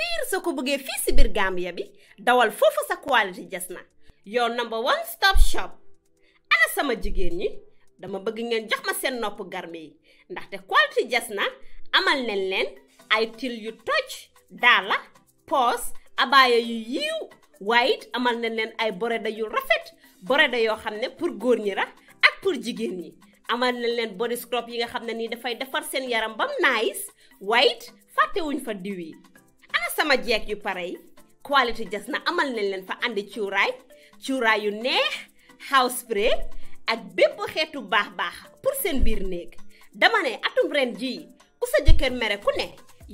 pire soo ko bëggee fii si biir Gambia bi dawal foofu sa quality jas na yow number one stop shop ana sama jigéen ñi dama bëgg ngeen jox ma seen nopp garme yi ndaxte quality jas na amal nañ leen ay til yu toj daala poos abaaya yu yiiw waaye amal nañ leen ay boreda yu rafet boreda yoo xam ne pour góor ñi la ak pour jigéen ñi amal nañ leen body scrub yi nga xam ne nii dafay defar seen yaram bam nice waaye fàttewuñ fa diw yi sama jeeg yu pare yi quality jas na amal nañ leen fa indi cuuraay cuuraay yu neex house spray ak bépp xeetu baax baax pour seen biir néeg dama ne atum ren jii ku sa jëkkër mere ku ne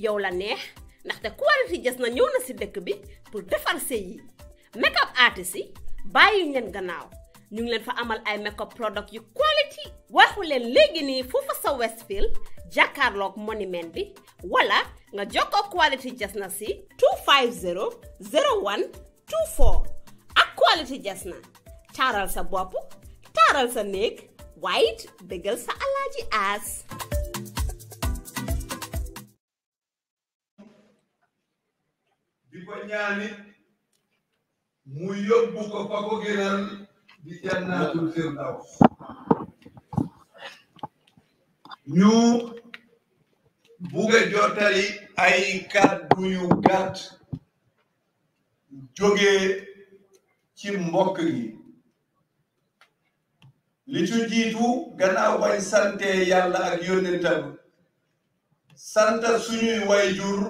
yow la neex ndaxte quality jas na ñëw na si dëkk bi pour defar sëy yi make up artist yi bàyyi leen gannaaw ñu ngi leen fa amal ay make up product yu quality waxu leen léegi nii foofa sa Westfield jakarlok monument bi wala nga joko Quality Jasna si 2500124, 01 ak Quality Jasna taral sa bop taral sa nek white degal sa alaji as di ko mu ko ñu bugg a jottali ay kàddu yu gàtt jógee ci mbokk gi li ci jiitu gannaaw way sante yàlla ak yónnentam santa suñuy wayjur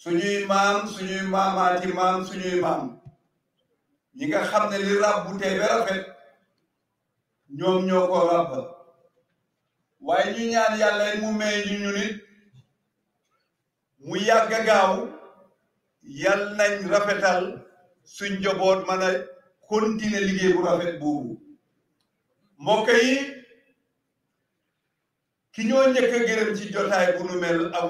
suñuy maam suñuy maamaati maam suñuy maam ñi nga xam ne li ràbbu tey rafet ñoom ñoo ko ràbb waaye ñu ñaan yàlla mu may ñu ñu nit mu yàgg gaaw yal nañ rafetal suñ njaboot mën a continuer liggéey bu rafet boobu mbokk ki ñoo njëkk a ci jotaay bu nu mel ak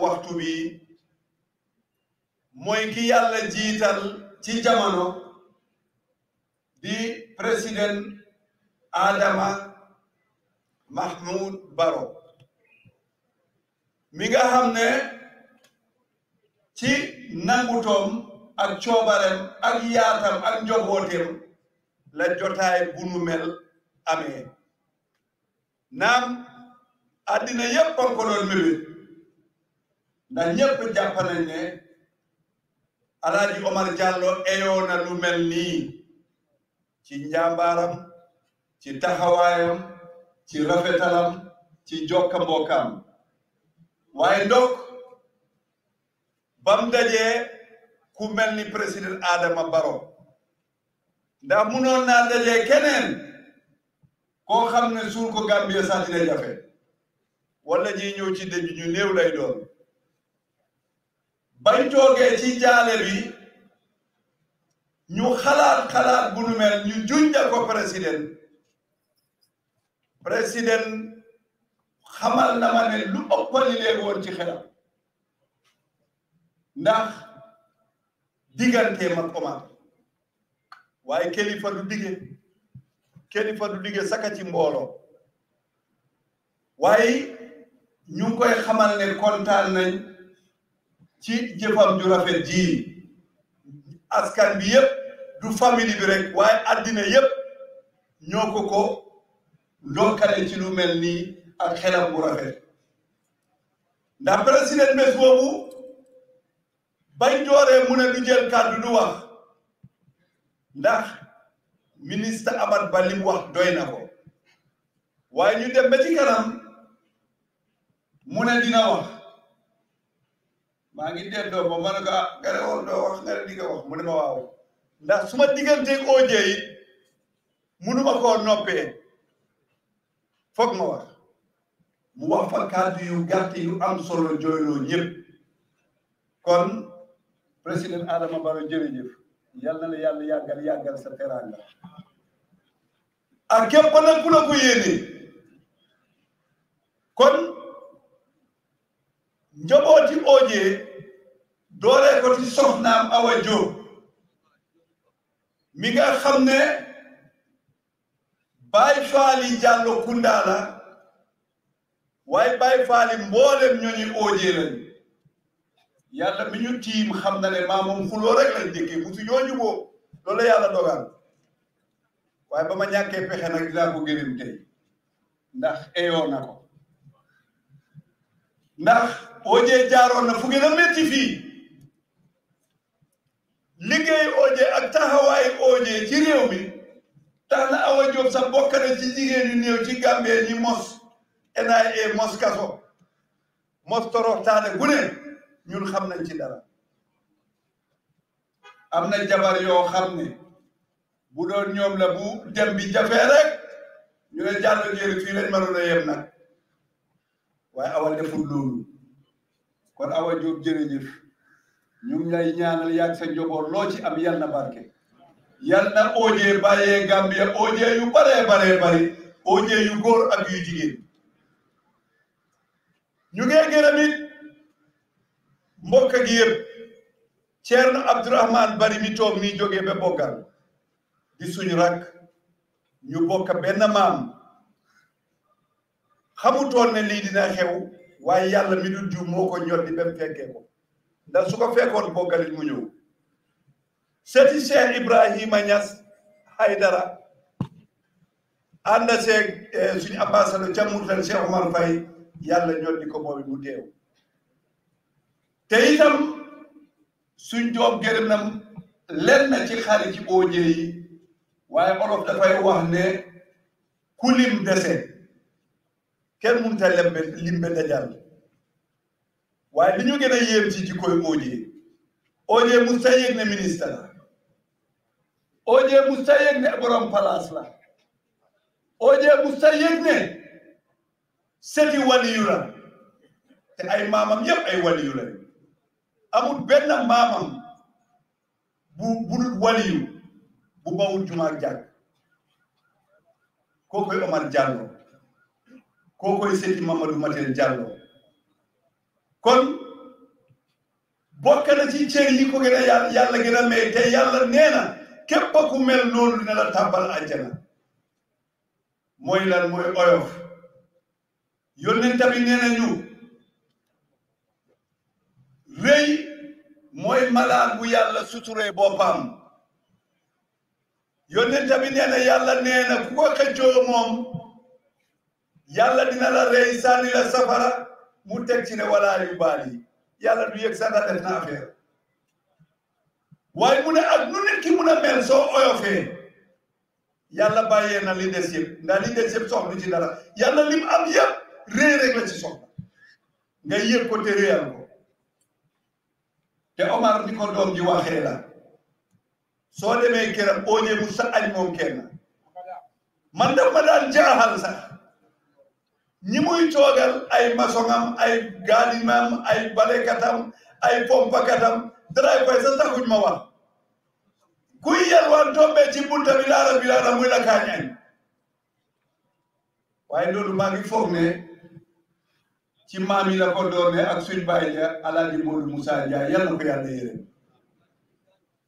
mooy ki yàlla jiital ci jamono di président Adama Mahmoud Baro mi nga xam ne ci nangutoom ak coobareem ak yaatam ak njobooteem la jotaay bu nu mel naam àddina yépp ko doon mébét ndax ñépp Omar Jallo eyoo na lu ci njàmbaaram ci taxawaayam ci rafetalam ci jokka mbokkaam waaye ndok bam dajee ku mel ni président Adama Barrow ndax munoon naa dajee keneen koo xam ne suul ko Gambie sax dina jafe wala ñi ñëw ci dëj ñu néew lay doon bañ toogee ci jaale bi ñu xalaat xalaat bu nu mel ñu junja ko président président xamal na ma ne lu ëpp li leen woon ci xelam ndax digganteem ak Omar waaye kilifa du dige kilifa du dige saka ci mbooloo waaye ñu ngi koy xamal ne kontaan nañ ci jëfam ju rafet ji askan bi yëpp du famille bi rek waaye addina yëpp ñoo ko ko ndokkale ci lu mel nii ak xelam bu rafet ndax président bés boobu bañ dooree mu ne du jël kàddu du wax ndax ministre Amat Ba wax doy na ko waaye ñu dem ba ci kanam mu ne dina wax maa ngi dem doo ma ne ko ah nga doo wax nga ne wax mu ne ma waaw ndax su ma digganteeg OJ it ma koo noppee foog ma wax mu wax fa kàddu yu gàtt yu am solo jooyloo ñëpp kon président Adama Barrow jërëjëf yal na la yàlla yàggal yàggal sa teraanga ak képp la ko kon njabooti OJ dooree ko ci soxnaam Awa mi nga xam ne Baye Faali Jallo Kunda la waaye Faali mboolem ñooñu oojee lañu yàlla mi ñu tiim xam na ne maa xuloo rek lañ njëkkee musu ñoo juboo loolu la yàlla dogal waaye ba ma ñàkkee pexe nag dinaa ko gërëm tey ndax eyoo na ko ndax oojee jaaroon na fu gën a liggéey oojee ak taxawaay oojee ci réew tax na Awa Diop sax bokk na ci jigéen yu néew ci Gambie ñi mos NIA mos kaso mos toroxtaane bu ne ñun xam nañ ci dara am na jabar yoo xam ne bu doon ñoom la bu dem bi jafee rek ñu ne jàll jéeri fii lañ mënoon a yem nag waaye Awa deful loolu kon Awa Diop jërëjëf ñu ngi lay ñaanal yàgg sa njaboot loo ci am yàlla na barke yal na OJ bàyyee Gambia OJ yu baree baree bari OJ yu góor ak yu ñu ngee gërëm it mbokk gi yëpp Bari mi toog mi jógee ba di suñu rak ñu bokk benn maam xamutoon ne lii dina xew waaye yàlla mi du jiw moo ko ñor di ba mu fekkee ko ndax mu ñëw seti Cheikh Ibrahima Niass Haydara ànd seeg eh, suñu ambassadeur ca Mauritanie Cheikh Omar Faye yàlla ñoo di ko boobu mu teew te itam suñ doom gërëm na len na ci xarit yi OJ waaye olof dafay wax ne ku lim dese kenn mënta lembe limbe dajal waaye li ñu gën a yéem ci jikkoy OJ OJ mu sa yëg ne ministre la OJ mu sa yëg ne borom palaas la OJ mu sa yëg ne seti waliyu la te ay maamam yëpp ay waliyu la amul benn maamam bu bu waliyu bu bawul jumaak jàkk kookoy Omar Jallow kookoy seti Mamadou Matel Jallow kon bokk ci cër yi ko gën a yàlla gën a te yàlla nee képp ku mel noonu dina la tàbbal àjjana mooy lan mooy oyof yónnent bi nee nañu rëy mooy malaan bu yàlla suturee boppam yónnent bi nee na yàlla nee na ku ko dina la rëy sànni la safara mu teg ci ne walaa yu baal yi yàlla du yëg sax def waaye mu ne ak nu nit ki mun a soo oyofee yàlla bàyyee na li des yëpp ndax li des yëpp soxlu ci dara yàlla lim am yëpp réer rek la ci soxla nga yëg ko te réyal ko te Omar ni ko doom ji waxee soo demee këram ooñee bu sa añ moom man daf ma daan jaaxal sax ñi muy toogal ay maçon ay gaadimam ay balekatam ay pompakatam daraay koy sa taxuñ ma wax kuy yalwaan tombee ci bunta bi laara bi laara muy la kaañañ waaye loolu maa ngi foog ne ci maam yi la ko doone ak suñ bàyyi ja alaaji Moodu Musaa Njaay yal na ko yàlla yërëm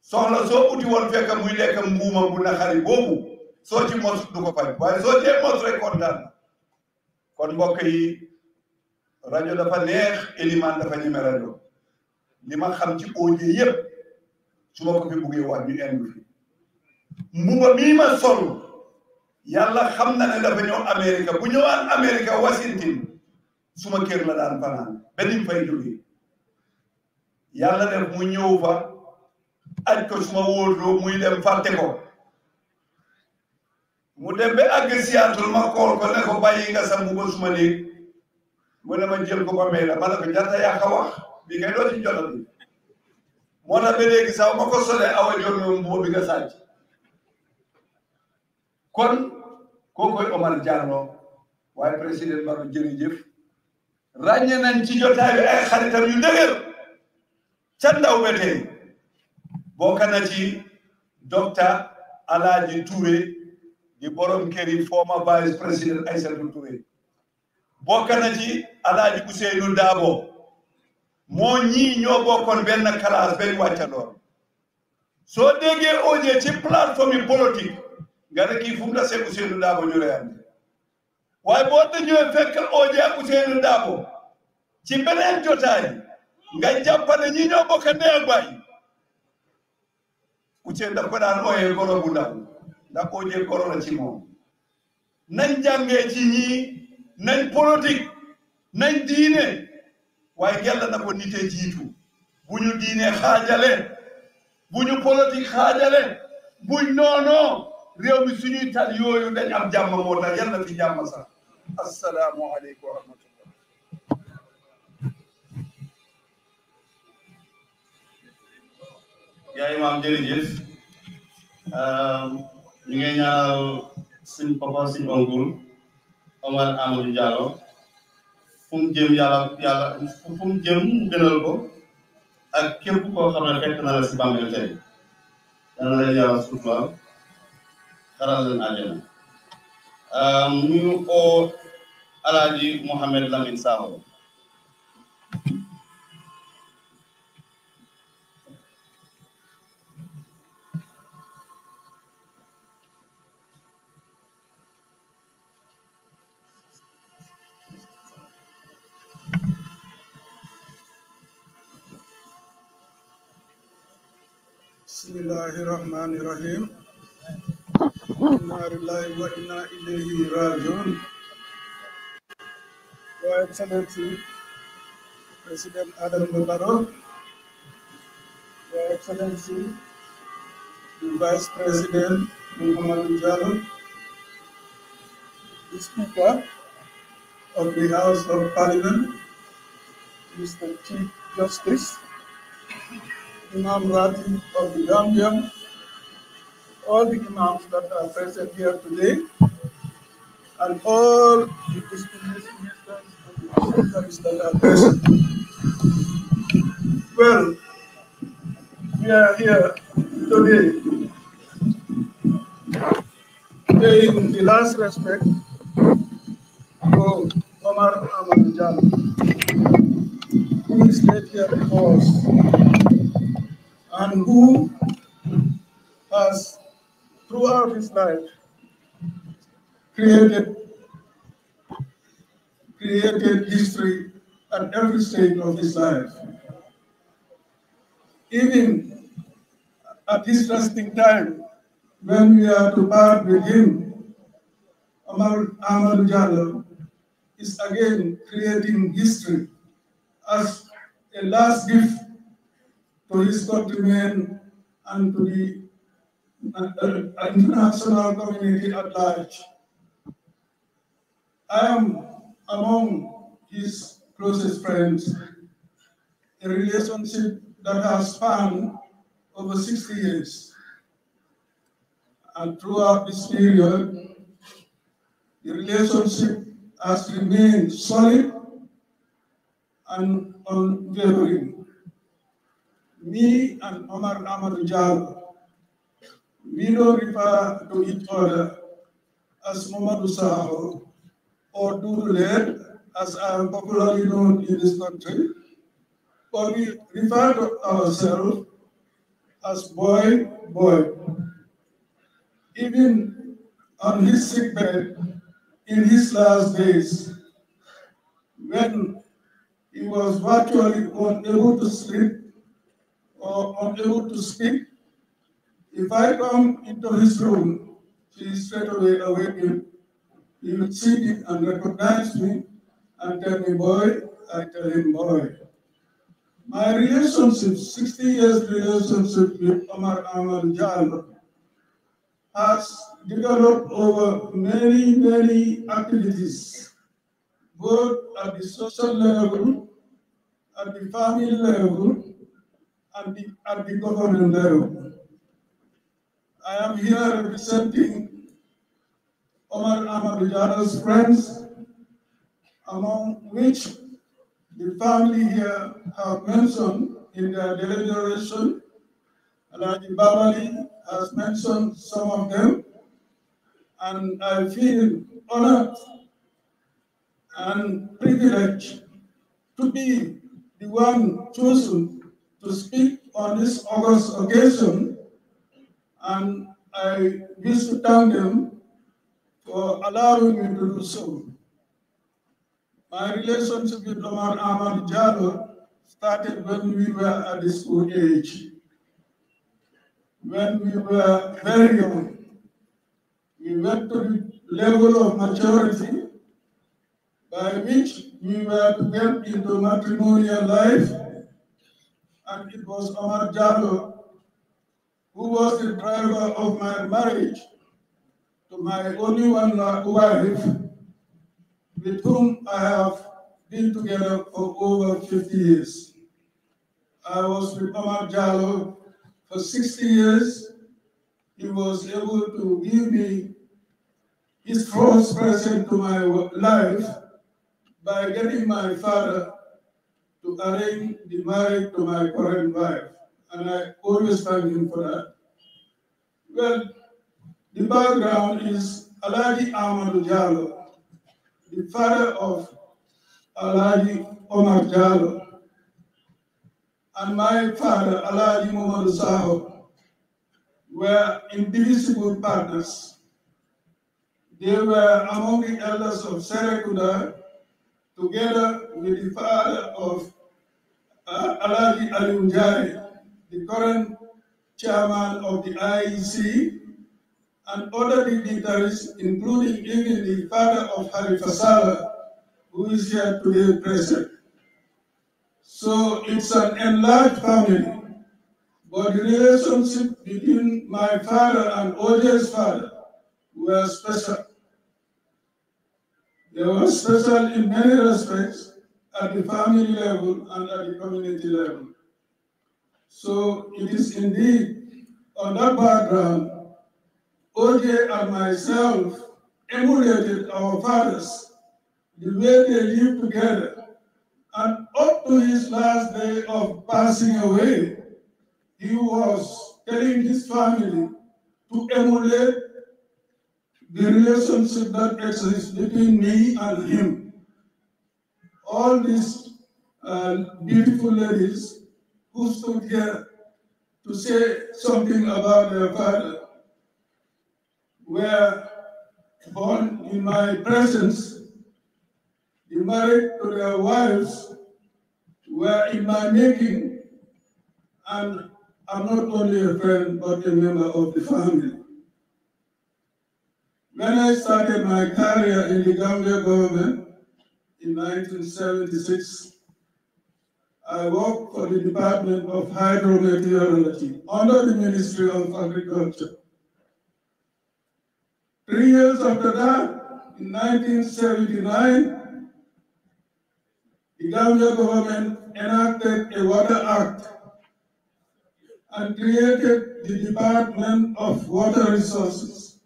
soxla soo uti woon fekk muy lekk mbuuma bu naxari boobu soo ci mos du ko faj waaye soo cee mos rek kontaan kon mbokk yi rajo dafa neex élimaan dafa ñeme rajo li man xam ci OJ yëpp su ma ko fi buggee wax ñu indi fi mbuba mii ma sol yàlla xam na ne dafa bu ñëwaan Amérique Washington suma kër la daan fanaan benn fay jógee yàlla def mu ñëw fa aj ko suma wóorloo muy dem fàtte ko mu dem ba àgg siyaatul ma kool ko ne ko bàyyi nga sa mbuba suma néeg mu ne ma jël ko ba may la ma ne ko jarta yàq wax bi kay doo ci jot bi moo tax ba léegi sax ma ko solee awa jom moom boo bi nga sàcc kon koo koy Omar waaye président Barrow jërëjëf ràññee nañ ci jotaay bi ay xaritam yu dëgër ca ndaw ba tey Alaaji Touré di borom kër yi former vice président Aïssatou Touré bokk na ci Alaaji Ousseynou Dabo moo ñii ñoo bokkoon benn classe benn wàccandoor soo déggee OJ ci plateforme yi politique nga ne kii fu mu la seeg Ousseynou Dabo ñu reyante waaye boo ta ñëwee fekk OJ ak Ousseynou Dabo ci beneen jotaay nga jàpp ne ñi ñoo bokk ndey ak baay Ousseynou daf ko daan ooyee goro bu ndaw ndax OJ goro la ci moom nañ jàngee ci ñii nañ politique nañ diine waaye gella na ko nitee jiitu bu ñu diine xaajale bu ñu politique xaajale buñ noonoo réew mi suñuy tal yooyu dañ am jàmm moo tax yàlla fi jàmm sax assalaamu aleykum wa rahmatullah yaa imaam jërëjëf ehm, ñu ngi ñaanal suñ papa suñ oncle Omar Amadou Diallo fu mu jëm yàlla yàlla fu jëm gënal ko ak képp koo xam ne fekk na la si bàmmeel tey dana la yàlla suturaal xaral leen àjjana ñu oo alaaji Mouhamed Lamine Sakho الله الرحمن الرحيم إنا لله وإنا إليه راجعون Your Excellency President Adam Mubarak, Your Excellency Vice President Muhammad Jalal, the Speaker of the House of Parliament, Mr. Chief Justice, Imam Razi of the Gambia, all the Imams that are present here today, and all the distinguished ministers that are present. Well, we are here today paying the last respect to Omar Ahmad Jan, who is laid here before us and who has, throughout his life, created, created history at every stage of his life. Even at this testing time, when we are to part with him, Ahmad Jalal is again creating history as a last gift to his countrymen and to the international community at large. I am among his closest friends, a relationship that has spanned over 60 years. And throughout this period, the relationship has remained solid and unwavering me and Omar Ahmad we don't refer to each other as Muhammadu Saho or Dudulet, as I am popularly known in this country, but we refer to ourselves as boy, boy. Even on his sickbed, in his last days, when he was virtually unable to sleep or unable to speak, if I come into his room, he straight away awakened. He would see me and recognize me and tell me, boy, I tell him, boy. My relationship, 60 years relationship with Omar Amal Jal has developed over many, many activities, both at the social level, at the family level, I am here representing Omar Ahmadujada's friends, among which the family here have mentioned in their deliberation. Alaji Babali has mentioned some of them, and I feel honored and privileged to be the one chosen to speak on this August occasion, and I wish to thank them for allowing me to do so. My relationship with Omar Ahmad Jalo started when we were at the school age. When we were very young, we went to the level of maturity by which we were to get into matrimonial life and it was Omar Jallo who was the driver of my marriage to my only one uh, wife, with whom I have been together for over 50 years. I was with Omar Jallo for 60 years. He was able to give me his first present to my life by getting my father to arrange the marriage to my current wife, and I always thank him for that. Well, the background is Aladi Amadu Jallo, the father of Aladi Omar Jallo, and my father, Aladi Muhammad Saho, were indivisible partners. They were among the elders of Serekunda. Together, with the father of uh, Alaji Alunjari, the current chairman of the IEC, and other dignitaries, including even the father of Halifa Saleh, who is here today present. So it's an enlarged family, but the relationship between my father and OJ's father were special. They were special in many respects, at the family level and at the community level. So it is indeed on that background, OJ and myself emulated our fathers, the way they lived together. And up to his last day of passing away, he was telling his family to emulate the relationship that exists between me and him all these uh, beautiful ladies who stood here to say something about their father were born in my presence, the married to their wives were in my making, and I'm not only a friend but a member of the family. When I started my career in the Gambia government, in 1976, I worked for the Department of Hydrometeorology under the Ministry of Agriculture. Three years after that, in 1979, the Gambia government enacted a Water Act and created the Department of Water Resources.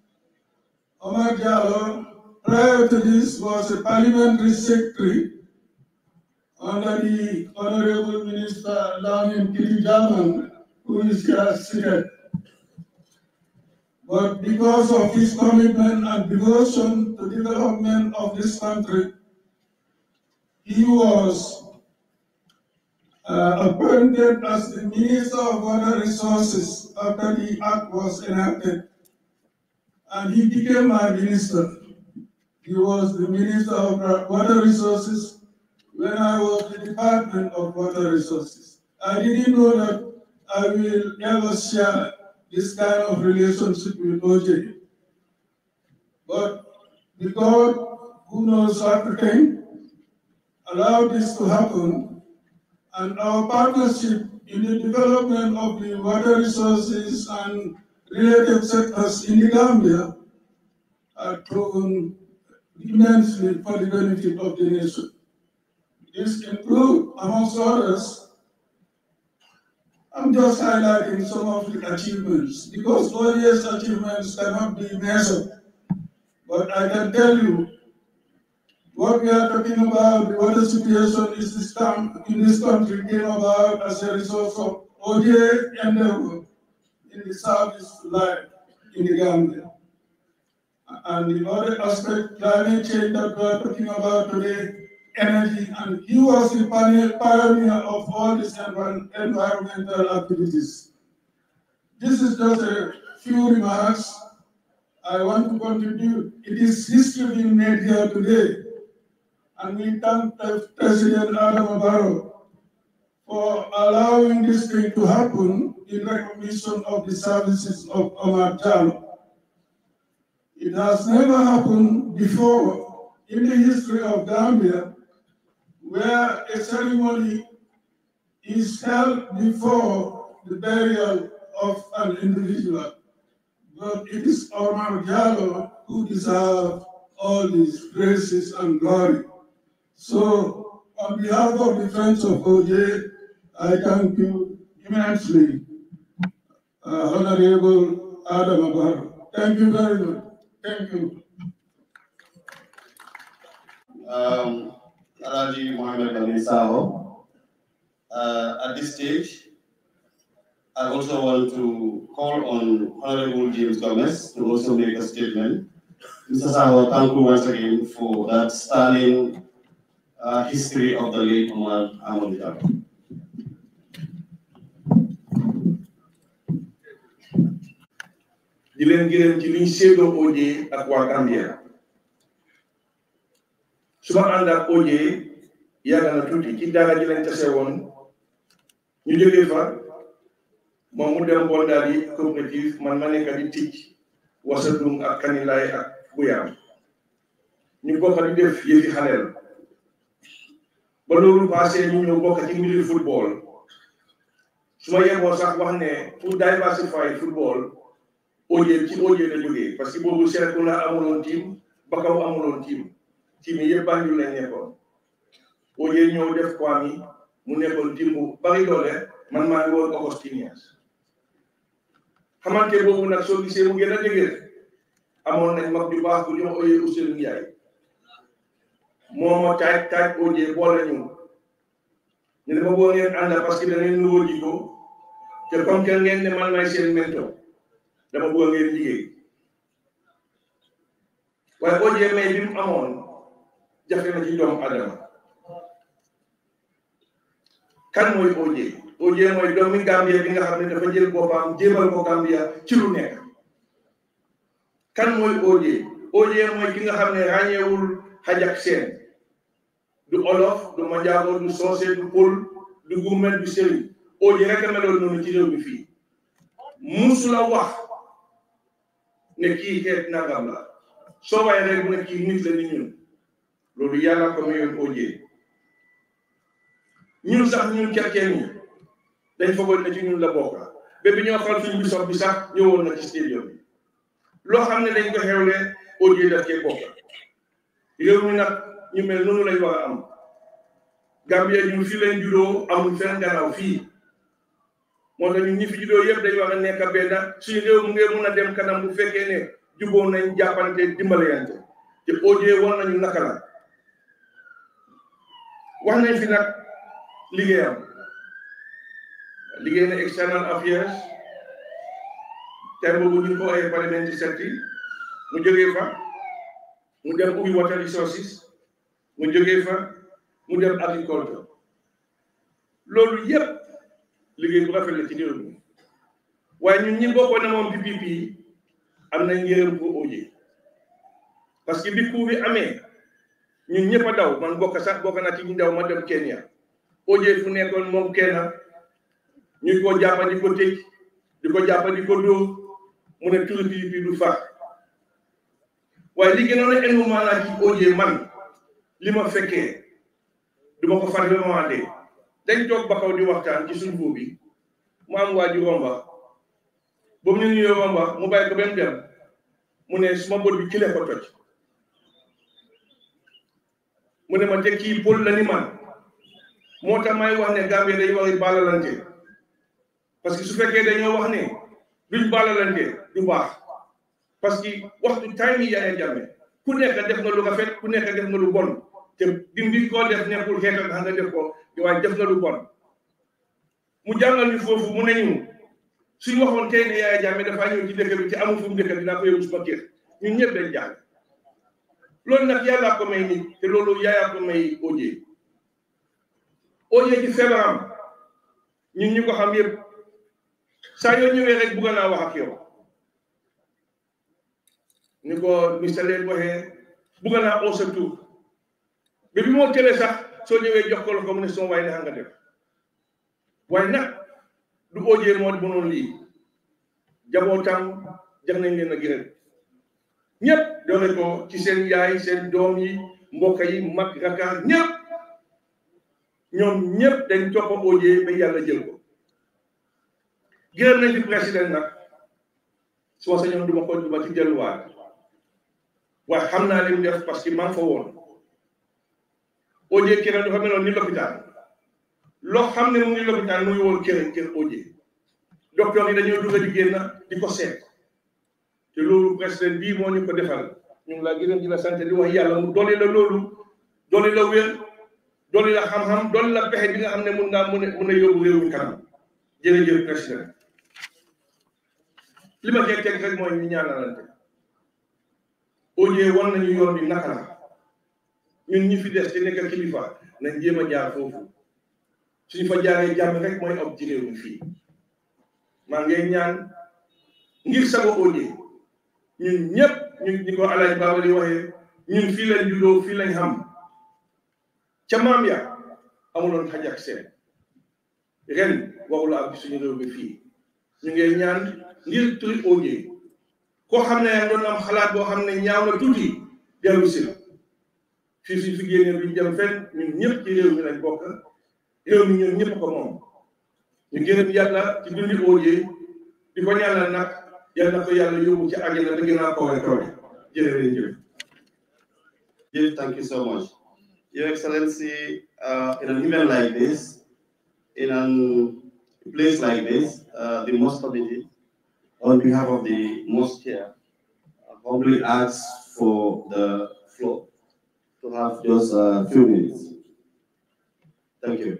Omar Diallo prior to this was a parliamentary secretary under the Honorable Minister Kiri Kirijaman, who is here. But because of his commitment and devotion to development of this country, he was uh, appointed as the Minister of Water Resources after the act was enacted, and he became my minister. He was the Minister of Water Resources when I was the Department of Water Resources. I didn't know that I will ever share this kind of relationship with OJ. But the God who knows everything allowed this to happen, and our partnership in the development of the water resources and related sectors in the Gambia are proven immensely for the benefit of the nation. This includes, amongst others, I'm just highlighting some of the achievements because all these achievements cannot be measured. But I can tell you what we are talking about, what the situation is this time, in this country came about as a result of ODA endeavor in the service life in the Gambia and the other aspect, climate change that we are talking about today, energy, and he was the pioneer of all these environmental activities. This is just a few remarks I want to contribute. It is history being made here today, and we thank President Adam Barrow for allowing this thing to happen in recognition of the services of Omar Jallo. It has never happened before in the history of Gambia where a ceremony is held before the burial of an individual. But it is Omar Jallo who deserves all these praises and glory. So, on behalf of the Friends of OJ, I thank you immensely, uh, Honorable Adam Abaro. Thank you very much. Thank you. Um, Raji Ali Uh, at this stage, I also want to call on Honorable James Gomez to also make a statement. Mr. Saho, thank you once again for that stunning uh, history of the late Omar Ahmadinejad. di leen gërëm ci liñ sédo OJ ak wa Gambia suba anda ànd ak OJ na tuuti ci dara di len tase woon ñu jëgé fa mo mu dem bool dal yi cooperative man ma nekk di tic wasadum ak kanilay ak buyaam ñu bokk di def yëfi xalel ba loolu passé ñu ñu bokk ci mbiri football su ma yeboo sax wax ne pour diversify football OJ ci OJ la jógee parce que boobu Serekunda amuloon team Bakaw amuloon team team yi yëpp Banjul lañ nekkoon OJ ñëw def Kwami mu nekkoon team bu bari man maa ngi woon Augustinians xamante boobu nag soo gisee mu gën a dëgër amoon nañ mag ju baax bu ñu oyee Ousseynou Ndiaye mooma taaj taaj OJ ne dama boo ngeen ànd parce que da ngeen nuroo jikko te comme ngeen ne man may seen dama bëgg ngeen liggéey waaye boo jee may bi mu amoon jafe na ci doomu adama kan mooy OJ OJ mooy doomi Gambia bi nga xam ne dafa jël boppam jéemal ko Gambia ci lu nekk kan mooy OJ OJ mooy ki nga xam ne ràññeewul xajak seen du olof du manjaago du soose du pël du gumel du sëriñ OJ rek meloon noonu ci réew mi fii musula wax ne kii xeet nangam la soo bàyyi rek mu ne kii nit la ni ñun loolu yàlla ko mayoon oje ñun sax ñun kerkeen ñi dañ foogoon ne ci ñun la bokk ba bi ñoo xool suñu bisop bi sax ñëwoon na ci stadium loo xam ne dañ ko xewle oje daf cee bokk réew mi nag ñu mel noonu lay war a am ñun fii leen juddoo amul fenn gannaaw fii moo tax ñi fi juddoo yëpp wax a nekk benn suñu réew mu ngi mun a dem kanam mu fekkee ne juboo nañ jàppante dimbaleyante te OJ war nañu naka la wax nañ fi nag liggéeyam liggéey na external affairs terme boobu ñu ko ay parliament setti mu jógee fa mu dem ubbi water resources mu jógee fa mu dem agriculture loolu yëpp liggéey bu rafet la ci réew waaye ñun ñi bokkoon moom PPP am na njëriñ bu OJ parce que bi coup bi ñun ñëpp a daw man bokk sax bokk naa ci ñu daw ma dem Kenya OJ fu nekkoon moom kenn ñu ko jàpp ko tëj di ko jàpp ko dóor mu ne turu PPP du faax waaye li gënoon a ëngu maanaam ci OJ man li ma fekkee du ma ko fàtte ba ma dañ toog ba kaw di waxtaan ci suñu buub bi mu am waa ji romba boobu ñu nuyoo mu bàyyi ko ba mu dem mu ne suma bët bi kile ko toj mu ne ma te kii pol la ni man moo tax may wax ne Gambie dañu wax baalalante parce que su fekkee dañoo wax ne duñ baalalante du baax parce que waxtu time yi yaaya jàmme ku nekk def nga lu rafet ku nekk def nga lu bon te dim bi koo def ne pour xeetal nga def ko waaye def nga lu bon mu jàngal ñu foofu mu ne ñu suñu waxoon tey ne Yaya Jammeh dafaa ñëw ci dëkk bi te amul fu mu dëkk bi daa ko yóbbu suba kër ñun ñëpp dañ jàng loolu nag yàllaa ko may nit te loolu yaayaa ko may OJ OJ ci feebaram ñun ñu ko xam saa yoo ñëwee rek bugg naa wax ak ni ko mister leen naa oo sa tur bi moo tere sax soo ñëwee jox ko la ko mu ne suma waay la nga def waaye nag du OJ moo mënoon lii jabootam jax nañ leen a gërëm ñëpp doole ko ci seen yaay seen doom yi mbokk yi mag rakkaar ñëpp ñoom ñëpp dañ toppa OJ ba yàlla jël ko gërëm nañ di président nag suma sañoon duma ko duma ci delluwaat waaye xam naa li mu def parce que man fa woon Oje Kéré dafa meloon ni lopitaan loo xam ne mu ngi lopitaan mu ngi woon Kéré Kéré Oje docteur yi dañoo dugg di di ko seet te loolu président bii moo ñu ko defal ñu ngi laa gërëm di la sante di wax yàlla mu dolli la loolu dolli la wér dolli la xam-xam dolli la pexe bi nga xam ne mun ngaa mun a mun a yóbbu réew mi kanam jërëjëf président li ma koy teg rek mooy ñu ñaanalante Oje wan nañu yoon bi naka la. ñun ñi fi des di nekk kilifa nañ jéem a jaar foofu suñ fa jaaree jàmm rek mooy am ci réew fii maa ngi ñaan ngir sama OJ ñun ñëpp ñun ñi ko Alaaji Baaba di waxee ñun fii lañ juddoo fii lañ xam ca maam ya amuloon xaj seen ren waxula ak suñu réew mi fii ñu ngi ñaan ngir turi OJ koo xam ne doon am xalaat boo xam ne ñaaw na tuuti dellu si la fi jëm fenn ñun ñëpp ci réew mi lañ bokk réew mi ñëpp ko moom ñu yàlla ci dundi di ko nag yàlla ko yàlla yóbbu ci jëf thank you so much your excellency uh, in an event like this in a place like this uh, the most committee on behalf of the most chair humbly asks for the floor to have just a few minutes. Thank you.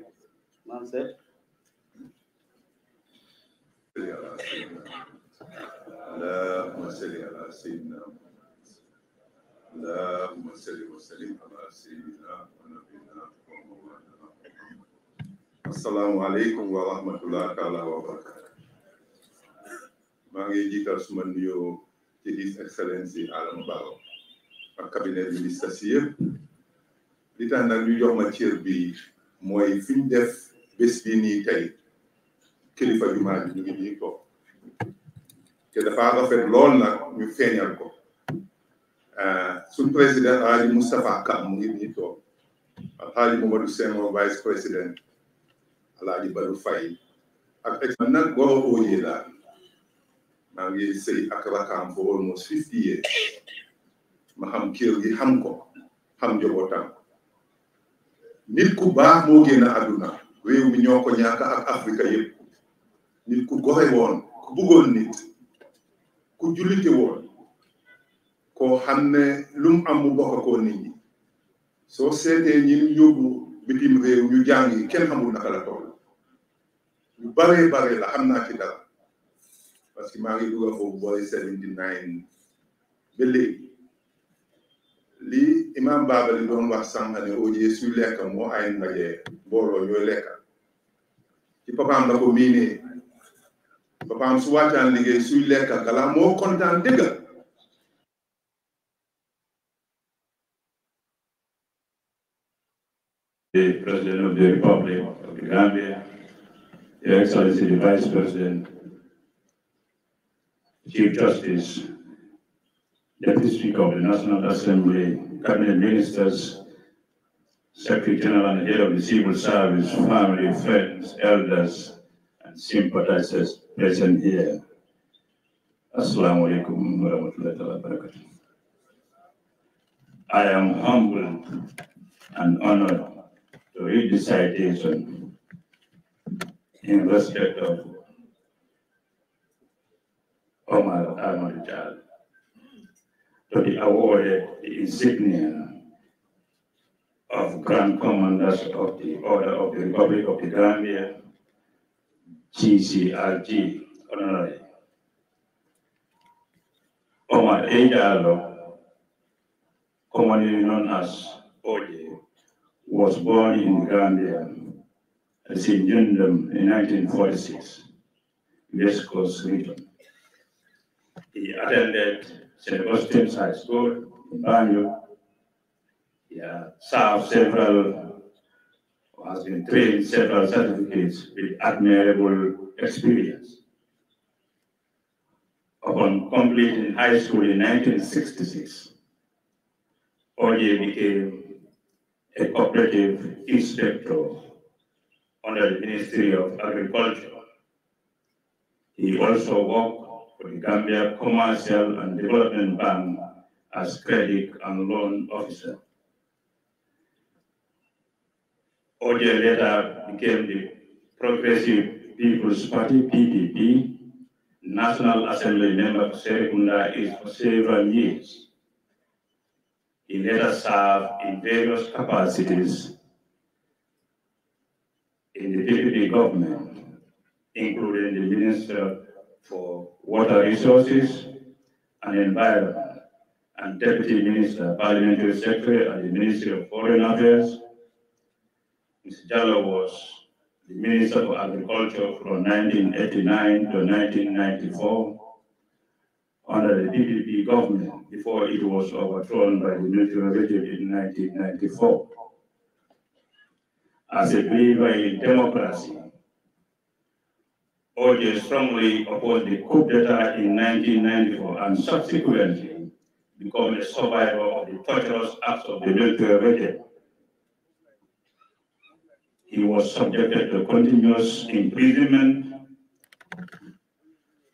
Assalamualaikum warahmatullahi wabarakatuh. Mangi His Excellency Alan Barrow ak cabinet bi lista si yëpp li tax nag ñu jox ma cër bi mooy fi ñu def bés bi nii tey kilifa jumaa bi ñu ngi nii toog te dafa rafet lool nag ñu feeñal ko euh, suñ président alaaji Moustapha Ka mu ngi nii toog alaaji Mamadou Senghor vice président alaaji Badou Faye ak ex nag goro Oje laa maa ngi sëy ak rakam for almost fifty years ma xam kéew gi xam ko xam njobootam nit ku baax moo génn àdduna réew mi ñoo ko ñàkk ak afrika yépp nit ku goxe woon ku bëggoon nit ku jullite woon koo xam ne lu mu am mu bokk koo nit ñi soo seetee ñi yóbbu bitim réew ñu jàng yi kenn xamul naka la toll ñu baree bare la xam naa ci dara parce que maa ngi dugg a foofu booy seventy nine ba léegi li imam doon wax sànq ne oh, lekk moo ay ndaje ñooy lekk ci papaam ko miinee papaam su wàccaan liggéey suy lekk moo kontaan dëgg The President of the Republic of the Gambia, Your Excellency the Vice President, Chief Justice Deputy Speaker of the National Assembly, Cabinet Ministers, Secretary General and Head of the Civil Service, family, friends, elders, and sympathizers present here. Assalamu alaikum wa rahmatullahi I am humbled and honored to read the citation in respect of Omar Ahmad Jal to be awarded the insignia of Grand Commanders of the Order of the Republic of the Gambia, GCRG, honorary. Omar Ejalo, commonly known as Oje, was born in Gambia, St. in 1946, In Coast region. He attended St. Augustine's High School in Banjo. He has served several, has been trained several certificates with admirable experience. Upon completing high school in 1966, Oye became a cooperative inspector under the Ministry of Agriculture. He also worked Gambia Commercial and Development Bank as credit and loan officer. Odia later became the Progressive People's Party, PPP, National Assembly member for Serikunda is for several years. He later served in various capacities in the PPP government, including the Minister for Water Resources and Environment, and Deputy Minister, Parliamentary Secretary and the Ministry of Foreign Affairs. Mr. Jallo was the Minister for Agriculture from 1989 to 1994 under the DPP government before it was overthrown by the military regime in 1994. As a believer in democracy, OJ strongly opposed the coup d'etat in 1994 and subsequently became a survivor of the torturous acts of the military regime. He was subjected to continuous imprisonment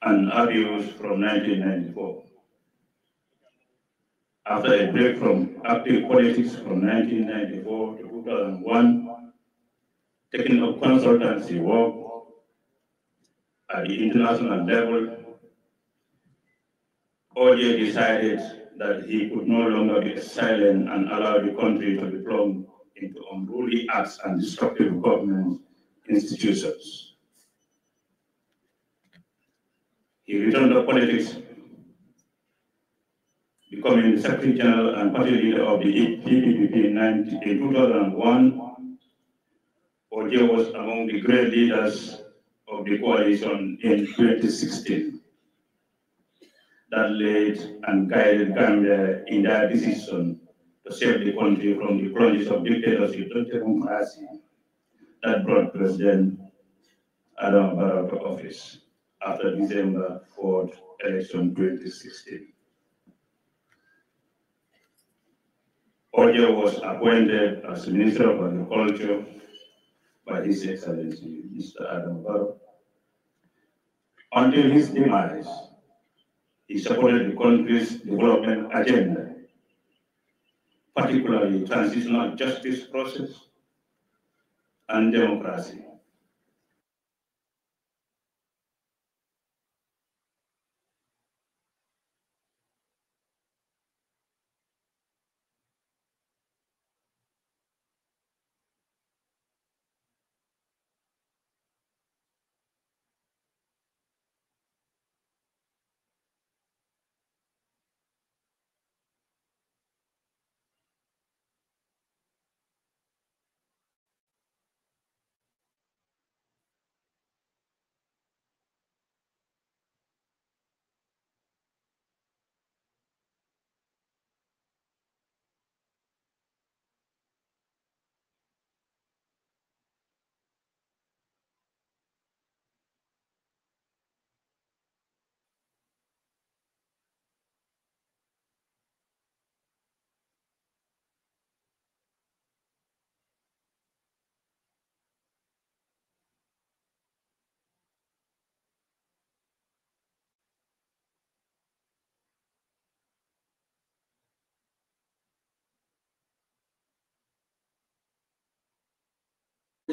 and abuse from 1994. After a break from active politics from 1994 to 2001, taking up consultancy work at the international level, OJ decided that he could no longer be silent and allow the country to be plunged into unruly acts and destructive government institutions. He returned to politics, becoming the Secretary General and party leader of the PPP in 2001. Ojo was among the great leaders of the coalition in 2016 that led and guided Gambia in their decision to save the country from the clutches of dictatorship to democracy that brought President Adam to office after December 4th election 2016. Ojo was appointed as Minister of Agriculture by His Excellency Mr. Adam Barrow. Until his demise, he supported the country's development agenda, particularly transitional justice process and democracy.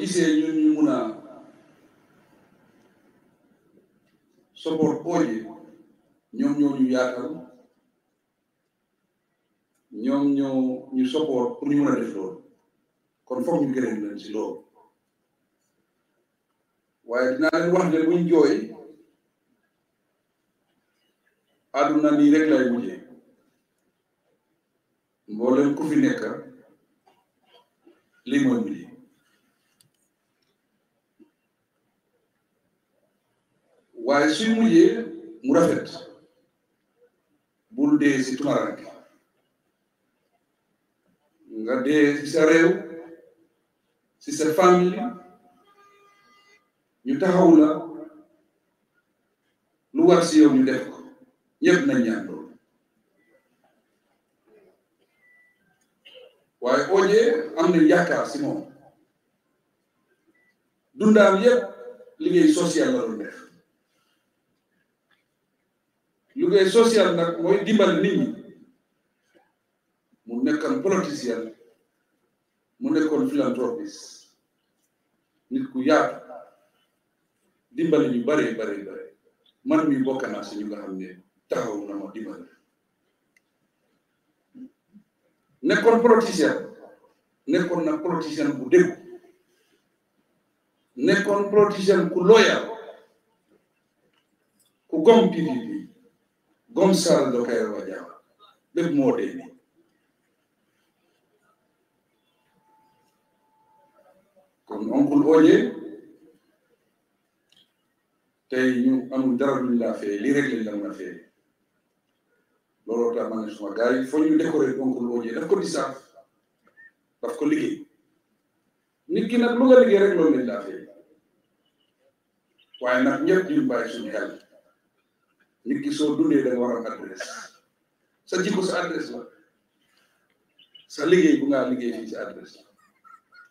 gisee ñun ñu mun a support projet ñoom ñoo ñu yaatal ñoom ñoo ñu support pour ñu mun a def loolu kon foog ñu gërëm leen si loolu waaye dinaa leen wax ne buñ jooy àdduna nii rek lay mujjee mbooleem ku fi nekk lii mooy mujjee waaye suy mujjee mu rafet bul dee si tumaranke nga dee si sa réew si sa famille ñu taxaw la lu war si yow ñu def ko ñëpp nañ ñaan loolu waaye oje am nañ yaakaar si moom dundaam yëpp liggéey social la doon def liggéey social nag mooy dimbal nit ñi mu nekkoon politicien mu nekkoon philanthropiste nit ku yaatu dimbal ñu bare bare bare man mi bokk naa si ñu nga xam ne taxaw na ma dimbali nekkoon politicien nekkoon na politicien bu dégg nekkoon politicien ku loyal ku gom PDP gomsarɗo kayro jawa ɓe moɗeni kono onkol oje tawi ñu amul dara luñ laa fee li rek lañ la fee looloo tax ma ne suma gars foo ñu décoré onkol oje daf ko disaaf daf ko liggéey nit ki nag lu nga liggéey rek loolu lañ laa fee waaye nag ñëpp ñu bàyyi suñu xel nit ki soo dundee da war am adresse sa jikko sa adresse la sa liggéey bu ngaa liggéey fii sa adresse la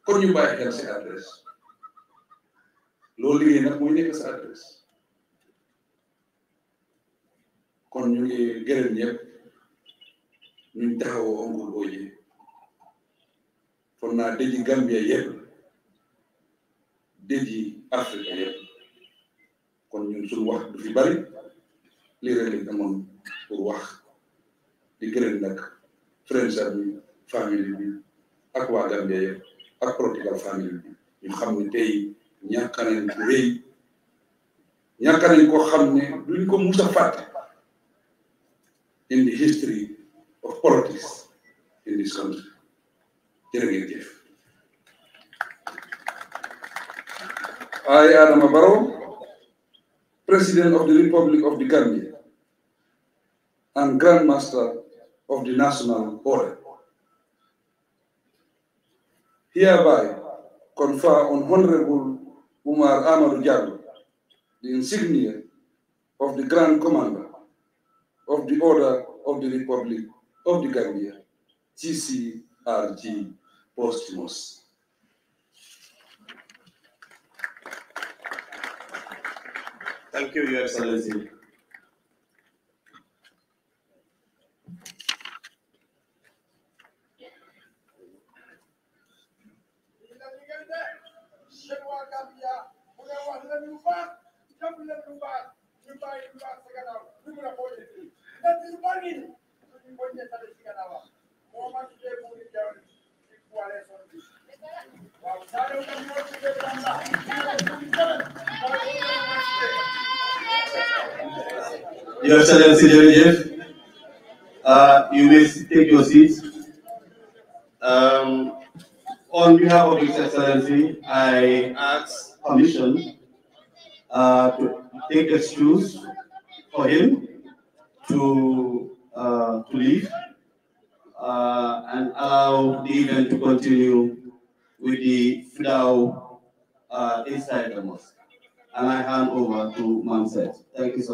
kon ñu bàyyi xel sa adresse loolu liggéey nag mooy nekk sa adresse kon ñu ngi gërëm ñëpp ñu taxawoo oncle Oje foog naa dëji Gambia yëpp dëji Afrique yëpp kon ñun suñu wax du fi bari lii rek lañ pour wax di gërëm nag frères bi famille bi ak waa Gambia yëpp ak Portugal famille bi ñu xam ne tey ñàkk ko ku rëy ñàkk nañ duñ ko mus in the history of politics in this country jërë ngeen jëf I, Adama Barrow, President of the Republic of the Gambia, and Grand Master of the National Order. Hereby confer on Honorable Umar Amadou Diallo the insignia of the Grand Commander of the Order of the Republic of the Gambia, TCRG posthumous. Thank you, Your Excellency. Gambia mu ngi wax ne lu baax jàpp leen lu baax ñu bàyyi lu baax si gannaaw ñu mën a boole fii ndax ñu bari ñu boole tale si gannaaw wax moo ma tuddee mu ngi jaww ci kuwaale son bi waaw saa yow tam moo tuddee Gamba Your Excellency, jërëjëf. Uh, you may take your seats. Um, On behalf of His Excellency, I ask permission uh, to take excuse for him to uh, to leave uh, and allow the event to continue with the flow uh, inside the mosque. And I hand over to Manset. Thank you so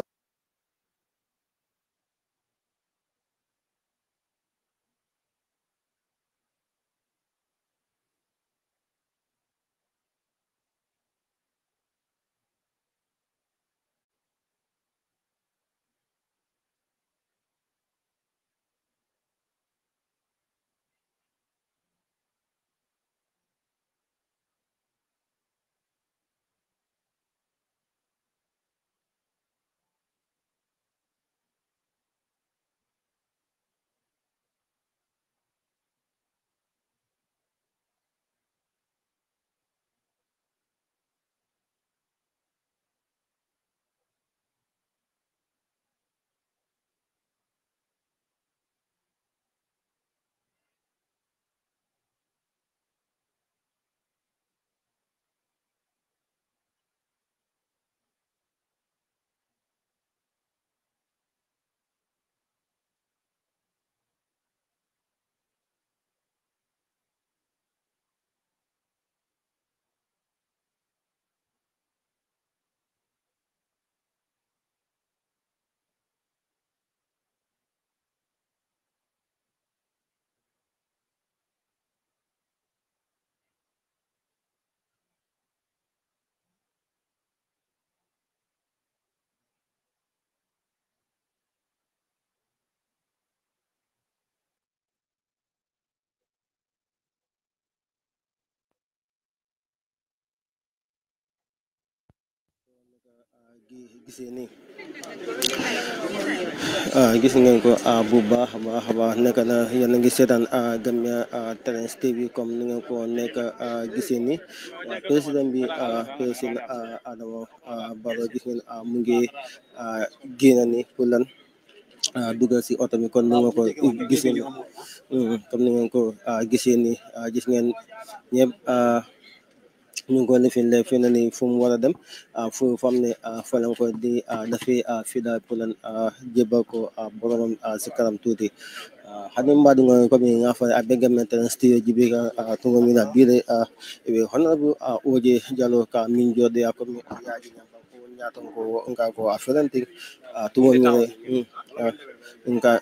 gisee nii ah, gis ngeen ko ah, bu baax a baax a baax nekk na yéen a ngi seetaan ah, Gambia Talents TV comme ni ngeen ko nekk gisee bi président Adama Barrow gis ngeen mu ngi génn ni pour lan dugal si oto bi kon ni nga ko gisee nii comme ni ngeen ko gisee nii hmm, gis ngeen ñu ko lifin le fi na ni fu mu wara dem fu fam ne fa lañ ko di defee fi da pour lan jébal ko boromam si kanam tuuti hanin ba dungo ko mi nga fa abega maintenance tiyo jibe ka to ngi na bi re e honorable oje jalo ka min jode mi ya ko ko nga ko mi nga nga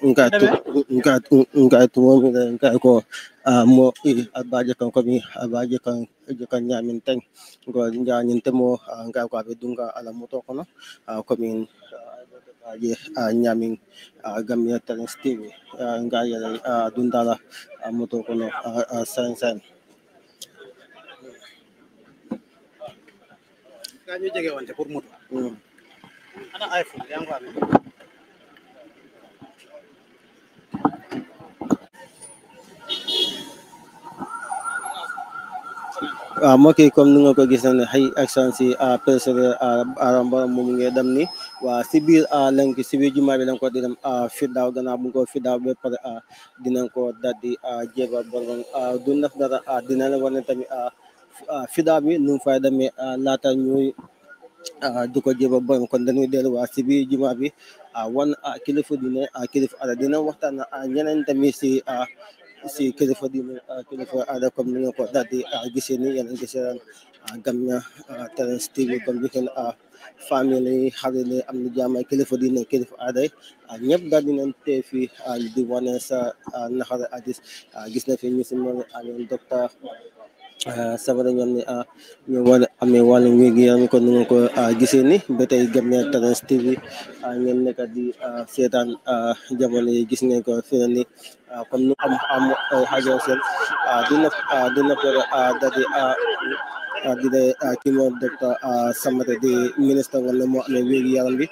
nga nga ko Ah, mo abaje kan ko mi abaje kan je kan nyamin tan go ya nyamin te mo ah, ga ko be dunga ala moto kono ah, ko min aje nyamin ya tan tv ga ya dunda la moto kono san san kan ñu jege wante pour moto hmm. ana iphone yang ko waaw moo kii ko gis ne xëy excellence yi président aramba moom ngi dem ni waa si biir ah, lenk si biir jumaa bi lañ ko di dem ah, firdaaw gannaaw bu ko firdaaw ba pare ah, dinañ ko daldi jébal dara dina leen war ne tamit firdaaw bi nu mu fay demee laata ñuy du ko jébal borom kon dañuy delluwaat si biir jumaa bi wan kilifa dina kilifa ala dina waxtaan ñeneen tamit si si kilifa diine ah, kilifa ah, ada comme ni nga ko daal di gisee nii yéen a gisee daan Gambian Talents TV comme bi ngeen famille yi xale di nañ tee fii di sa naxare ada gis na fi ñu sabara ñoom ne ñu war a amee wàllum wér yaram kon nu ko euh, gisee ni ba tey Gambian Talents TV ngeen nekk di euh, seetaan euh, jamono yi gis ngeen ko fi na ni comme nu am am xajo seen dina dina a dadi dina kii moom docteur Samata di ministre nga ne moo amee yaram bi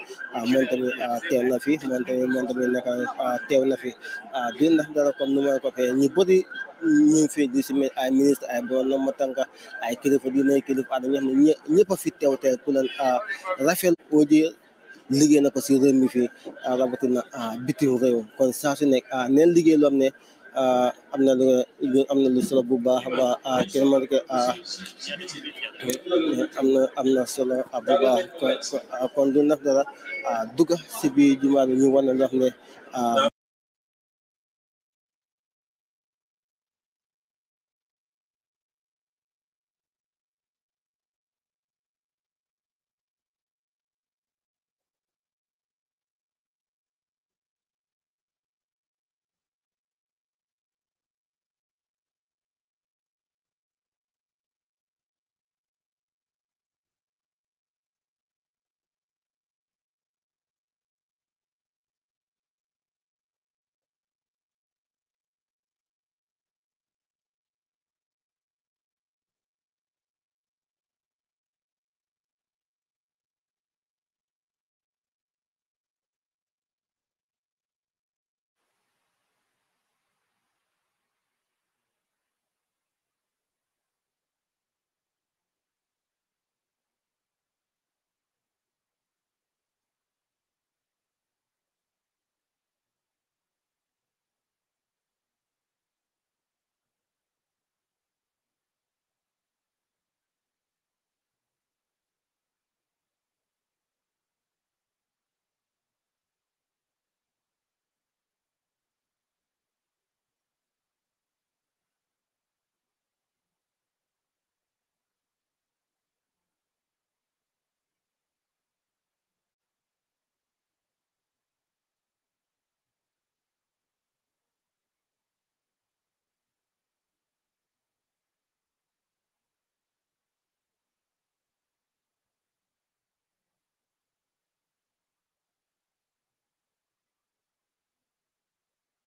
moom tamit teew na fi moom tamit moom tamit nekk teew na fi di ndax dara comme nu ko fee ñu ñu ngi fi di si ay ministre ay borom ma ay kilifa di kilifa aada ñoo xam ne a fi teew tey ku leen ah, rafet liggéey na ko si réew mi ah, ah, bitim réew kon saa su nekk neen liggéey ne am na lu solo bu baax a baax kenn am na am na solo bu baax kon du nag dara dugg si biir jumaa bi ñu war na loo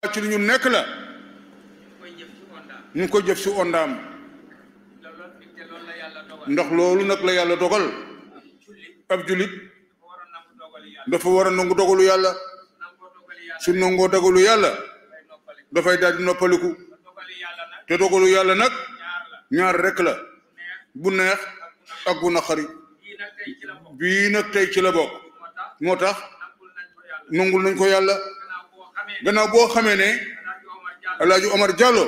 ci lu ñu nekk la ñu ngi koy jëf ci ondaam nag la yàlla dogal ab julit dafa war a nangu dogalu yàlla su nangoo dogalu yàlla dafay daal di noppaliku te dogalu yàlla nag ñaar rekk la bu neex ak bu naqari bii nag tey ci la bokk moo tax nangul nañ ko yàlla gannaaw boo xamee ne El Hadj Omar Diallo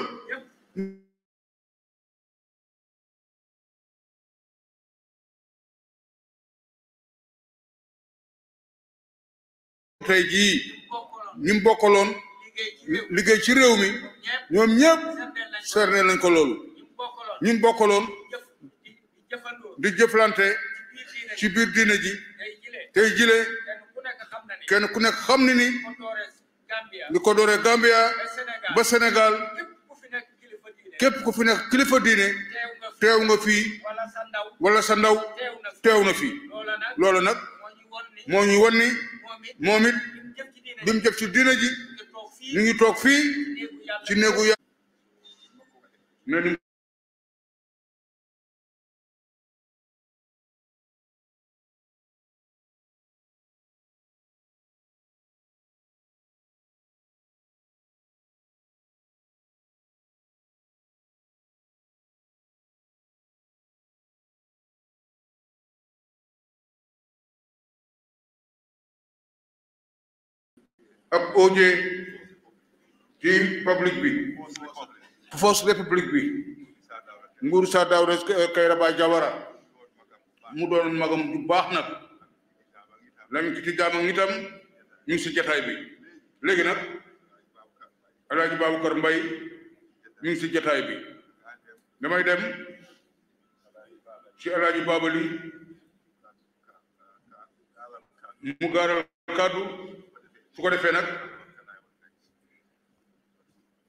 tey jii ñi mu liggéey ci réew mi ñoom ñëpp serne ko loolu ñi mu bokkaloon di jëflante ci biir diine ji jile kenn ku nekk xam lu ko dooree Gambia ba Sénégal képp ku fi nekk kilifa diine teew nga fii wala sa ndaw teew na fi loolu nag moo ñu wan ni jëf ci diine ji ngi toog fii ci néegu yàlla ak OJ ci public bi force république bi nguur sa daawda eh, ba jawara mu doon magam bu bax nak lañ ci ci jaamam itam ñu ci jotaay bi legi nak, alaaji babakar mbay ñu ci jotaay bi damay dem ci alaaji babali mu garal kaddu su ko defee nag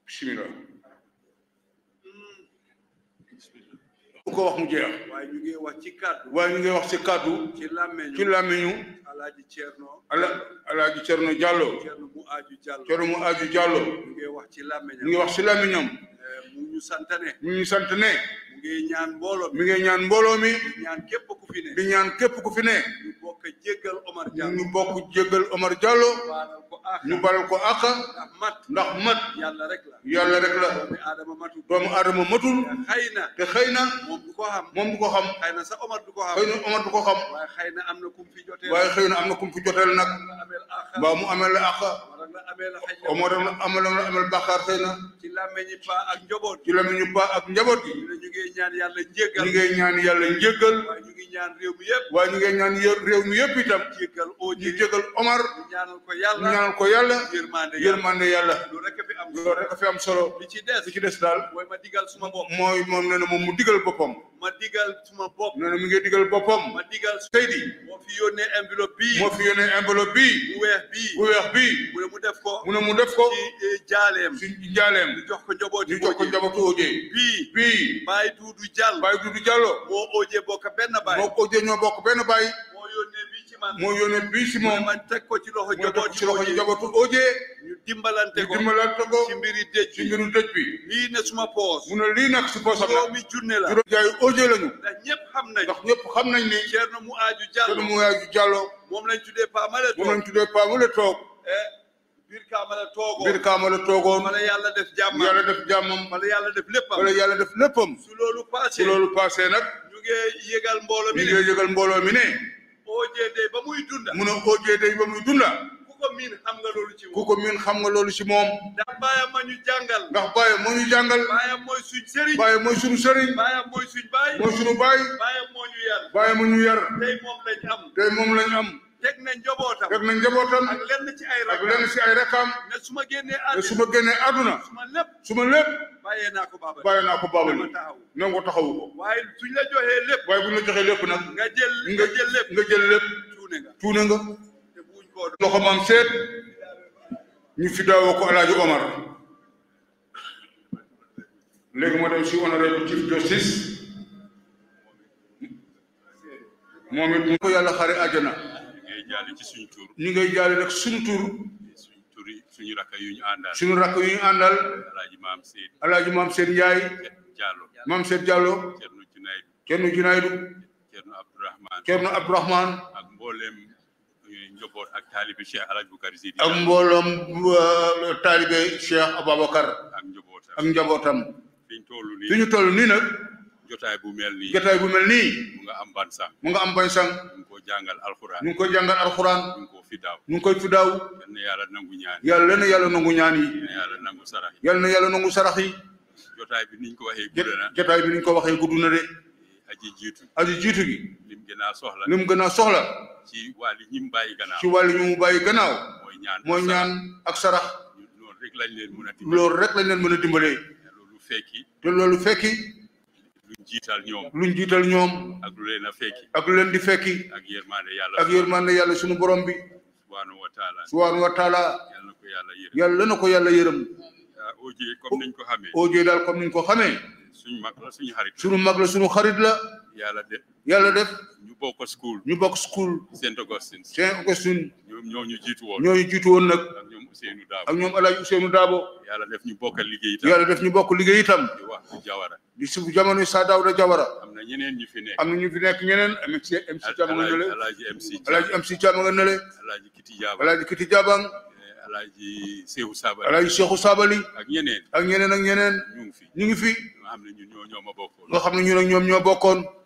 bismillah bu ko wax mu jeex. waaye ñu ngi wax ci kàddu. waaye ñu ngi wax ci kàddu. ci làmmeñu ci làmmeñu. ñu Cerno. Ala Alaaji Cerno Diallo. Cerno mu aaju Diallo. mu aaju Diallo. ñu ngi wax ci làmmee ñu ngi wax ci làmmeñam. Eh, mu ñu sant mu ñu sant ne. mi ngi ñaan mbolo mi mi ngi ñaan mbolo mi ñaan képp ku fi ne ñaan képp ku fi ne ñu bokk jéggal Omar Diallo ñu bokk jéggal Omar Diallo ñu ko akha ndax mat yalla rek la yàlla rek la doomu adama matul doomu aadama matul xëy te xeyna mom du ko xam moom du ko xam Omar du ko xam xëy Omar du ko xam waaye xëy na kum fi jotel waaye xëy kum fi mu amel akha omar amel amel bàkkaar xeyna ci làmmeñu pa ak njobot ci làmmeñu pa ak ñu ngi ngay ñaan yàlla njéggal ñu ngay ñaan yàlla njéggal waaye ñu ngi ñaan réew mi yëpp waaye ñu ngay ñaan réew mi yëpp itam jéggal oo ñu jéggal Omar ñu ñaanal ko yàlla ñaanal ko yàlla yërmande yërmande yàlla loolu rek fi am loolu rek fi am solo li ci des li ci des daal mooy ma digal suma bopp mooy moom nee na moom mu digal boppam ma digal suma bopp. nee na mu ngi digal boppam. ma digal Seydi. moo fi yónnee enveloppe bii. moo fi yónnee enveloppe bi bu weex bii. bu weex bii. mu ne mu def ko. mu ne mu def ko. ci eh, jaaleem. ci jaaleem. ñu jox ko njabooti. ñu jox ko njabooti oje. bii. bii. Baye Doudou Diallo. Baye Doudou Diallo. moo oje bokk benn baay. moo oje ñoo bokk benn baay. moo yónnee. moo yónnee bii si moom ma teg ko ci loxo njaboot ci loxo njabootu Oje ñu dimbalante ko ñu dimbalante ko ci mbiri dëj ci mbiru dëj bi lii ne suma poos mu ne lii nag si poosam juróomi junne la juróom jaay Oje lañu ndax ñëpp xam nañ ndax ñëpp xam nañ ni Thierno Mouhadjou Diallo Thierno Mouhadjou Diallo moom lañ tuddee Paa Male toog moom lañ tuddee Paa Male toog eh, biir kaama la toogoon biir kaama la toogoon wala yàlla def jàmmam yàlla def jàmmam wala yàlla def léppam wala yàlla def léppam su loolu passé su loolu passé nag ñu ngi yëgal mbooloo mi ne ñu ngi yëgal mbooloo mi ne OJD ba muy dunda mu ne OJD ba muy dunda ku ko miin xam nga loolu ci moom xam nga loolu ci moom ndax baayam ma ñu jàngal ndax baayam ma ñu jàngal baayam mooy suñ sëriñ baayam mooy suñu sëriñ baayam mooy suñ baay mooy suñu baay baayam moo ñu yar baayam moo ñu yar moom lañ am teg na njabootam teg na njabootam ak lenn ci ay rakam ak lenn su ma génnee su ma génnee àdduna lépp su ma lépp bàyyee naa ko baabal naa ko baabal na nga ko waaye suñ la joxee lépp waaye buñ la joxee lépp nag nga jël nga jël lépp nga jël lépp tuune nga tuune nga te buñ ko loxo maam seet ñu fi daawoo ko Alaaji Omar léegi ma dem si honorable chief justice moom it mu ko yàlla xare jaale ci suñu tur. ñu ngay jaale nag suñu tur. suñu tur yi suñu rakk yu ñu àndal. suñu rakk yu ñu àndal. alaaji maam Seyd. alaaji maam Seyd yaay Diallo maam Seyd Diallo. Cerno Junaydu. Cerno Junaydu. Cerno Abdourahman. Cerno Abdourahman. ak mboolem njaboot ak taalibe Cheikh Alaaji Bukari Seydi. ak mbooloom uh, taalibe Cheikh Ababacar. ak njabootam ak njabootam. fi ñu toll nii jotay bu melni jotay bu melni mu nga am ban sang mu nga am ban sang ñu ya, ko jangal alquran ñu ko jangal alquran ñu ko fidaaw ñu ngi koy fidaaw yal yalla yàlla nangu ñaan yalla yàlla na yàlla nangu ñaan yi yalla na yàlla nangu sarax yi na yalla nangu sarax yi jotaay bi niñ ko waxe guduna jotay bi niñ ko waxe guduna de aji jitu aji jitu gi lim gëna soxla lim gëna soxla ci wali ñim bayyi gënaaw ci wali ñu bayyi gënaaw moy ñaan moy ñaan ak sarax lool rek lañ leen mëna dimbalé lool rek lañ leen mëna dimbalé lool lu fekki te lu fekki jiital ñoom luñ jiital ñoom ak a fekki ak di fekki ak yërmande yàlla ak yërmande yàlla sunu borom bi subhaanahu wa taala subhaanahu wa taala yàlla na yàlla yërëm yàlla na ko yàlla yërëm ah, OJ e comme niñ ko xamee OJ e daal comme niñ ko xamee suñu mag la suñu yàlla def yàlla def ñu bokk school ñu bokk school Saint ñoo ñu jiitu ñoo ñu jiitu woon nag ak ñoom Ousseynou Dabo ak ñoom El ñu bokk liggéey itam yàlla def ñu bokk liggéey itam di Jawara di su jamono Sa Dawda Jawara am na ñeneen ñu fi nekk am ñu fi nekk ñeneen MC MC Thiam nga nële El Hadj MC El Hadj MC Thiam nga nële El Hadj Kiti Jabang eh, El Hadj Sabali ak ñeneen ak ñeneen ak ñeneen ñu fi ñu ngi fi nga xam ñu ñun ñoo ñoo ñoom ñoo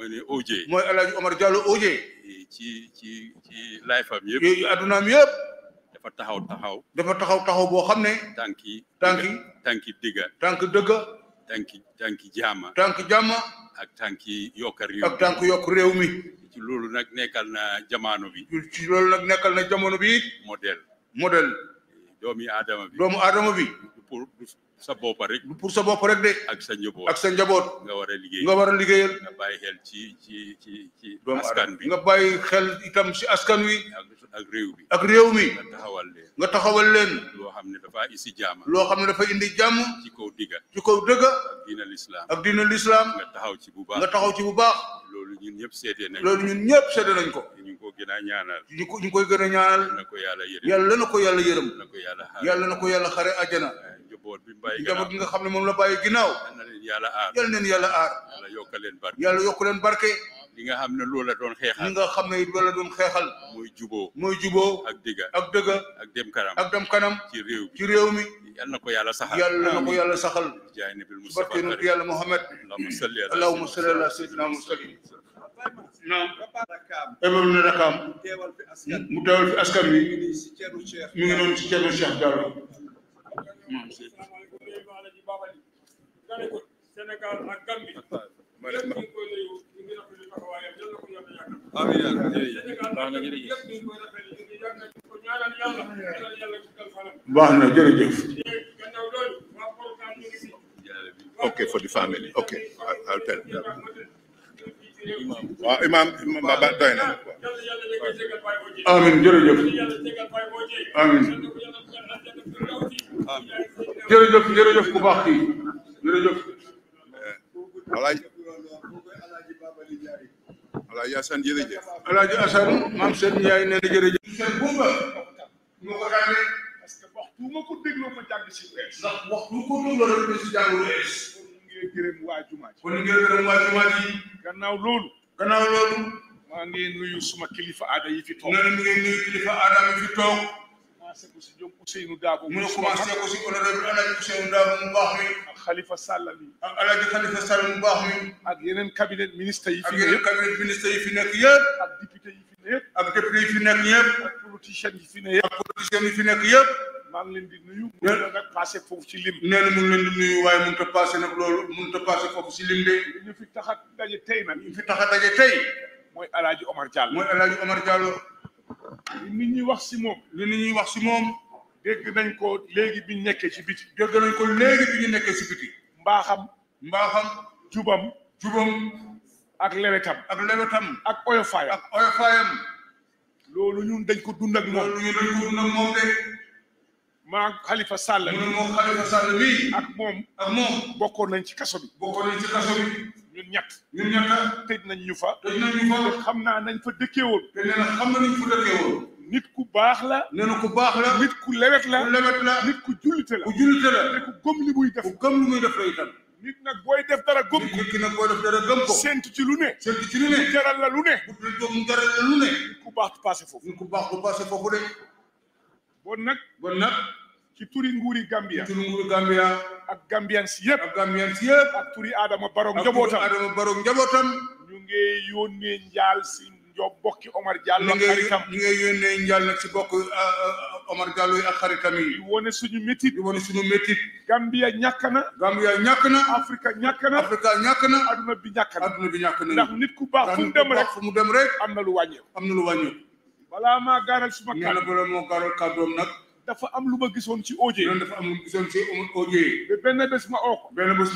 mooy ne OJ. mooy El Hadj Omar Diallo OJ. ci ci ci laay fam yëpp. yooyu addunaam yëpp. dafa taxaw taxaw. dafa taxaw taxaw boo xam ne. tànki tànki tànki digga. tànki dëgga. tànki tànki jaama. tànki jaama. ak tànki yokk réew mi ak tànki yokk réew mi. ci loolu nag nekkal na jamaano bi. ci loolu nag nekkal na jamono bi. modèle. modèle. doomi aadama bi bi. sa bopp rek. pour sa bopp rek de. ak sa njaboot ak sa njaboot. nga war a liggéeyal nga war a liggéeyal. nga bàyyi xel ci ci ci ci. askan bi nga bàyyi xel itam si askan wi. ak réew mi ak réew mi. nga taxawal leen nga taxawal leen. loo xam ne dafa isi jàmm. loo xam ne dafa indi jàmm. ci kaw digga ci kaw dëgga. ak diina lislaam ak diina lislaam. nga taxaw ci bu baax nga taxaw ci bu baax. loolu ñu ñëpp seede nañ ko loolu ñun ñëpp seede nañ ko. ñu ngi ko gën a ñaanal. ñu ko ñu koy gën a ñaanal. na ko yàlla yërëm yàlla na ko yàlla yërëm. na ko yàlla xaare yàlla na ko yàlla xaare àjjana. njaboot bi bàyyi ginnaaw njaboot bi nga xam ne moom la bàyyi ginnaaw yal na yàlla aar leen yàlla aar yàlla yokk leen barke yàlla yokk leen barke li nga xam ne loolu la doon xeexal li nga xam ne loolu la doon xeexal muy juboo muy juboo ak digga ak dëgga ak dem kanam ak dem kanam ci réew mi ci réew mi yal na ko yàlla saxal yàlla na ko yàlla saxal jaay nabil Mustafa barke nu yàlla Muhammad allahumma salli ala sayyidina mu naam émam ne rakaam mu teewal fi askan wi mi ngi noonu ci Ceerno Cheikh Diallo maam si Sénégal ak Gambie baax na jërëjëf okay for the family okay I'll tell you waaw imaam ba doy na amin jërëjëf amin jërëjëf jërëjëf ku baax kii jërëjëf. Eh, Alaaji Alaaji Assane jërëjëf. Alaaji Assane maam seen yaay nee na jërëjëf. seen bumba ñu ko daanee parce que waxtu ma ko dégloo ma jàng si wees. ndax waxtu ko dégloo rek ma si jàng wees. kon ñu ngi gërëm waa jumaa ji. kon ñu ngi gërëm waa jumaa ji. gannaaw loolu. gannaaw loolu. maa ngi nuyu suma kilifa aada yi fi toog. nee na mi ngi nuyu kilifa aada yi fi toog. commencé ko si ñoom Ousseynou Dabo. mu ngi commencé ko si honorable Alaaji Ousseynou Dabo mu baax mi. ak Khalifa Sall mi. ak Alaaji Khalifa Sall mu baax mi. ak yeneen cabinet ministre yi fi. ak yeneen cabinet ministre yi fi nekk yëpp. ak député yi fi nekk. ak député yi fi nekk yëpp. ak politicien yi fi nekk yëpp. ak politicien yi fi nekk yëpp. maa ngi leen di nuyu. nee na nag passé foofu ci lim. nee na mu ngi leen di nuyu waaye mënut a passé nag loolu mënut a passé foofu ci lim de. li ñu fi tax a daje tey nag. li ñu fi tax a daje tey. mooy Alaaji Omar Diallo. mooy Alaaji Omar Diallo. li nit wax si moom li nit wax si moom dégg nañ ko léegi bi nekkee ci biti dégg nañ ko léegi bi ñu nekkee ci biti mbaaxam mbaaxam jubam jubam ak lewetam ak lewetam ak oyofaayam loolu ñun dañ ko dund ak moom de maa Khalifa Sall moom Khalifa Sall wi ak moom ak moom bokkoon nañ ci kaso bi ñun ñett ñun ñett tëj nañ ñu fa tëj nañ ñu fa xam naa nañ fa dëkkeewoon te nee na xam nañ fa dëkkeewoon nit ku baax la nee na ku baax la nit ku lewet la ku lewet la nit ku jullite la ku jullite la te ku gëm li muy def ku gëm li muy def la itam nit nag booy def dara gëm ko nit nag booy def dara gëm ko séntu ci lu ne séntu ci lu ne jaral la lu ne mu jaral la lu ne nit ku baax du passé foofu nit ku baax du passé foofu de bon nag bon nag ci turi nguuri Gambia ci turi nguuri Gambia ak Gambians yëpp ak Gambians yëpp ak turi Adama Barrow njabootam ak Adama Barrow njaal si njob bokki Omar Jallow ak xaritam ñu ngi yónnee njaal si bokk euh, euh, Omar Jallow yi ak xaritam yi di wane suñu métit di wane suñu métit Gambia ñàkk na Gambia ñàkk na Afrika ñàkk na Afrika ñàkk na aduna bi ñàkk na aduna bi ñàkk ndax nit ku baax fu mu dem rek fu mu dem am na lu wàññeeku am na lu wàññeeku balaa maa gaaral suma kàddu na nag dafa am lu ma gisoon ci OJ. loolu dafa am lu ma gisoon ma oo ko. benn bés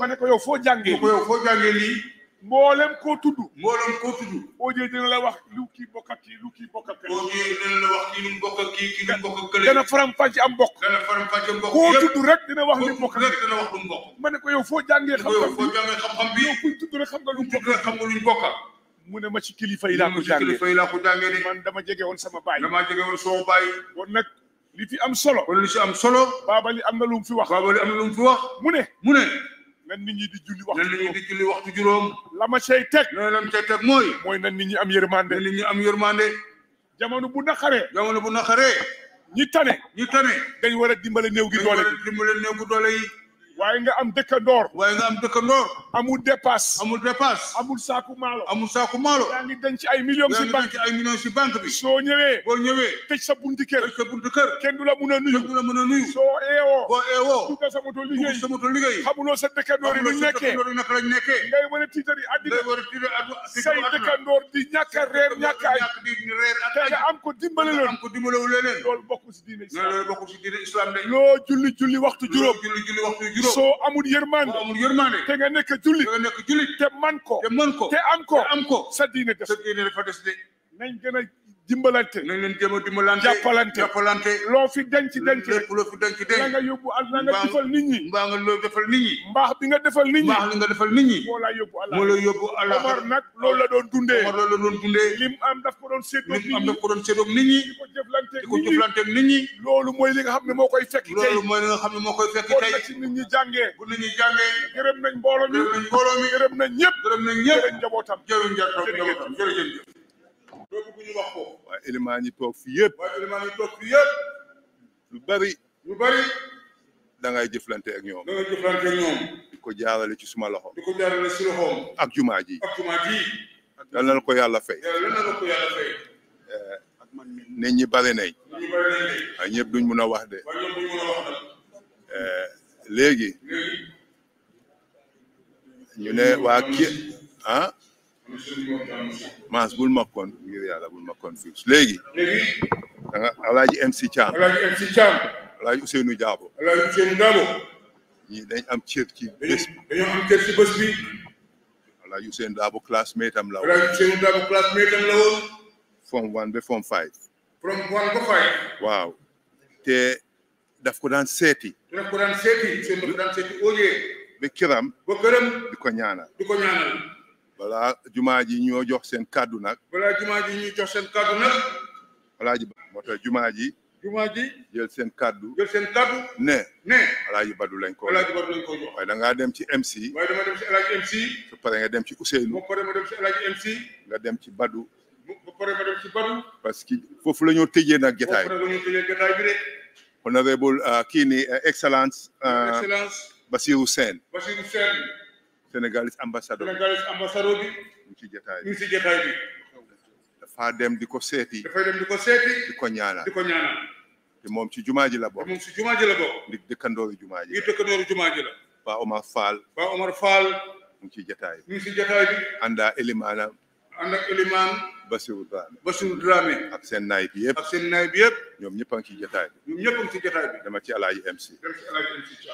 ma ne ko yow foo jàngee. ko yow foo jàngee koo tudd. mboolem koo la wax lu kii bokk ak lu kii bokk ak kii. OJ dina la wax dana faram fàcce am bokk. dana faram fàcce am bokk koo tudd rek dina wax lu bokk rek dina wax lu ma ne ko yow foo jàngee xam-xam bi xam-xam bi. nga lu mu xam nga lu bokk mu ne ma ci kilifa yi laa ko jàngee man dama jege woon sama baay. dama jege woon sama baay. kon nag li fi am solo wala li ci am solo baabali am na lu mu fi wax baabali am na lu mu fi wax mu ne mu ne nan nit ñi di julli waxtu nan nit ñi di julli waxtu juróom la ma cay teg nee la ma cay teg mooy mooy nan nit ñi am yërmande nit ñi am yërmande jamono bu naqaree jamono bu naqaree ñi tane ñi tane dañ war a dimbale néew gi doole dañ war a dimbale néew gi doole yi waaye nga am dëkkandoor waaye nga am dëkkandoor amul dépasse amul dépasse saaku maalo amul saaku maalo soo ñëwee boo sa buntu kër kenn du la mun a nuyu soo eewoo boo eewoo sa moto liggéey sa moto liggéey xamuloo sa dëkkandoor yi ñu nekkee ngay war a tiitar yi àddina ngay war di ñàkk reer ñàkk ay te am ko dimbale leen am ko dimbale i loolu bokkul loo julli julli waxtu juróom soo amul yërmande amul yërmande te nga jullit nga nekk jullit te man ko te man ko am ko am ko sa diine def sa diine dafa des de nañ gën dimbalante nañ leen jéem a dimbalante jàppalante jàppalante loo fi denc denc lépp loo fi denc denc nga yóbbu àll nga defal nit ñi mbaa nga loo defal nit ñi mbaax bi nga defal nit ñi mbaax li nga defal nit ñi moo laa yóbbu àll moo la yóbbu àll Omar nag loolu la doon dundee Omar loolu la doon dundee lim am daf ko doon séddoo lim am daf ko doon séddoo nit ñi di ko jëflante di ko jëflante nit ñi loolu mooy li nga xam ne moo koy fekk tey loolu mooy li nga xam ne moo koy fekk tey ci nit ñi jàngee bu nit ñi jàngee gërëm nañ mbooloo mi gërëm nañ mbooloo mi gërëm nañ ñëpp gërëm nañ ñëpp njabootam jërëjëf njabootam jërëjëf doo bëgg ñu wax ko. lu bari. lu bari. da jëflante ak ñoom. da ngay ci suma loxo. di ko jaarale ci loxoom. ak jumaa yal na ko yàlla fay. yal na ko yàlla ñi bari nañ. duñ mun a wax de. Eh, ñu ne waa ah? maas bul ma kon ngir yàlla bul ma confuse léegi. léegi. alaaji MC Thiam. alaaji MC Thiam. alaaji Ousseynou Diabo. alaaji Ousseynou ñii dañ am cër ci bés bi. dañoo am cër ci bés bi. alaaji Ousseynou Diabo classmate am la woon. alaaji one ba form five. form one ba five. waaw te daf ko daan seeti. daf ko daan seeti. daf ko seeti au lieu. ba di ko balaa jumaa ji ñoo jox seen kàddu nag. wala jumaa ñuy jox seen kàddu nag. alaaji ba ji. jumaa ji seen kàddu. jël seen kàddu. ne. ne alaaji badu badu lañ ko jox waaye da ngaa dem ci MC. waaye dama MC. su nga dem ci Ousseynou. ba pare nga dem ci badu. ba pare parce que foofu la ñoo tëjee nag jotaay. foofu la ñoo tëjee euh, kii ni euh, excellence. Euh, excellence Basirou Sène. Sénégalais ambassadeur Sénégalais ambassadeur bi. mu ci jotaay bi mu ci jotaay bi. dafaa dem di ko seeti. dafay dem di ko seeti. di ko ñaanal ko ñaanal. moom ci jumaa ji la bo moom ci jumaa ji la bokk. di dëkkandooru jumaa ji la. di dëkkandooru jumaa ji la. Ba Omar Fall. Ba Omar mu ci jotaay bi mu ci jotaay bi. ànda Elimaana. ànda ak seen naay bi yëpp seen naay yëpp ñoom ñëpp a ci jotaay bi ñoom ñëpp ci jotaay bi dama ci alaaji MC si ci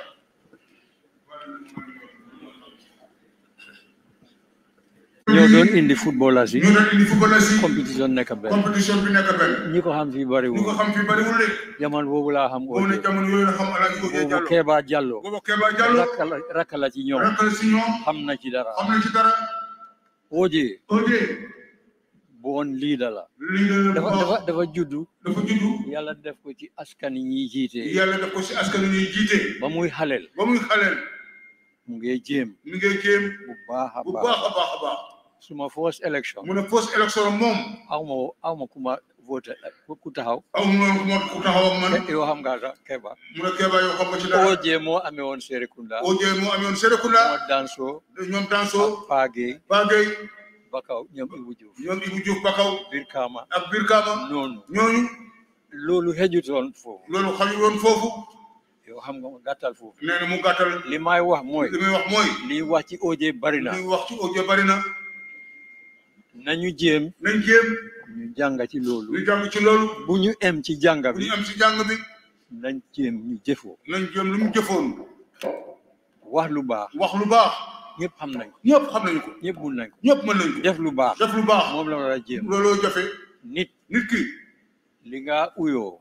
ñoo doon indi footballers yi. ñoo doon indi footballers yi. compétition nekk benn. compétition bi nekk benn. ñi ko xam fii bariwul. ñi ko xam fii bariwul de. jamono boobu laa xam. boobu nag jamono yooyu la xam El Hadj Oudé Diallo boobu Kéba Diallo. boobu Kéba Diallo rakk la ci ñoom. rakk la ci ñoom. xam na ci dara. xam na ci dara. Oudé. Oudé. bon leader la. leader la dafa dafa juddu. dafa juddu. yàlla def ko ci askan yi ñuy jiite. yàlla def ko ci askan yi ñuy jiite. ba muy xaleel. ba muy xaleel. mu ngi jéem. mu ngi jéem. bu baax a baax bu baax a baax a baax. suma first election. mu aw ma kuma voté ku taxaw. aw ma kuma ku ak man. yow xam nga sax Keba. mu ne Keba Serekunda. OJ moo amee Serekunda. E ñoom Danso. ñoom Bakaw ñoom Ibou Bakaw. Birkama. ak Birkama. ñooñu ñooñu. loolu xëjutoon foofu. loolu xajutoon foofu. yow xam nga gàttal foofu. nee na mu gàttal. li may wax ci OJ e bari na. li nañu ñu jàng ci loolu. ñu jàng ci loolu. bu ñu em ci jàng bi. bu ñu ci jàng bi. nañ jéem ñu jëfoo. nañ jéem lu mu jëfoon. wax lu baax. wax lu baax. ñëpp xam nañ ko. ñëpp xam na ko. ñëpp mun nañ ñëpp mën nañ def lu baax. def lu baax moom la war a looloo jafe. nit nit ki. li nga uyoo.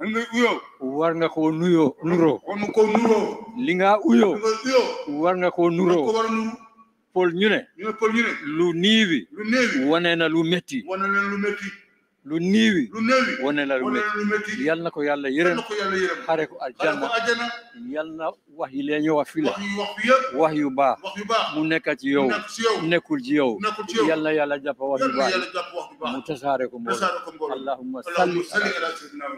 li war na koo nuyoo nuroo. war nga koo nuroo. li nga war nga koo nuroo. Paul ñu ñu ne Paul lu niiwi. lu niiwi na lu metti. wane na lu lu niiwi. lu niiwi na lu metti. yal na ko yàlla yërëm. yal na ko yàlla yërëm. xare ko aljanna. yal na wax yi leen ñëw a file. wax yu wax bi yëpp. wax yu baax. yu baax mu nekk ci yow. nekkul ci yow. nekkul ci yow. yal yàlla jàpp wax yu baax. mu tasaare ko mbooloo. tasaare ko mbooloo. allahumma salli ala sayyidina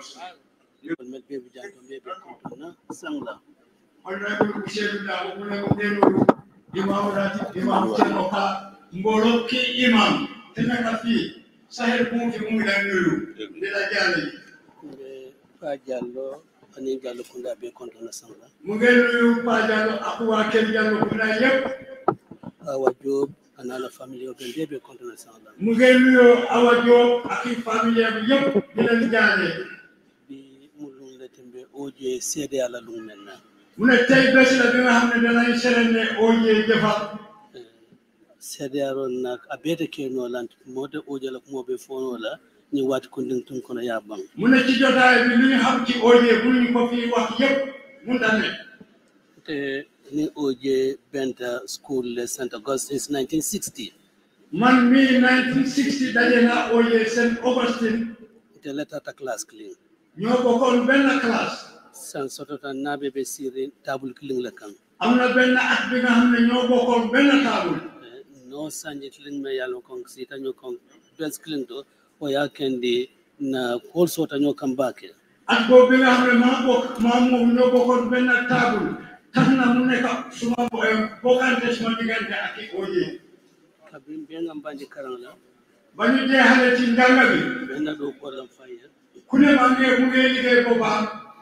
Muhammad. imam ratib imam cerno ka imam tena kafi fi sahel bu fi mu la nuyu ndela jaale fa jallo ani jallo kunda be konto na sanga mu ngel nuyu pa jallo akwa ken jallo kunda yep awa job ana la famille o gande be konto na sanga mu ngel nuyu awa job aki famille am yep ndela jaale bi mu lu la tembe oje sede ala lu menna mu ne tey bés la bi nga xam ne ne OJ defal seedeyaaroon nag a beete keenoo lant la moo be foonoo la ñu waati kundin tun kono yaa bang bi lu ñu xam ci OJ bu ñu ko ni OJ benta school le St Augustine man mii 1960 daje naa OJ St Augustine te la ñoo bokkoon benn classe san sotota naɓe ɓe sirre table kiling la kan am na at bi ne ñoo bokkoon benn table eh, no sanje kiling me yalo kon sitaño kon bes kiling to o ya kendi na kol sotaño kam baake at boobu bi nga xam ne maa bokk eh, la ba ñu jeexale ci ndanga bi benn doo ko lam faye eh. ku ne maa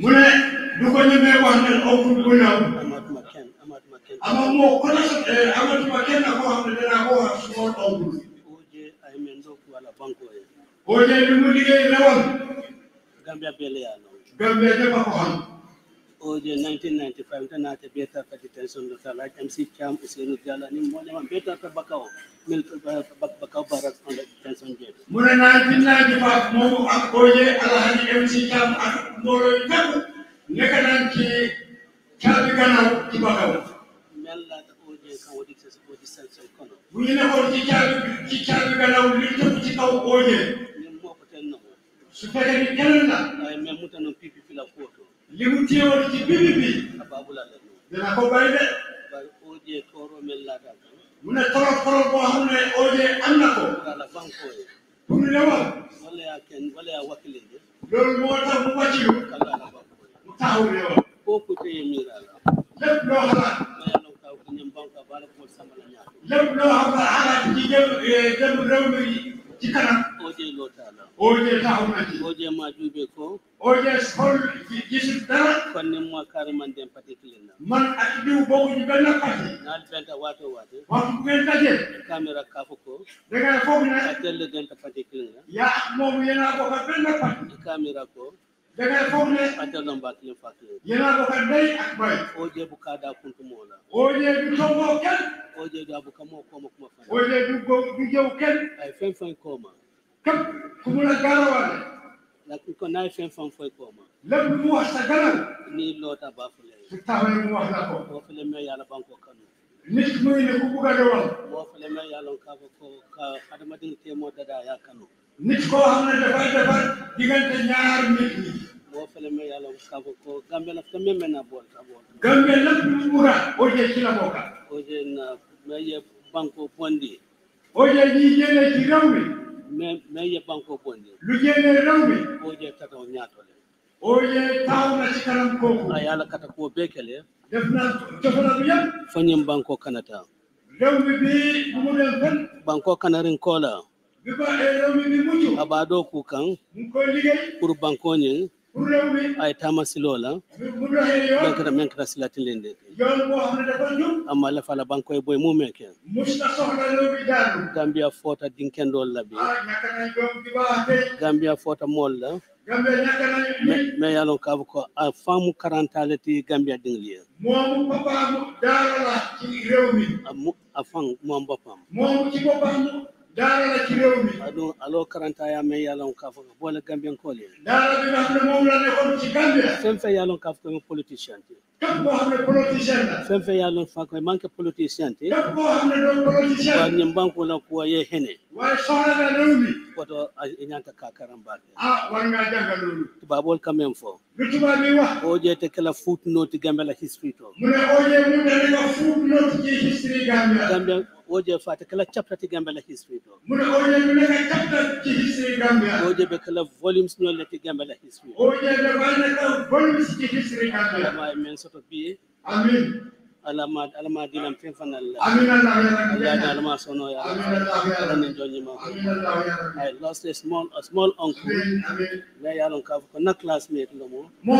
mu ne du ko ñemee wax ne awul gannaaw amatuma kenn amatuma kenn ama moo ko na eh, amatuma kenn koo xam ne danaa ko wax su ma awul oje ay men do ko wala banko e oje bi mu liggéey ne woon Gambia bele ya Gambia dafa ko xam oje 1995 tan naate ɓeetarta detention de talaj mc cam e seydou diallo ni moƴama ɓeetarta bakao mil bakao barak onde detention jeeɗo mune 1995 momo ak oje alhaji mc cam ak moroy fep nekatanki caabi ganaw ki bakao mellata oje kan waɗi oji sanction kono wine on ci caabi ci caabi ganaw li topp ci kaw oje min mokoten noo so fekkani kelanda ay mais mutano pipi fila koor li mu téewoon ci bibi bi dina ko bay de mu ne toro toro boo xam ne oje am na ko pour ne wax loolu moo tax mu wàcciyu mu taxaw ne wax lépp loo xalaat lépp loo xam ne xalaat ci jëm eh, jëm réew mi ci kanam oje lotala oje taxumati oje ma juube ko oje hol jisu dara konne mo kare man den particulier man ak diw bogu ñu benn parti naan benta wato wato waxtu ngeen daje caméra kafu ko da nga foog ne ak den particulier ya moom yena bokk benn parti caméra ko daga fofne ajalan bakilin fakilin da kadai akbai oje bu kada kuntu mola oje bi kuma fa ay fen fen koma kam kuma la garawane la ko nay fen fen foy koma lam mu wax ni lota ba fu lay banko kanu nit muy ne ku buga de wax bo fu lay kanu nit koo xam ne defar defar diggante ñaar nit wo felema yàlla kafo ko gambe nafta meme na bool ka gambe nafti mura oje ci la boka oje na meye banko bondi oje ñi jëlee ci réew mi me meye banko bondi lu jëlee mi oje tataw ñaatole oje taw na ci kanam kooku a yàlla kata koo def na jofana du yam fañim banko kanata réew mi bi mu dem banko kanarin koola abaɗo kukan pour bankoñen ay tama silola donc ta men kata silatin lende amma la fala banko e boy mumen ke gambia fota dinkendol labi gambia fota molla me yalon kaba ko a faamu karantale ti gambia dingliye momu papamu darala ci rewmi a fan mom bopam momu ci daara la ci réew mi ado alo karanta ya men yalon ka fo boole gambian ko le daara bi nga xam ne moom la nekkoon ci gambia fen fe yalon ka fo politicien ti képp koo xam ne politicien la fen fe yalon fa ko manque politicien te képp koo xam ne doon politicien wa ñem banko la ko ye hene waaye soxla na réew mi koto ñanta ka karamba ah war nga jàngal loolu tubaabol quand même fo lu tubaab bi wax o jeete kala footnote gambia la history to mu ne o jee mu ne la footnote ci history gambia gambia boo jee kala caprati gambe la history do ne history be kala volumes history volumes history men soto alama alama fanal la allah ya alama sono ya allah ya allah ya i lost a small a small uncle ya yalon ka ko na classmate mo mo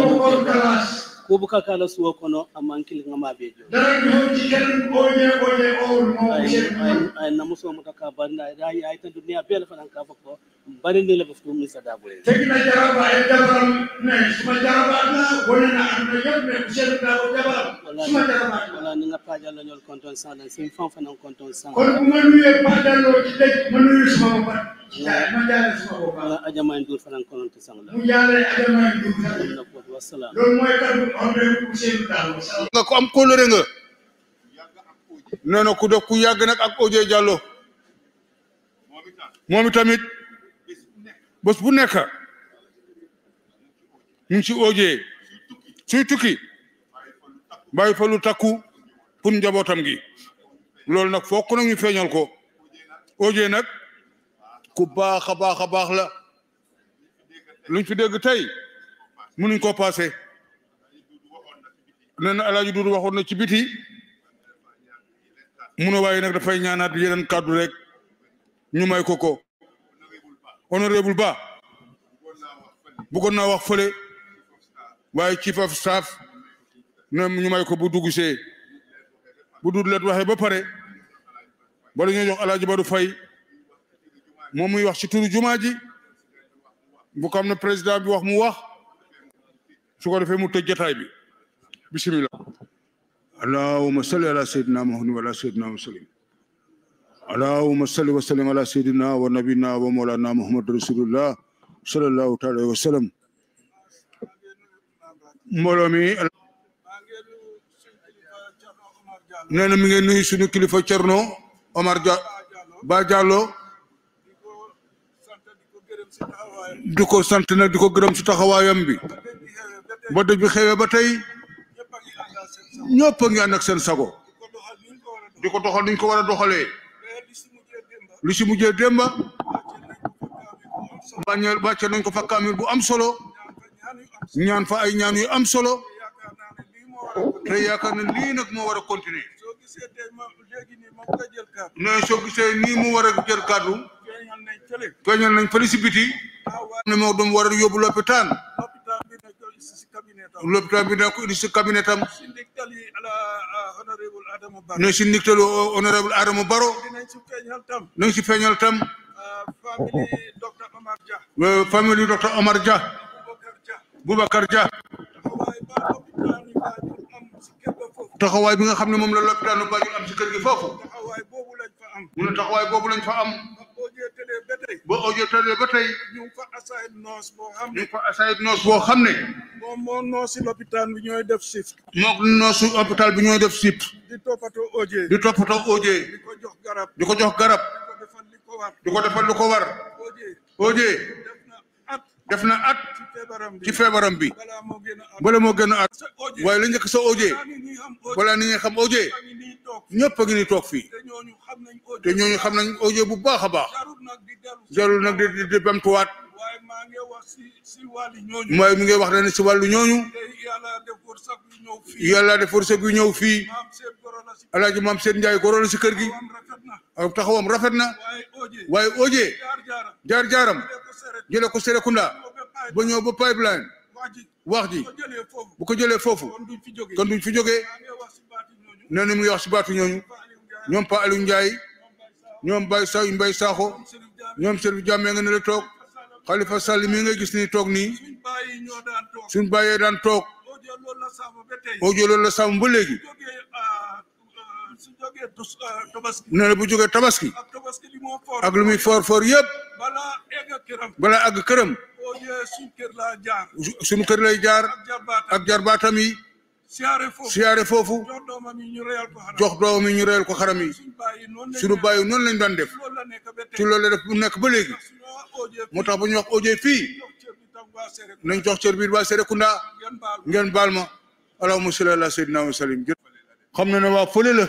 ko class kuobuka kala suwo kono amman kilinga ma be joni dara hoji ken oye oye o mo ay namuso mo ka banda ay ay ta duniya be la fanan ka fakko bari ne la baftu mi sada bole tegina jaraba e dabaram ne suma jaraba na woni na an na yobbe kusel da o dabaram suma jaraba wala ni nga pajal la ñol konton sa la sin fan fanan konton sa kon bu ma nuye pajal lo ci dej ma nuyu suma mo pat ma jaale suma ko wala ajama ndur fanan konton sa la mu jaale ajama ndur fanan ko wassalam lool moy kaddu nga ko am kóllëre nga na ku def ku yàgg nag ak Oje Diallo moom tamit bés bu nekk ñu ngi ci Oje suy tukki bàyyi fa lu takku pour njabootam gi loolu nag fokk nag ñu feeñal ko Oje nag ku baax a baax a baax la luñ fi dégg tey mënuñ koo paase. nee na alaaji duudu waxoon na ci biti mu ne waaye nag dafay ñaanaat yeneen kàddu rek ñu may ko ko honorable ba buggoon na wax fële waaye chief of staff na ñu may ko bu duggusee bu du let waxee ba pare bala ñoo jox alaaji Badou Faye moom muy wax ci turu jumaa ji bu xam ne président bi wax mu wax su ko defee mu tëj jataay bi bismillah allahumma salli ala sayyidina muhammadin wa ala sayyidina muslim allahumma salli wa sallim ala sayyidina muhammad rasulullah sallallahu taala wa sallam mbooloo mi nee kilifa Cerno Ba Diallo di ko sant nag si taxawaayam ba dëj bi xewee ba tey ñëpp ngi ànd ak seen sago di ko doxal niñ ko war a doxalee lu si mujjee démba bàcce nañ ko fa kamil bu am solo ñaan fa ay ñaan yu am solo te yaakaar na lii nag moo war a continuer mais soo gisee nii mu war a jël kàddu feeñal nañ fële si biti ne moo doon war a yóbbu l'hôpital bi na ko indi si cabinet am no si honorable adama baro nañ si feeñal tam famille docteur omar dia boubacar dia taxawaay bi nga xam ne la l'hôpital bari am si kër gi foofu mu ne taxawaay boobu lañ fa am. ba audio tëddee ba tey. ñu ngi fa asayid noos boo xam ne. ñu fa asayid noos boo xam ne. moom moo noosi lopitaan bi ñooy def shift. moom noosu hôpital bi ñooy def shift. di toppatoo audio. di toppatoo audio. di ko jox garab. di ko jox garab. di ko defal lu ko war. di ko defal lu ko war. audio. def na at ci feebaram bi bala moo gën a at waaye la njëkk sa oje wala ni nga xam oje ñëpp a ngi ni toog fii te ñooñu xam nañ oje bu baax a baax jarul nag di di bamtuwaat mooy mu ngay wax ne si wàllu ñooñu yàlla def wërsëg yu ñëw fii alaaji maam seen njaay ko la si kër gi a ak am rafet na waaye oje jaar jaaram jëlee ko Serekunda ba ñëw ba pipeline wax ji bu ko jëlee foofu kon duñ fi jógee nee na muy wax si baatu ñooñu ñoom Pa Aliou Ndiaye ñoom Baye Sa Mbaye Sakho ñoom Serif Jammeh nga ne la toog Khalifa Sall mi nga gis ni toog nii suñ bàyyee daan toog audio loolu la sàmm ba léegi ah, ah, ah, nee na bu jógee tabaski ak lu muy foor yëpp balaa egg këram. balaa àgg këram. boo ñëwee suñu kër laa jaar. suñu kër lay jaar. ak jarbaatam yi. siyaare foofu siyaare foofu. jox doomam yi ñu reyal ko xaram. jox doomam yi ñu reyal ko xaram yi. suñu bàyyi noonu lañ daan def. ci loolu la def bu nekk ba léegi. moo tax bu ñu wax OJ fii. nañ jox cër biir waa Serekunda. ngeen baal ma. allahumma salli ala sayyidina wa sallim. xam na ne waa fële la.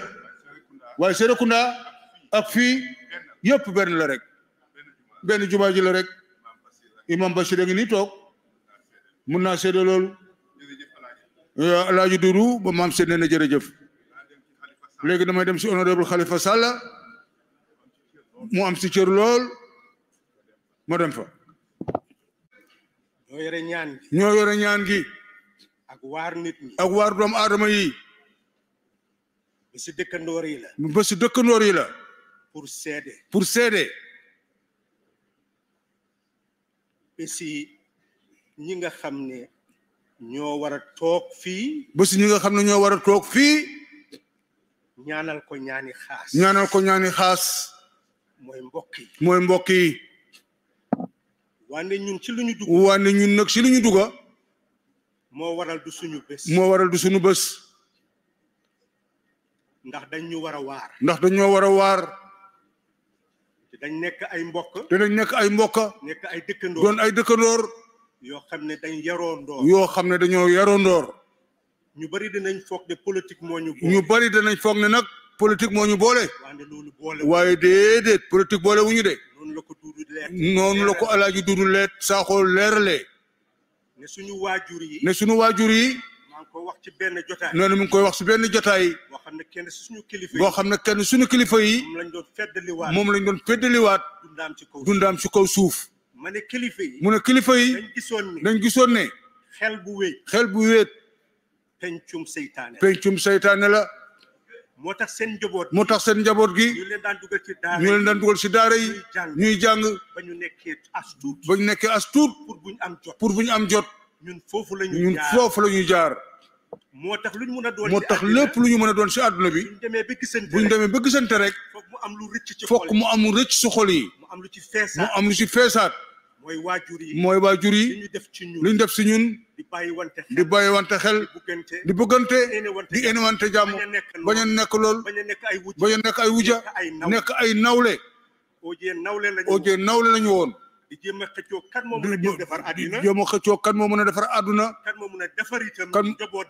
waaye Serekunda ak fii yëpp benn la rek. benn jumaa ji la rek imam Bachir a ngi nii toog mun naa seede loolu alaaji duru ba maam seed na jërëjëf léegi damay dem si honorable Khalifa Sall mu am si cër lool ma dem fa ñoo yore ñaan gi ñoo yore ñaan gi ak waar nit ñi ak waar doomu aadama yi ba si dëkkandoor yi la ba si dëkkandoor yi la pour seede pour seede si ñi nga xam ne ñoo war a toog fii ba si ñi nga xam ne ñoo war a toog fii ñaanal ko ñaani xaas ñaanal ko ñaani xaas mooy mbokk yi mooy mbokk yi ñun ci lu dugg wande ñun nag ci lu dugga moo waral du suñu bés moo waral du suñu bés ndax dañ ñu war a waar ndax dañ ñoo war dañ nekk ay mbokk. danañ nekk ay mbokk. nekk ay dëkkandoor ay dëkkandoor. yoo xam ne dañ yaroo yoo xam ne dañoo yaroo ñu bëri danañ foog ne politique moo ñu. ñu bëri danañ foog ne nag politique moo ñu boole. waaye déedéet politique boole wu ñu de. noonu la ko duudu leer. noonu la ko alaaji duudu leet saaxoo leeralee. ne suñu waajur yi. ne suñu waajur yi. ko wax ci benn jotaay. noonu mu ngi koy wax si benn jotaay. boo xam ne kenn suñu kilifa yi. xam ne kenn suñu kilifa yi. moom lañ doon feddaliwaat moom lañ doon feddaliwaat. dundaam ci kaw dundaam ci kaw suuf. ma ne kilifa mu ne kilifa yi. dañ gisoon ne gisoon ne. xel bu wéet. xel bu wéet. pencum seytaane. pencum seytaane la. moo tax seen njaboot moo tax seen njaboot gi ñu leen daan dugal ci daara ñu leen daan dugal ci daara yi ñuy jàng ba ñu nekkee as tuut ba ñu nekkee as pour bu am jot pour bu ñu am jot ñun foofu la foofu la jaar moo tax lu ñu mën a doon moo tax lépp lu ñu mën a doon si àdduna bi buñ demee ba gisante buñ demee ba gisante rek foog mu am lu rëcc ci foog mu am rëcc si xol mu am lu ci feesaat mu am lu ci feesaat mooy waajur yi mooy waajur yi ñu def si ñun li def si ñun di bàyyi wante xel di bàyyi wante xel di bëggante di enewante jàmm bañ a nekk lool bañ nekk ay wuja bañ a nekk ay wuja nekk ay nawle. OJ nawle lañu woon di jéem a xëccoo kan moo mën a defar àddina di jéem a xëccoo kan moo mën a defar àdduna. kan moo mën a defar itam njaboot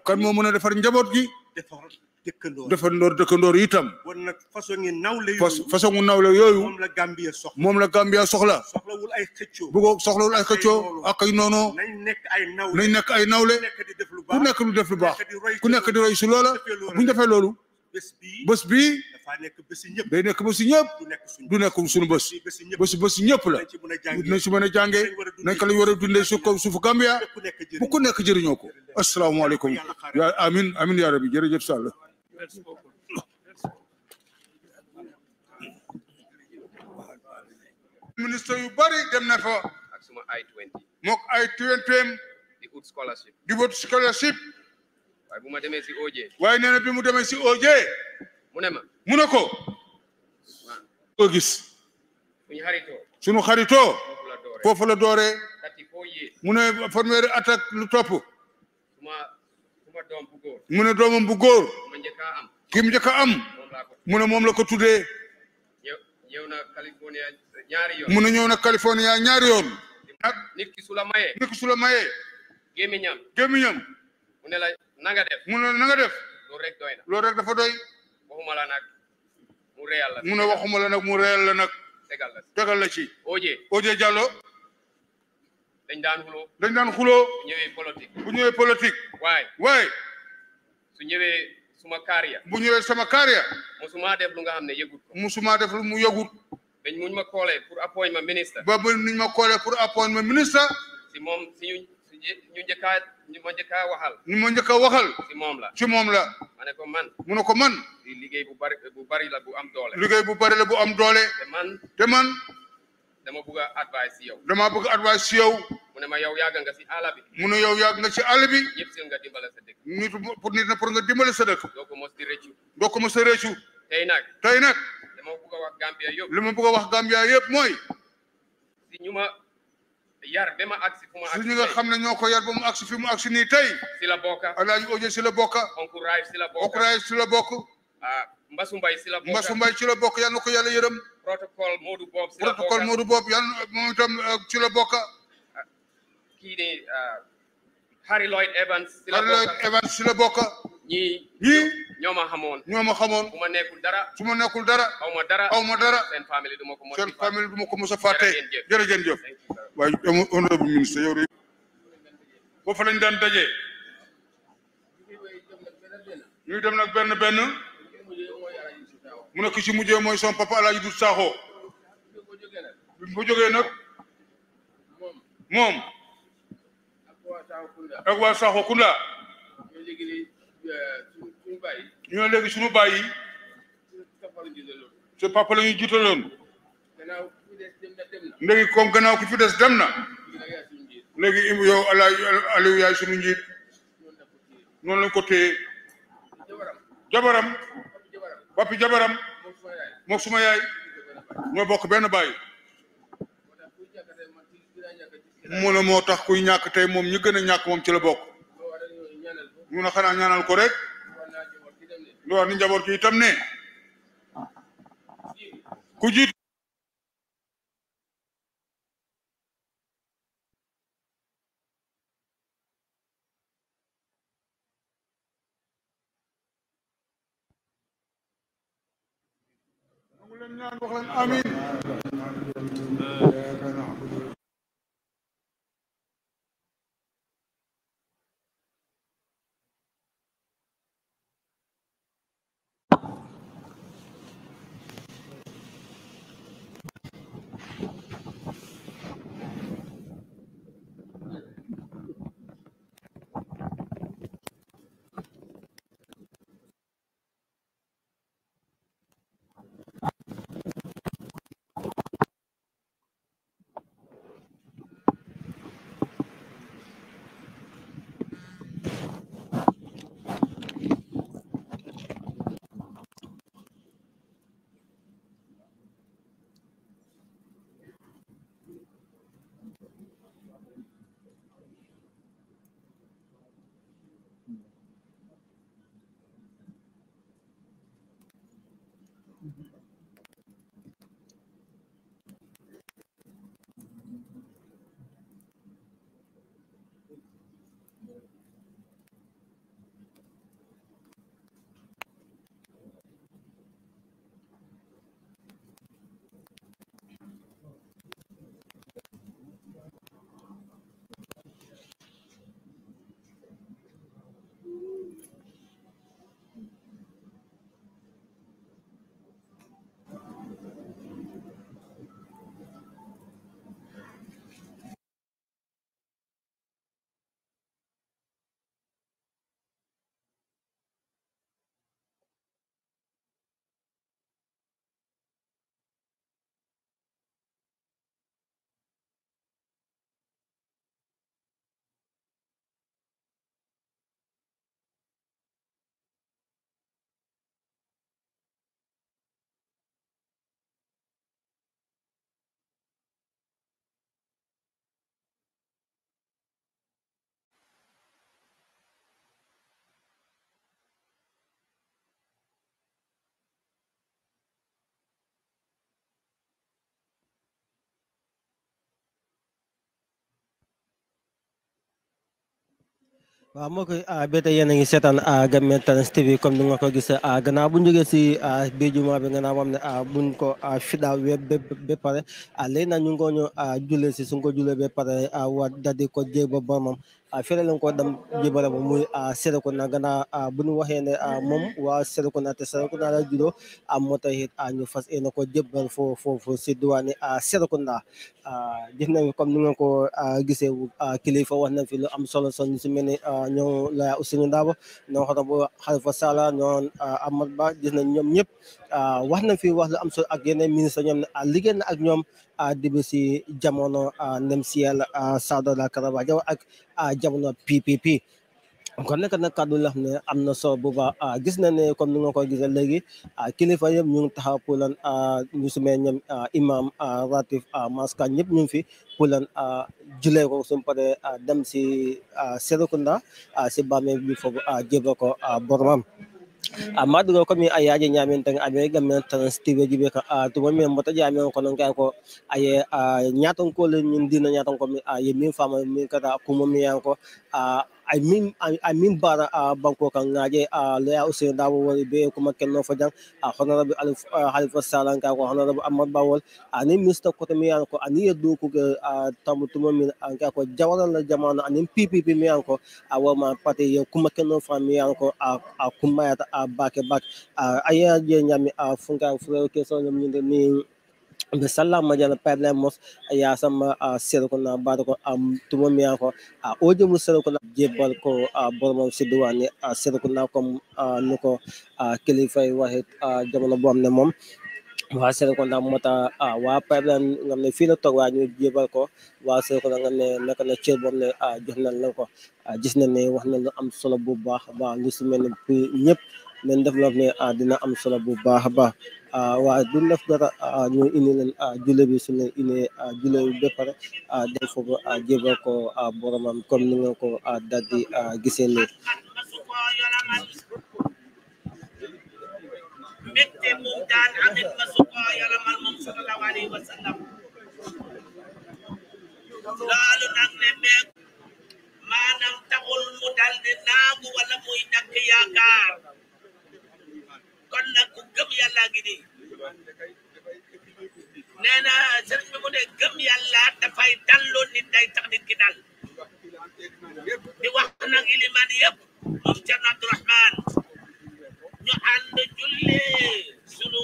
a defar njaboot gi. defar dëkkandoor defandoor dëkkandoor itam. kon nag nawle yooyu. façon gu nawle yooyu. moom la Gambia soxla moom la Gambia soxla. soxlawul ay xëccoo. bu ko soxlawul ay xëccoo ak ay noonu. nañ nekk ay nawle nañ nekk ku nekk di def lu baax ku nekk di roy si loola bu ñu defee loolu bés dafaa nekk bés yi ñëpp day nekk bés yi ñëpp du nekk suñu bés bés bés yi ñëpp la nañ si a jàngee nañ ko lañ a dundee su ko suufu Gambia bu ku nekk jëriñoo ko asalaamaaleykum ya amin amin yaa rabbi jërëjëf Sall ministre yu bari dem na fa ak suma ay twenty mook ay twentyem di wut scholarship di wut scholarship waaye bu ma demee si OJ waaye nee bi mu demee si OJ mu ne ma mu ne ko ko gis suñu xaritoo foofu la dooree mu ne fanweeri lu topp mu doomam bu góor ki mu am mu moom la ko tuddee mu ne na California ñaari yoon ak ki su na nga def mu na nga def loolu rek doy waxuma la nag mu réyal la mu waxuma la nag mu réyal la nag tegal la tegal ci Oje Oje Diallo dañ daan xuloo dañ daan xuloo bu ñëwee politique bu ñëwee politique waaye waaye su ñëwee suma carrière bu ñëwee sama carrière musuma def lu nga xam ne yëgut ko maa def lu mu yëgut dañ muñ ma koolee pour appoint ma ministre ba muñ ma koolee pour appoint ma ministre moom ñu njëkk a ñu ma njëkk a waxal. ñu ma njëkk a waxal. ci moom la ci moom la. ma ko man. mu ne ko man. liggéey bu bari bu bari la bu am doole. liggéey bu bari la bu am doole. te man te man. dama bëgg a advice si yow. dama bëgg advice si yow. mu ne ma yow yàgg nga si àll bi. mu ne yow yàgg nga si àll bi. ñëpp si nga dimbale sa dëkk. nit pour nit na pour nga dimbale sa dëkk. doo ko mos di rëccu. doo ko mos a rëccu. tey nag tey nag. dama bëgg a wax Gambia yëpp. li ma bëgg wax Gambia yëpp mooy. si ñu yar ba ma ñu nga xam ne ñoo ko yar ba mu agsi fi mu agsi nii tey si la bokka alaaji ojo si la bokka encourage si la bokka encourage si la bokk ah mbasu mbay si la bokk mbasu mbay ci la bokk yal na ko yàlla yërëm protocole moodu boobu si la bokka protocole boobu yal moom itam uh, ci la bokka ah, kii ne ah, Harry Lloyd la bokka Harry Evans si la bokka ñii ñoo ma xamoon ñoo ma xamoon su ma nekkul dara su ma nekkul dara aw ma dara aw ma dara seen famille du ma ko mos seen famille du ma ko mos a fàtte jërëjëf boo fa lañ daan dajee ñuy dem na benn benn mu nekk si mujjee mooy son papa Alaaji Dut Saaxo bi mu jógee moom ak waa Saaxo Kunda ñoo léegi suñu baay yi sa papa la ñuy jiitaloon léegi comme gannaaw ku fi des dem na léegi im yow ala Aliou yaay suñu njiit noonu lañ ko téye jabaram papi jabaram mook yaay ñoo bokk benn baay mu ne moo tax kuy ñàkk tey moom ñu gën a ñàkk moom ci la bokk ñu ne xanaa ñaanal ko rek lu wax ni njaboot ki itam ne waaw moo koy ah, ba tey yéen a ngi seetaan ah, Gambian Talents TV comme ni nga ko gisee ah, gannaaw bu ñu jógee si bii jumaa bi gannaaw moom ne buñ ko fida web ba pare léegi nag ñu ngi ko ñu si suñ ko jullee ba pare wa dadi ko jéeg ba boromam Ah, fere leen ko dam jibara ba muy a ah, Serekunda gannaaw ah, bu ñu waxee ne moom waa Serekunda te Serekunda la juddoo a moo it a ñu fas yéene ko jébal fo foofu si diwaani a Serekunda gis nañ comme ni ngeen ko gisee kilifa wax nañ fi lu am solo son si mel ni ñoom la Ousainou Darboe ñoom xoto Halifa Sallah ñoom Amat Bah gis nañ ñoom ñëpp wax nañ fi wax lu am solo ak yeneen ministre ñoom ne liggéey na ak ñoom débisi jamono nemsiyel Sadola Karabajaw ak jamono PPP kon nekk nag kàddu la xam ne am na soo bu baax gis na ne comme ni nga ko gisee léegi kilifa yëpp ñu ngi taxaw pour lan ñu sumee ñoom imam ratif maska ñëpp ñu ngi fi pour a julee ko suñu paree dem si Serekunda si bàmmeel bi foofu jébbal ko boromam amma daga komi a yaji nyamin tan abe gamen tan steve gibe ka a to mi mbota jami ko non kan ko aye a nyaton ko le nyin dina nyaton ko mi a yemin fama mi kata kuma mi yanko a ay min I mean, bara a ah, banko kan ngaje ah, a ah, leya usen dawo be ko makke no fajan a honorable alif halifa salan ka ko honorable amad bawol ani mr ko mi an ko ani yedo ko a tamutuma min an ka ko jawalan la jamana ani ppp mi an ko a wa ma pate yo ko a a a bake a aya jenya a Funga, fure ke so mbe sallama jana problème mos ya sama a sero ko na baro ko am tumo mi ko a oje mu sero ko na jebal ko a bormo sidwani a sero ko na ko nuko a kelifay wahid a jamono bo amne mom waa Serekunda moo tax waa pipeline nga xam ne fii la toog waa ñu jébal ko waa Serekunda nga xam ne nekk na cër boobu ne jox nañ la ko gis nañ ne wax nañ lu am solo bu baax baax lu si mel ne ñëpp leen développe ne ah, dina am solo bu baax a baax ah, waaye du def dara ah, ñu indi jule bi su leen indi jule bi ba pare dem foofu jébal ko boromam comme ni nga ko daal di gisee nii mbégte moom daan amit na su ko yàlla mal moom sallallahu alayhi wa sallam loolu nag ne meeg maanaam taxul mu dal di naagu wala muy dakk yaakaar kon ku gem yàlla ngi ni nee na bi mu ne gëm yàlla dafay dalloo nit day tax nit ki dal di wax nag ilimaan yëpp ñu sunu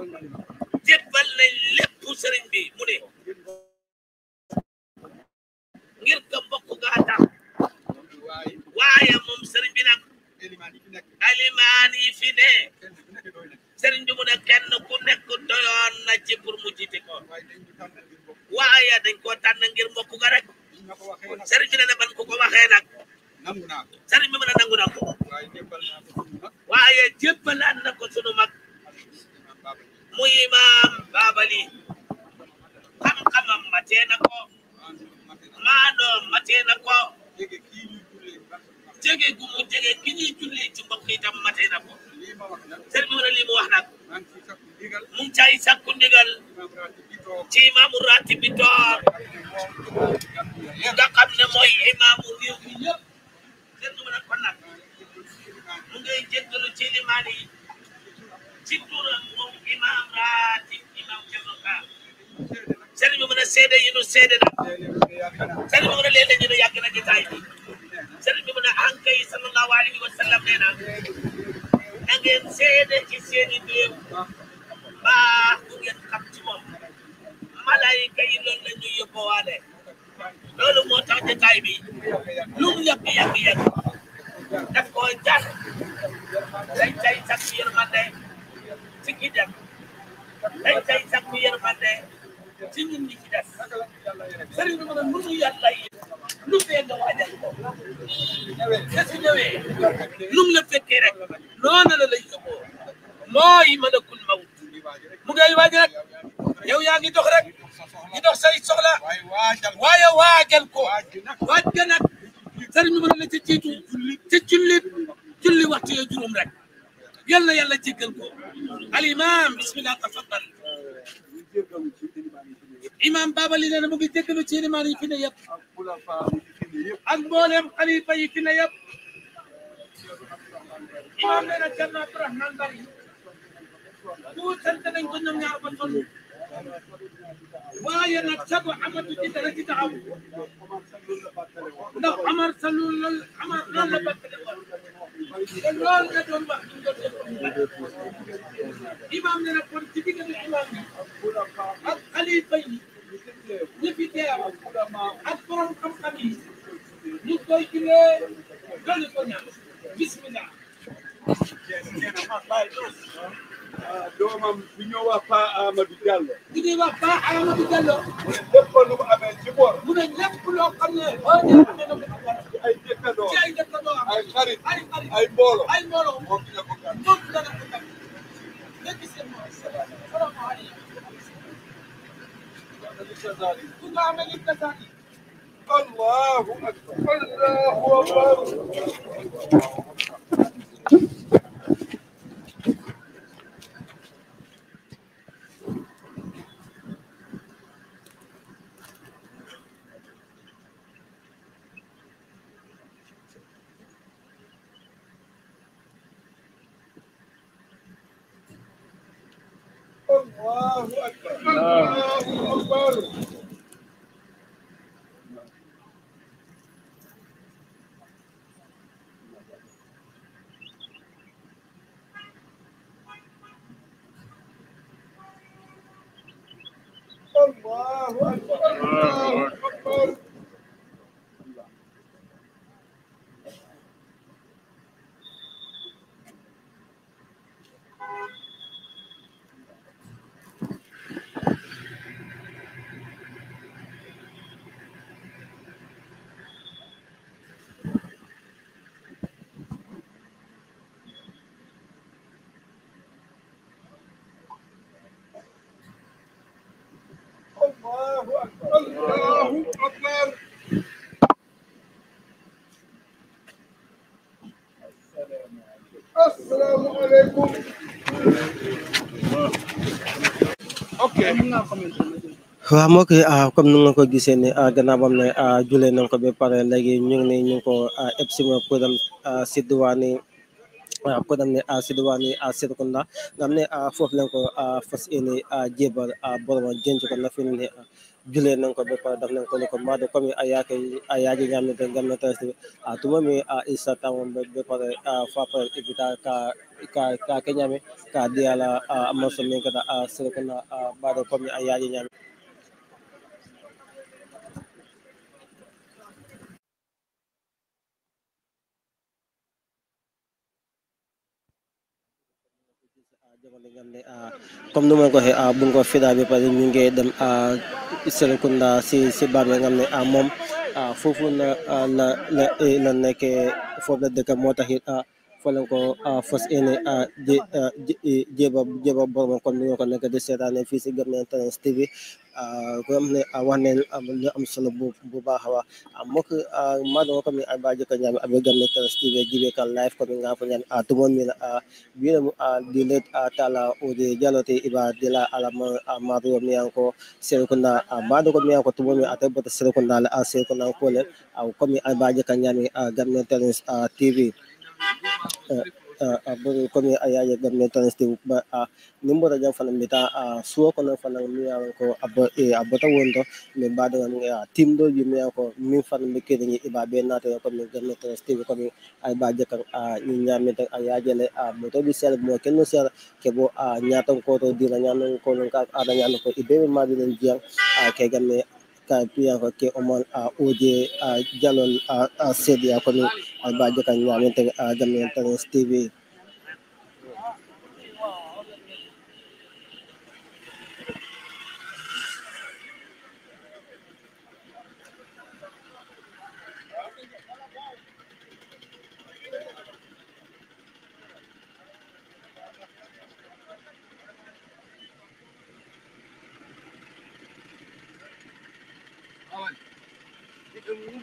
Omar bi mu ne ngir ka mbokk gaa tax waaye moom bi alimaan yi fi ne sëriñ bi mu ne kenn ku nekk doyoon na ci pour mu jiite ko waaye dañ koo tànn ngir mbokk ga rek sëriñ bi ne ne man ko waxee nag sëriñ bi mu ne nangu na ko waaye jébbalaat na ko sunu mag muy imaam baabali xam-xamam matee na ko maandoom matee na ko jege gu mu jege ki ñuy julli ci mbokk yi tam mate na ko sëriñ bi ne lii mu wax nag mu ngi cay sàkku ci imaamu raati bi toog nga xam ne mooy imaamu réew bi mu ci limaan yi ci turam moom imaam raati imaam Thierno Ka sëriñ bi mu ne seede yi nu seede na sëriñ bi ne léeg ñu ne yàgg na jotaay bi sëriñ bi na na ngeen seede ci seeni néew baax ngeen xam ci moom malayka yi loolu la ñuy yóbbowaale loolu moo tax jotaay bi lu mu yàgg yàgg yàgg daf koo jar dañ cay sàkk yërmande ci ki dem dañ cay sàkk yërmande ci ñun ñi ci des sëriñ bi ma ne mënu yàlla yi lu fee nga waa des ko te su ñëwee lum la fekkee rek noona la lay yóbboo mooy mën a kun mawut mu ngay waaj rek yow yaa ngi dox rek di dox say soxla waaye waajal ko waaj ga nag sëriñ bi ma ne la ca jiitu ca jullit julli waxtu ya juróom rek yàlla yàlla jéggal ko al imam bismillah tafaddal imam babali nee na mu ngi jéggalu ci limaan yi fi ne yëpp ak mboolem xalifa yi fi ne yëpp imam nee na Cerno Abdourahmane Bari bu sant nañ ko ñoom ñaar ba toll waaye nag sago amatu ci dara ci taxaw ndax amar sa lool amar loolu la bàttale woon te loolu nga doon wax ñu doon def imam nee na kon ci diggante imam bi ak xalifa yi ñi fi teew ak borom xam bi ñoo wax Pa Amadou Diallo. ki ñuy wax Pa Amadou Diallo. mu ne lépp lu mu amee mu ne lépp loo xam ne. waa ñaar amee na ko ci ay dëkkandoo. ci ay dëkkandoo ay xarit. ay xarit ay mbooloo. ay mbooloo moom dina ko gàll. moom dina ko gàll. الجزائر الله اكبر الله اكبر Não. Allahu Akbar. Allahu Akbar. waaw moo koy ah, comme ni nga ko gisee ne ah, gannaaw bam ne ah, julee nañ ko ba pare léegi ñu ngi ne ñu ngi ko eb si ma pour dem si diwaani ko dem ne si diwaani Serekunda nga xam ne foofu lañ ko fas yéene jébbal boromam jënc ko na fi jule nan ko be ko daf nan ko ko ma ah, ah, de gamna tasi a tuma a isa tamon be be ko ke nyame ka diala a maso min a sele a ba komi ayaji nyame comme nu ma ko waxee ah, bu ñu ko fidaa ñu ngi dem Serekunda si si baat bi nga xam ne ah, moom ah, foofu la ah, la la la nekkee foofu moo taxit a fa lañ ko ah, fas yéene ah, ah, jéem a jéem a boromam comme ni nga ko nekk di seetaane fii si Gambian Talents TV a am ne wax neen lu am solo bu bu baax a baax a ma do ko mi aba jikko nyam abe gamme Talents TV jibe kan live ko mi nga a tumon mi a bilam a di a tala o de iba de la ala ma ma do mi anko sel ko na ma do ko mi anko tumon mi a sel ko na a ko mi a TV Eh, eh, eh, abu ah, ah, ko mi ayaye gam ne tan sti ba a nimbo da jam fanan suwa ko na fanan ko abu e abu ta wondo ne ba da ngam ya tim do yimi ya ko mi fan mi ke ni iba be na ta ko mi gam ne tan sti ko mi ay ba je kan a ah, ni nya mi ta ayaye le a no sel ke a nya ta di na nya ka ada nya no ko ibe ma di a ke ne ka piya ko ke omon a oje a jalol a sedi a komi a baje kan nyamen tan a jamnen tan steve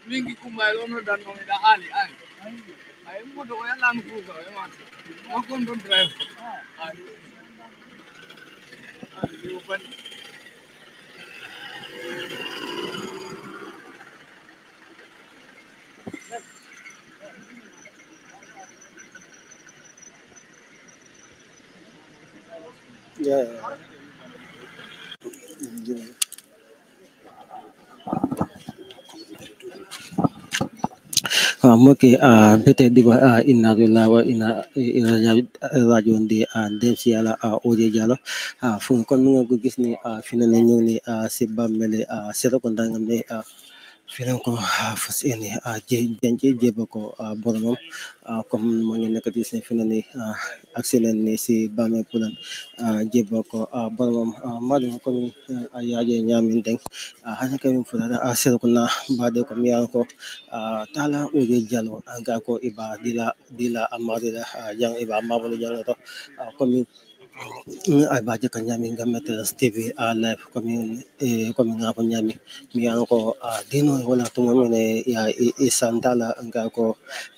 mingi kumbay ɗon hoddannoomi ɗa aali aali ay moto o yallaano kuuga o yamata makko on ɗon drive aali Yeah. yeah, yeah. waaw mbokk yi ba di ah, wax inna lillahi wa inna ilayhi rajiun di ah, dem si yàlla ah, kon nu nga gis ni fi na ne ñëw ni si bàmmeel Serekunda nga xam ne fi leen ko fas yéene ah, jé jànce jéba ko ah, boromam ah, comme moo ngi nekk di seen ni si leen ni si bame pulan jéba ko boromam maɗum komi yaaje ñamin a hana kamin fulata serkuna mbaɗe ko miyan ko tala uje jalo anga ko iba dila dila amarila jang iba mabolo jaloto komin Mm, abaji ka ñami gamete tv a life komin e, komin nga ko ñami mi ko a dino e wala to mo ne ya isandala e, nga ko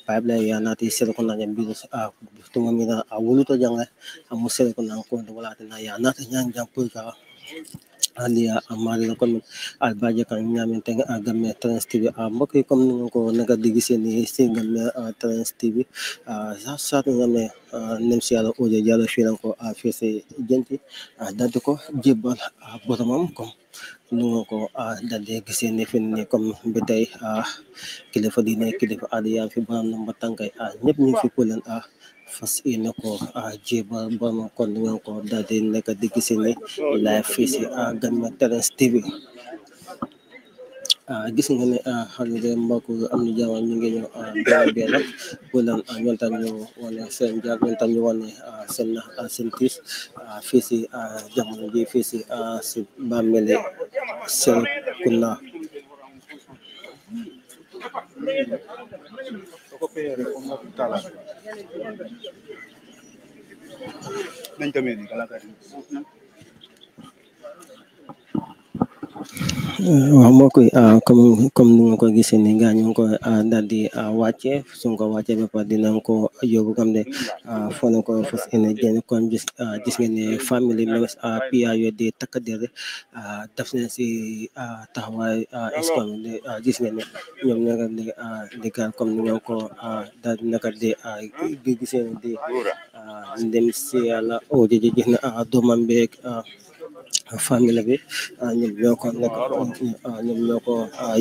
bible ya nati sel ko nanya bi a to mo na a wulu to janga a musel ko nan ko wala ya, na ya nati ñan jam ka handia amari la kon albaje kan nyamin teng agamme trans tv a mbokk yi comme ko naka di gisee ni si gamme trans tv a sa sat ngamme nem si yàlla oje jàlla fi lan ko a jenti a daddi ko jébbal a boromam comme nu nga ko daldi gisee ne fin ni comme bi tey kilifa diine kilifa aada yaa fi borom na mba a ñëpp ñu fi kulen a fas yéene ko ah, ba borom kon ngeen ko daal di nekk di gis ne live fii si ah, Gambian Talents TV ah, gis nga ne xam nga mbokk am na jaaw ñu ngi ñëw Gambia nag bulan ñoom tam ñu wane seen jaar ñoom tam ñu wane seen seen tiis fii si ba ji fii si coopérer comme tala nañ ko mel ni waaw mbokk yi ah, comme comme ko gisee ni gars ñu ngi ko ah, daal di ah, wàcce suñ ko wàcce ba pare ko yóbbu xam ne foo nañ ko fas yéene génn kon gis gis ngeen ne family members PIO di takk der def nañ si taxawaay iscom gis ngeen ne naka di di gaal comme ni ko daal di naka di di di ndem si yàlla o oh, jëjë gis na doomam famille bi ah, ñoom ñoo ko nekk ah, ñoom ñoo ko ah,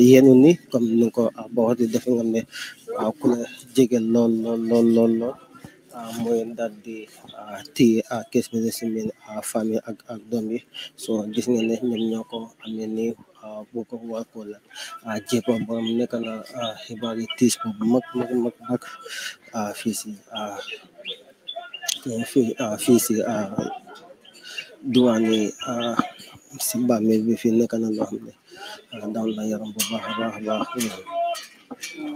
ko boo di def nga ne ku la jege lool lool lool lool lool daal di téye kees bi ne si meen famille ak ak doom yi soo gis nga ne ñoom ñoo ko amee nii boo ko waakoo la jéego borom nekk na xibaar yi tiis bu mag mag mag mag fii si fii fii duwaani si me bi fi nek na lo xamne ne daw la yaram bu baax baax baax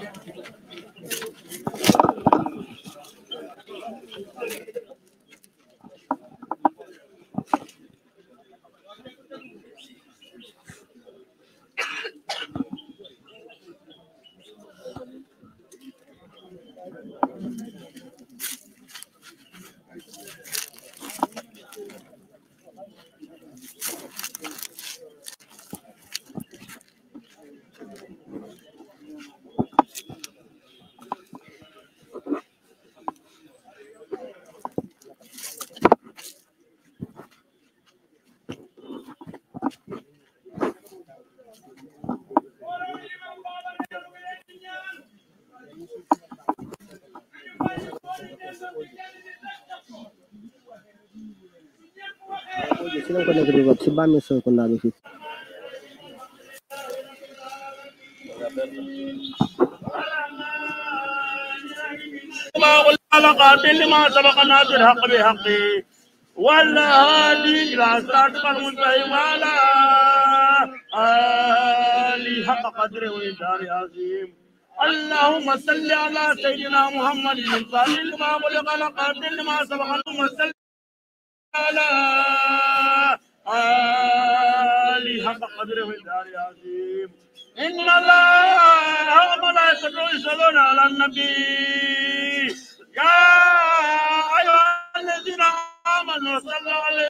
Thank you. Thank you. سلام كنا ما ولا لقاتل ما بحقه ولا هادي الى صراطك المستقيم وعلى آله حق قدره وإنسان عظيم اللهم صل على سيدنا محمد صلى الله عليه وسلم ما سبقنا على آله حق قدره والدار إن الله وملائكته يصلون على النبي يا أيها الذين آمنوا صلوا عليه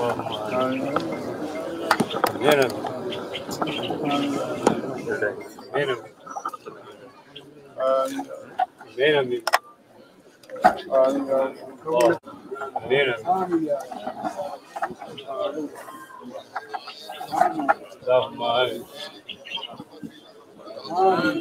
benim benim benim benim Tamam. Tamam.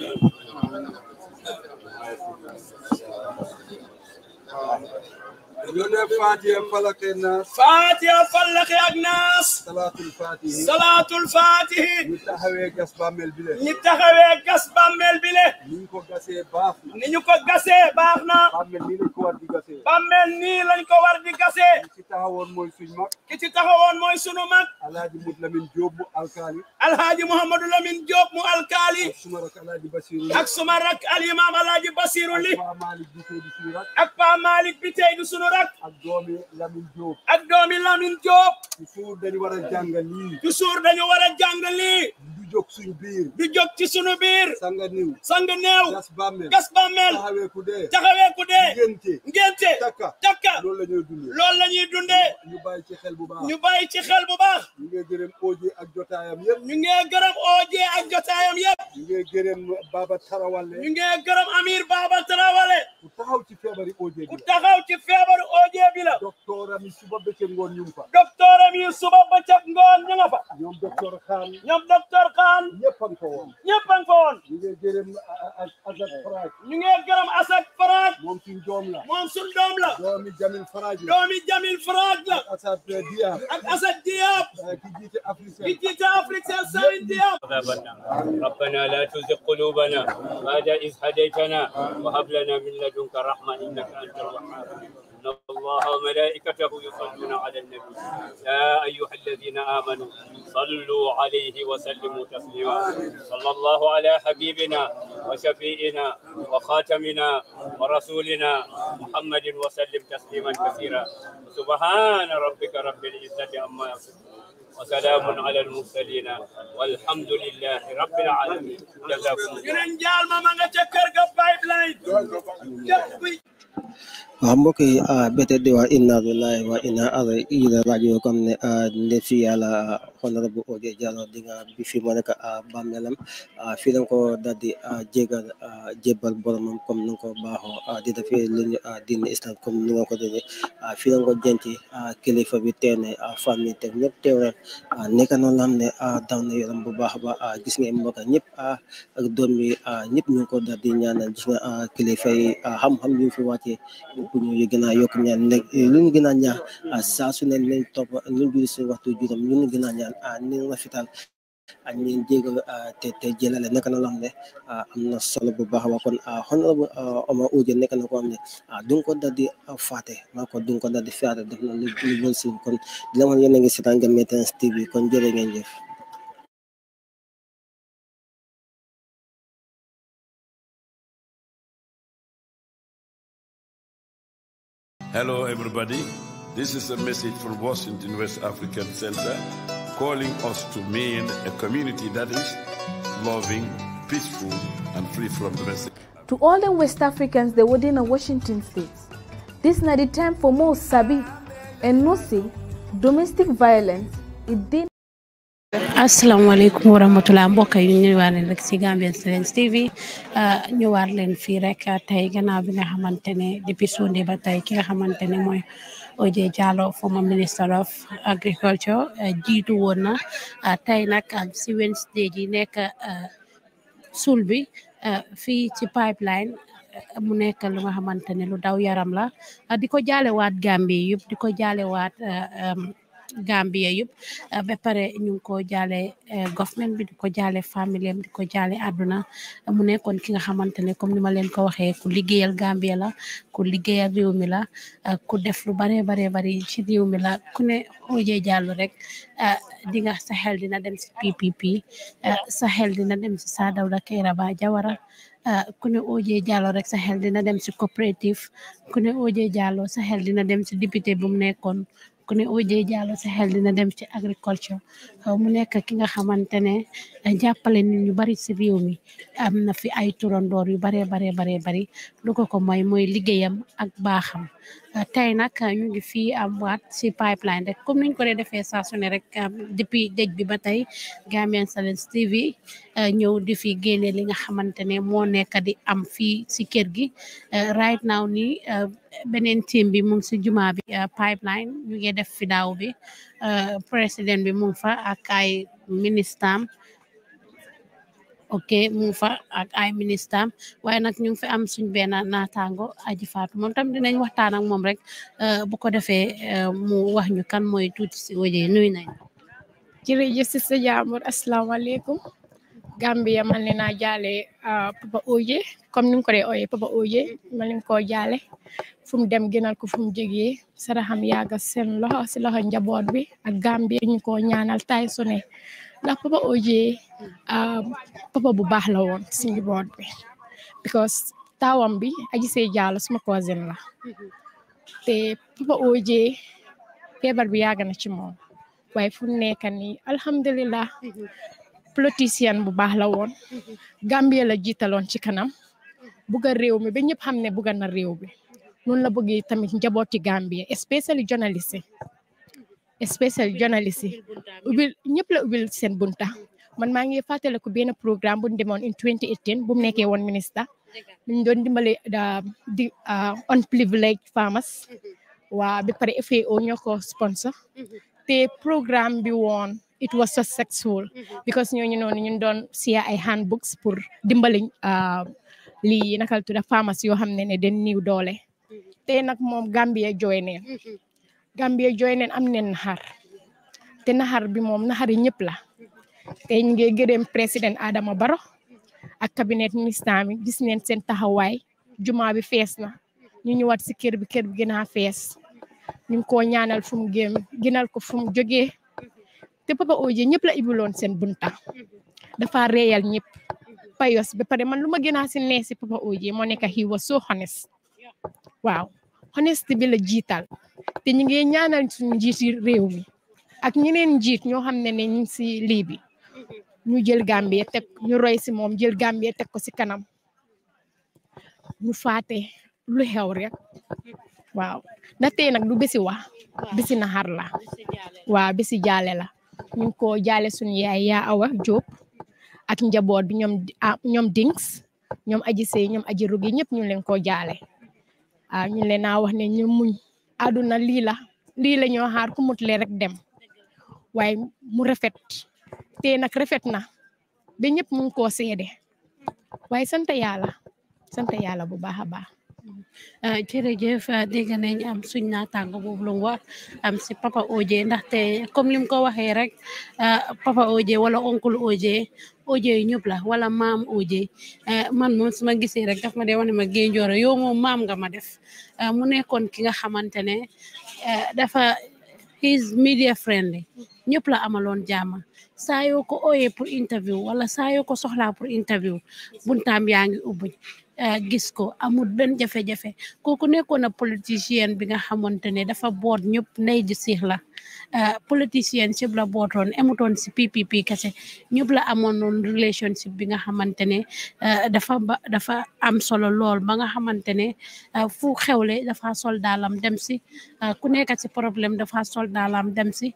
فاتيا فلق الناس فاتيا فلق الناس صلاة الفاتحة صلاة الفاتحة نتخوي قصبا من البلد نتخوي قصبا من البلد ko gasee baax na. ni ñu ko gasee baax na. bàmmeel nii lañ ko war di gasee. bàmmeel nii lañ ko war di gasee. ki ci taxawoon mooy suñu mag. ki ci taxawoon mooy sunu mag. Alhaji Mouhamadou Lamine Diop mu alkaali. Alhaji Mouhamadou Lamine Diop mu alkaali. ak suma rak Alhaji Basiru li. ak suma rak Alimam Alhaji Basiru li. ak Paa Malick bi tey du sunu rak. ak Paa Malick bi tey du sunu rak. ak doomi Lamine Diop. ak doomi Lamine Diop. toujours dañu war a jàng lii. toujours dañu war a jàng lii. jóg suñ biir du jóg ci sunu biir sanga niw sanga neew gas bàmmeel gas bàmmeel taxawee ku dee taxawee ku dee ngénte ngénte takka takka loolu la ñuy dundee loolu la ñuy dundee ñu bàyyi ci xel bu baax ñu bàyyi ci xel bu baax ñu ngee gërëm oojee ak jotaayam yëpp ñu ngee gërëm oojee ak jotaayam yëpp ñu ngee gërëm Baba Tarawale ñu ngee gërëm Amir Baba Tarawale ku taxaw ci feebari oojee bi ku taxaw ci feebari oojee bi la docteur am suba bëccëg ngoon ñu fa docteur am suba bëccëg ngoon ñu nga fa ñoom docteur Khan ñoom docteur خان نيبان فون نيبان فون ممكن جملة ممكن جملة دومي جميل فراج دومي جميل فراج لا أسد دياب أسد دياب كيتي أفريقيا كيتي ربنا لا تزق قلوبنا بعد إذ هديتنا وهب لنا من لدنك رحمة إنك أنت الرحمن إن الله وملائكته يصلون على النبي يا أيها الذين آمنوا صلوا عليه وسلموا تسليما صلى الله على حبيبنا وشفيئنا وخاتمنا ورسولنا محمد وسلم تسليما كثيرا سبحان ربك رب العزة عما يصفون وسلام على المرسلين والحمد لله رب العالمين جزاكم الله waaw mbokk yi ah, béykat yi waa inna lillahi wa inna ilayhi raji'un comme ne ah, ndef fi yàlla honorable OJ di nga bi fi mu nekk ah, bàmmeelam fii lañ ko daal di jégal jébbal boromam comme ni nga ko baaxoo di defee lu ñu diine islam comme ni nga ko defee fii lañ ko jënti kilifa bi teew ne famille teew ñëpp teew rek nekk a la xam ne bu baax ba gis ngeen mbokk ñëpp ak doom yi ñëpp ñu ngi ko daal di ñaanal gis xam-xam yu fi wàccee pour gi gën a yokk ñaan ne eh, lu ñu gën a ah, saa su ne nañ topp ah, lu ñu julli si waxtu juróom lu ñu gën a ñaan ah, a ni rafetal ak a jégal te te jëlale nekk na xam ne am na solo bu baax a kon honorable Omar Ojo nekk na ko xam ne duñ ko daldi faate maa ko duñ ko daldi faate def na lu bon si kon di la wax yéen a ngi seetaan Gambian Talents TV kon jërë ngeen jëf Hello, everybody. This is a message from Washington West African Center calling us to mean a community that is loving, peaceful, and free from domestic. To all the West Africans the in Washington state, this is not the time for more Sabi and Nusi domestic violence. It did asalaamaaleykum wa rahmatulah mbokk yi ñu ñëwaat leen rek si Gambian Talents TV ah, ñëwaat leen fii rek tey gannaaw bi nga xamante ne depuis sundi ba tey ki nga xamante ne mooy OJ Jallow former minister of agriculture ah, jiitu woon na ah, tey nag si Wednesday ji nekk suul bi fii ci pipeline. mu nekk lu nga xamante ne lu daw yaram la di ko jaalewaat Gambie yëpp di ko jaalewaat. Gambia yëpp euh, ba pare ñu ngi ko jaale euh, government bi di ko jaale famille am di ko jaale àdduna mu nekkoon ki nga xamante ne comme ni ma leen ko waxee ku liggéeyal Gambia la ku liggéeyal réew mi la euh, ku def lu bare bare bari ci réew mi la ku ne OJ Jallow rek di nga sa xel dina dem si PPP sa xel dina dem si Sir Dawda Kairaba Jawara ku ne OJ Jallow rek sa xel dina dem si coopérative ku ne OJ Jallow sa xel dina dem si député bi mu nekkoon ku ne OJ Jallow sa xel dina dem ci agriculture mu nekk ki nga xamante ne eh, jàppale nit ñu bari si réew am na fi ay turandoor yu baree baree baree bari lu ko ko mooy mooy liggéeyam ak baaxam Euh, tey nag euh, ñu ngi fii am waat si pipeline rek comme niñ ko dee defee saa rek euh, depuis dëj bi ba tey Gambian Talents TV ñëw di fi génne li nga xamante ne moo nekk di am fii si kër gi right now ni beneen team bi mu ngi si jumaa bi pipeline ñu ngi def fi daaw bi président bi mu fa ak ay ministam ok mu fa ak ay ministam waaye nag ñu ngi fi am suñ benn naataango aji faatu moom tam dinañ waxtaan ak moom rek euh, bu ko defee euh, mu wax ñu kan mooy tuuti si wajee nuyu nañ jërëjëf si sa jaamur asalaamaaleykum Gambia man leen a jaale euh, Papa Oje comme ni ko de ooyee Papa Oje man leen koo jaale fu mu dem gënal ko fu mu jógee saraxam yaaga seen loxo si loxo njaboot bi ak Gambia ñu ko ñaanal tay su ndax papa Oje um, papa bu baax la woon si njaboot bi because taawam bi aji see jaalo suma cousin la te papa Oje feebar bi yàgg na ci moom waaye fu nekk nii alhamdulilah politicien bu baax la woon Gambie la jiitaloon ci kanam bugga réew mi ba ñëpp xam ne bugga na réew bi noonu la bëggee tamit njabooti Gambie especially journaliste spécial journaliste yi ubbil ñëpp la ubbil seen bunta man maa ngi fàttaliku benn programme bu ñu demoon in 2018 bu mu nekkee woon ministre ñu doon dimbale uh, di unprivileged uh, farmers waa bi pare o ñoo ko sponsor te programme bi woon it was successful because ñooñu noonu ñu doon siya ay handbooks pour dimbali dimbale uh, lii nakal tuda farmers yoo xam ne ne den niiw doole te nag moom Gambia joy ne Gambia jooy neen am neen naxar te naxar bi moom naxari ñëpp la te ñu ngi gërëm président Adama Barrow ak cabinet ministre bi gis neen seen taxawaay juma bi fees na ñu ñëwaat si kër bi kër bi gën a fees ñu ko ñaanal fu mu gëm gënal ko fu mu jógee te Papa Oje ñëpp la ibiloon seen bunta dafa réyal ñëpp payos ba pare man lu ma gënaa si nee si Papa Oje moo nekk he was so honest waaw honesty bi la jiital te ñu ngi ñaanal suñu njiiti réew mi ak ñeneen jiit ñoo xam ne ne ñu ngi si lii bi ñu jël Gambie teg ñu roy si moom jël Gambie teg ko si kanam ñu faate lu xew rek waaw ndax tey nag du bési wax bési naxar la waaw bisi jaale la ñu ngi ko jaale suñu yaay yaa awa Jóob ak njaboot bi ñoom ah, ñoom Dings ñoom aji sey ñoom aji rugi ñëpp ñu leen koo jaale ah ñu leen naa wax ne ñu muñ àdduna lii la lii la ñoo xaar ku mutule rek dem waaye mu rafet te nag rafet na ba ñëpp mu ngi koo seede waaye sant yàlla sant yàlla bu baax a baax. jërëjëf eh, dégg nañ am suñ naataango boobu lu mu am si papa OJ ndaxte comme lim ko waxee rek eh, papa OJ wala oncle OJ OJ yu ñëpp la wala maam OJ eh, man moom su ma gisee rek daf ma dee wane ma génjoore yow moom maam nga ma def mu nekkoon ki nga xamante ne dafa his media friendly ñëpp la amaloon jaama saa yoo ko ooyee pour interview wala saa yoo ko soxlaa pour interview buntaam yaa ngi ubbuñ Eh, gis ko amul benn jafe-jafe kooku nekkoon na politicien bi nga xamante ne dafa boot ñëpp ndey ji siix la Euh, politiciens yëpp la bootoon emutoon si PPP kase ñëpp la amoon noonu relationship bi nga xamante ne euh, dafa dafa am solo lool ba nga xamante ne euh, fu xewle dafa sol dem si ku nekk si problème dafa sol daalam dem si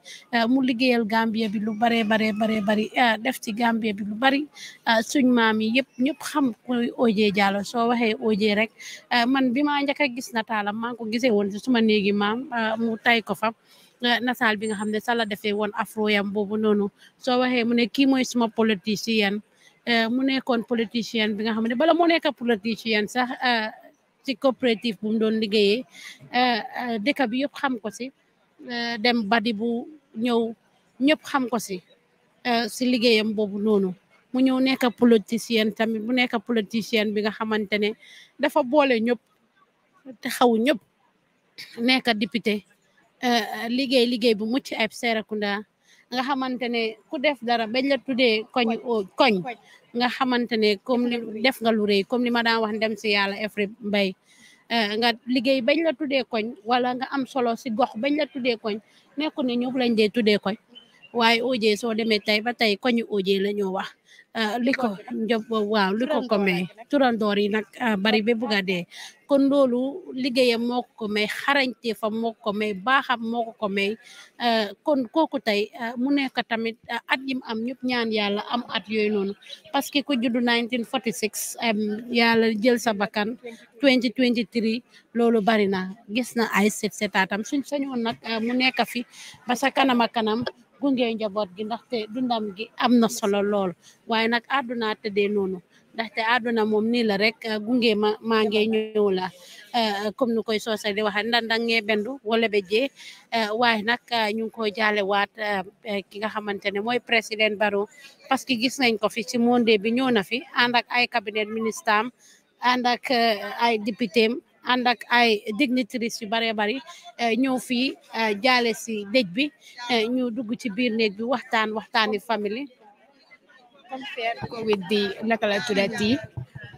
mu liggéeyal Gambia bi lu bare bare bare bari def ci Gambia bi lu bari suñ maam yi yëpp ñëpp xam koy OJ Jallow soo waxee OJ rek man bi ma njëkk a gis nataalam maa ko gisee woon si suma néegi maam mu tay ko fa nataal bi nga xam ne sax la defee woon afro boobu noonu soo waxee mu ne kii mooy suma politicien eh, mu nekkoon politicien bi nga xam ne bala mu nekk politicien sax eh, ci coopérative bu doon liggéeyee eh, dëkk bi xam ko si dem badi bu ñëw ñëpp xam ko si si liggéeyam boobu noonu mu ñëw nekk politicien tamit mu nekk politicien bi nga xamante ne dafa boole ñëpp te xaw ñëpp nekk député Eh, liggéey liggéey bu mucc ayib Serekunda nga xamante ne ku def dara bañ la tuddee koñ koñ oh, nga xamante ne comme def nga lu rëy comme li ma daan wax ndem si yàlla Efri Mbay eh, nga liggéey bañ la tuddee koñ wala nga am solo si gox bañ la tuddee koñ nekku ne ñëpp lañ dee tuddee koñ waaye OJ soo demee tey ba tey ko ñu OJ la ñoo wax ah, li ko job waaw li ko ko turandoor yi nag ah, bari ba bugg a dee kon loolu liggéeyam moo ko ko may xarañte fa moo ko may baaxam moo ko ko may ah, kon kooku tey mu nekk tamit at yim am ñëpp ñaan yàlla am at yooyu noonu parce que ku juddu 1946 yàlla jël sa bakkan 2023 loolu bari na gis na ay set setaatam suñ sañoon nag mu nekk fi ba kanam a kanam gunge njaboot gi ndaxte ndam gi am na solo lool waaye nag àdduna tëddee noonu ndaxte àdduna moom nii la rek euh, gunge ma maa ngi ñëw la euh, comme nu koy soose di waxee ndandang ngee bendu wala be jee euh, waaye nag ñu ngi koy jaale waat ki nga xamante ne mooy président Barrow parce que gis nañ ko fi si monde bi ñëw na fi ànd ak ay cabinet ministre am ànd ak ay député ànd ay dignitaires yu bare bari eh, ñëw fii eh, jaale si dëj bi eh, ñu dugg ci biir néeg bi waxtaan waxtaani famille compare ko with the naka la tuddati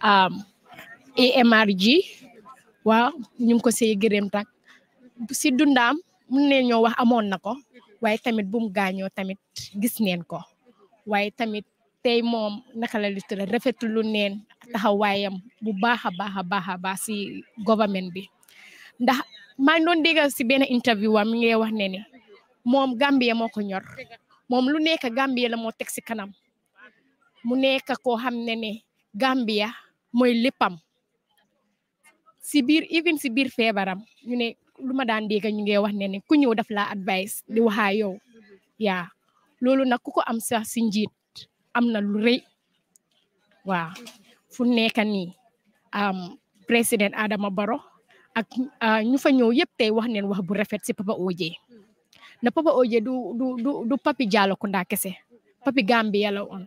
AMRG e waaw ñu ngi ko see gërëm tak si dundaam mun ne ñoo wax amoon na ko waaye tamit bu mu gaañoo tamit gis neen ko waaye tamit tey moom naka la luttale rafetu lu neen taxawaayam bu baax a baax a baax a baax si gouvernement bi ndax maa ngi doon dégg si benn interview am mi ngi wax ne ni moom Gambie moo ko ñor moom lu nekk Gambie la moo teg si kanam mu nekk koo xam ne ne Gambia mooy léppam si biir even si biir feebaram ñu ne lu ma daan dégg ñu ngi wax ne ne ku ñëw daf laa advice di waxaa yow yaa loolu nag ko am sax si njiit am na lu rëy waaw fu nekk nii président Adama Barrow ak ñu fa ñëw yëpp tey wax neen wax bu rafet si Papa OJ na Papa OJ du du du du Papi Jalakunda kese Papi Gambia la woon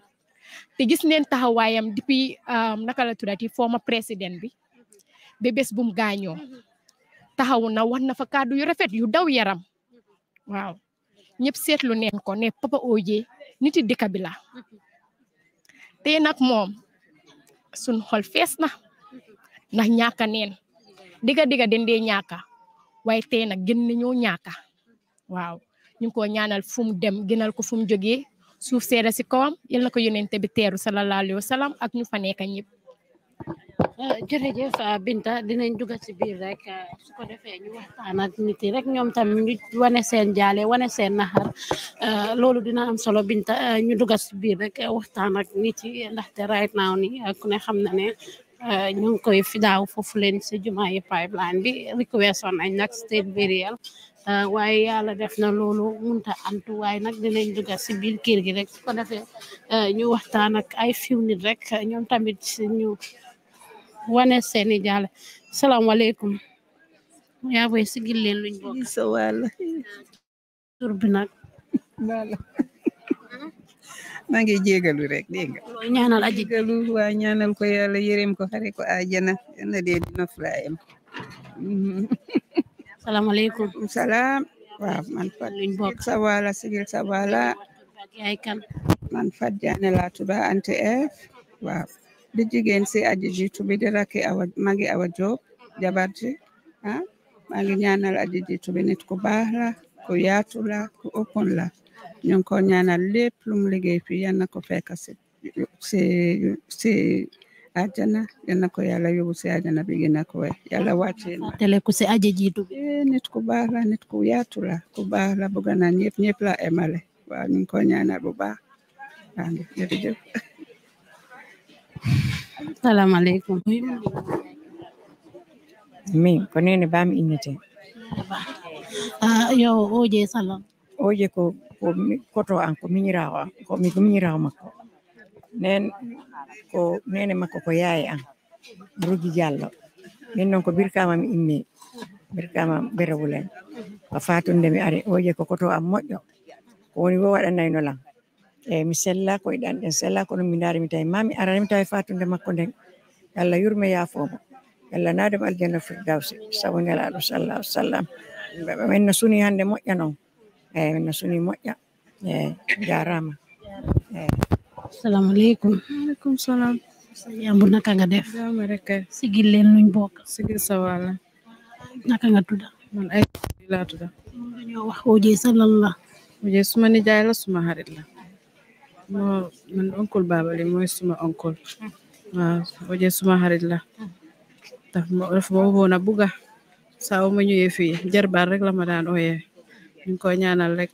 te gis neen taxawaayam depuis naka la tuddati former président bi ba bum bu mu gaañoo taxaw na wax na fa kàddu yu rafet yu daw yaram waaw ñëpp seetlu neen ko ne Papa OJ niti dëkk bi tey nag moom sun xol fees na ndax ñaaka neen diga diga den dee ñaaka waaye tey nag gën nañoo ñaaka waaw ñu ngi ko ñaanal fu mu dem gënal ko fu mu jógee suuf seeda si kawam yal na ko yonente bi teeru sallallahu alayhi wa sallam ak ñu fa nekk ñëpp jërëjëf Binta dinañ dugg ci biir rek nit yi rek ñoom tam ñu wane seen jaale wane seen naxar loolu dina am solo Binta ñu dugg ci biir rek waxtaan ak nit yi ndaxte right now ni xam na ne ñu ngi koy fidaaw foofu leen ci jumaa yi pipeline bi request on nañ nag state burial waaye yàlla def na loolu munta nag dinañ dugg ci biir kër gi rek su ko defee ñu waxtaan ak ay fiw rek ñoom tamit ñu. wane jale salam salaamaaleykum Ya boy sigil leen luñ bokk so wàll tur bi nag bala maa ngi jégalu rek dégg nga ñaanal aji jégalu waa ñaanal ko yàlla yërëm ko xare ko àjjana na di dina fulaayam salaamaaleykum Salam. waaw man fat luñ bokk sa wala sigil sa wala yaay kan man fat jaane laa tudd ante f wow. du jigéen si aji jiitu bi di Racky Awa magi Awa Joob jabarji ha ah maa ñaanal aji jiitu bi nit ku e, baax la ko yaatu la ku open la ñu ko ñaanal lepp lu mu liggéey fii yal ko fekk si si si ajana yal ko yàlla yobu si ajana bi gën ko we yàlla wàcce tele ko si aji jiitu bi nit ko baax la nit ku yaatu la ku baax la bëgg na ñëpp ñëpp la emale wa ñu ko ñaanal bu baax waaw jërëjëf Salaam alaikum. Min ko nene bami innete. Ah, yo oje salam. Oje ko ko koto an ko miñirawo ko mi ko miñirawo makko. Nen ko nene makko ko yaaye an Rugi Diallo. Min noon ko birkama mi inni. birkama berewulen. Ko fatunde mi are oje ko koto am moƴƴo ko woni wo no lan. Eh mi sella koye ɗanɗen sella ko mi dari mi tawi ma arani mi fatu de makko den yalla yurme yaafomo allah naademo aljanna dawsi sabu nelaɗo sallahu sallam no suni hannde eh, no suni ya eh jarama eyi eh. assalamu aleykum aleykum salam mbur naka nga def sigil len nuñ bok sigil sa wàlla naka nga tudda man ay la tudda dañoo wax suma jaay la suma harit la moo man oncle Babali mooy suma oncle waaw oje suma xarit la daf ma woon a buga saa wu ma ñëwee fii jarbaar rek la ma daan ooyee ñu ko ñaanal rek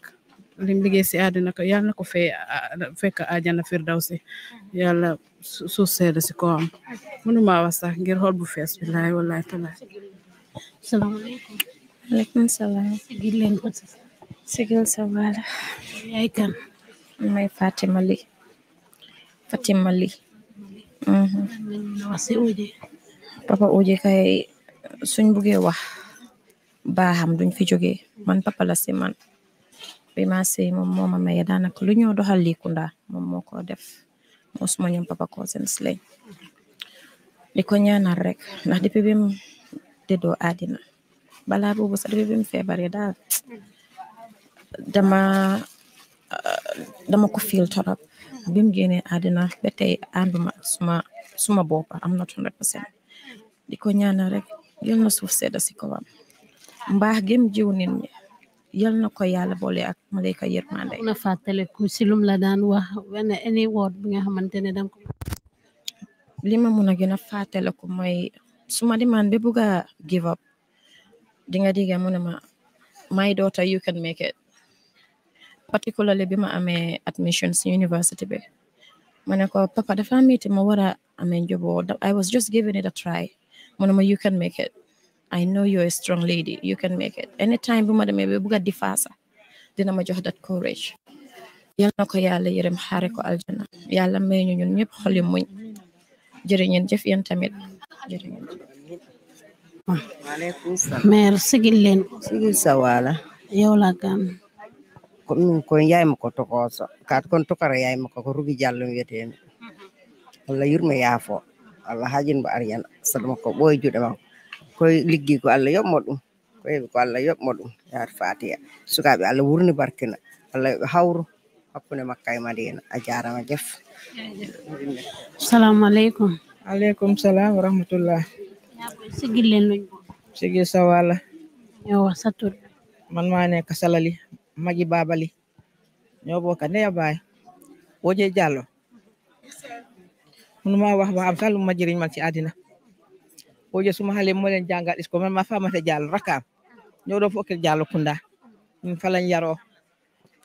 lim liggéey si àddina ko yàlla na ko fee fekk àjjana firdawsi yàlla suuf seede si ko am mënuma wax sax ngir xol bu fees billahi wallahi taala salaamaaleykum aleykum salaam sigil leen ko sigil sa yaay kan May Fatima Ly Fatima Ly mhm. papa Ouje kay suñ bugee wax baaxam duñ fi jóge man papa la si man bi ma sey moom moo ma maye daanaka lu ñoo doxal Likunda moom moo ko def moo suma ñoom papa Cousins lañ di ko ñaanal rek ndax depuis bim dédoo àddina balaa boobu sax depuis bim feebaree daal dama dama ko fiil torop bi mu génnee àddina ba tey ànduma ak suma suma boppa am not 100 percent di ko ñaanal rek yal na suuf sedda si kawam mbaax gém jiw nit ñi yal na ko yàlla boole ak malayka yërmande na fàttaliku si lum la daan wax wene any word bi nga xamante ne danga ko li ma mun a gën a fàttaliku mooy suma dimaan ba bugg a give up di nga digga mu ne ma my daughter you can make it particularly bi ma amee admission si university bi ma ne ko papa dafa am meeting ma war a amee njaboot I was just giving it a try mu ne you can make it I know you're a strong lady you can make it anytime bu ma demee ba bugg a difaasa dina ma jox that courage yal na yàlla yërëm xaare ko aljana yàlla may ñu ñun ñëpp xoli muñ jërë ngeen jëf yéen tamit jërë ngeen jëf mère sigil leen yow la kan ko to mm, ko tokoso kat kon tokara yaay ko ko rugi jallum wiyetemi mm-hmm. allah yurmo yaafo allah hajin ba aryan sal mako boy juuɗe makko ko liggi ko allah yob modum ko yob ko allah yoɓmo ɗum yaar suka be allah wurni barkina allah hawru makai makkay e madina a jarama jef assalamu aleykum aleykum salam wa rahmatullah sigillen ɗo sigi sawala yowa satur man mane ka salali magi Babali ñoo bokk ne yabay baay Oje Jallo ma wax ba am sax lu ma jëriñ man ci adina Oje suma xale mo len jangal isko man ma faamate Jallo rakam ñoo do fokkil Jallo Kunda ñun fa lañ yaro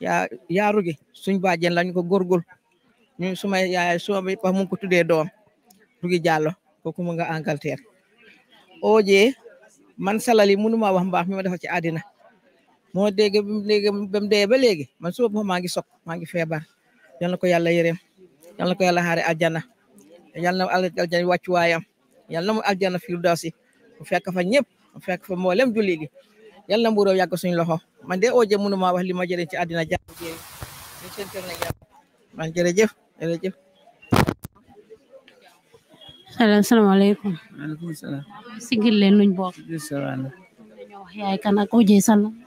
ya yaaru gi suñ bàjjen lañ ko gorgol ñu suma yaay suma bi mu ko tuddé doom Rugi Jallo koku mu nga Angleterre Oje man salali munuma wax mbax mi ma defa ci adina moo dégg léegi ba mu dee ba léegi man suba moom maa gi sog maa ngi feebar yal ko yàlla yërëm yal na ko yàlla xaare aljana yal na aljana wàccuwaayam yal na mu aljana firdawsi mu fekk fa ñëpp mu fekk fa mboolem julli gi yala na mbuuram yàgg suñu loxo man de oje mënu maa wax li ma jëriñ ci àddina jàpp man jërëjëf jërëjëf salaamaaleykum waaleykum salaam sigil luñ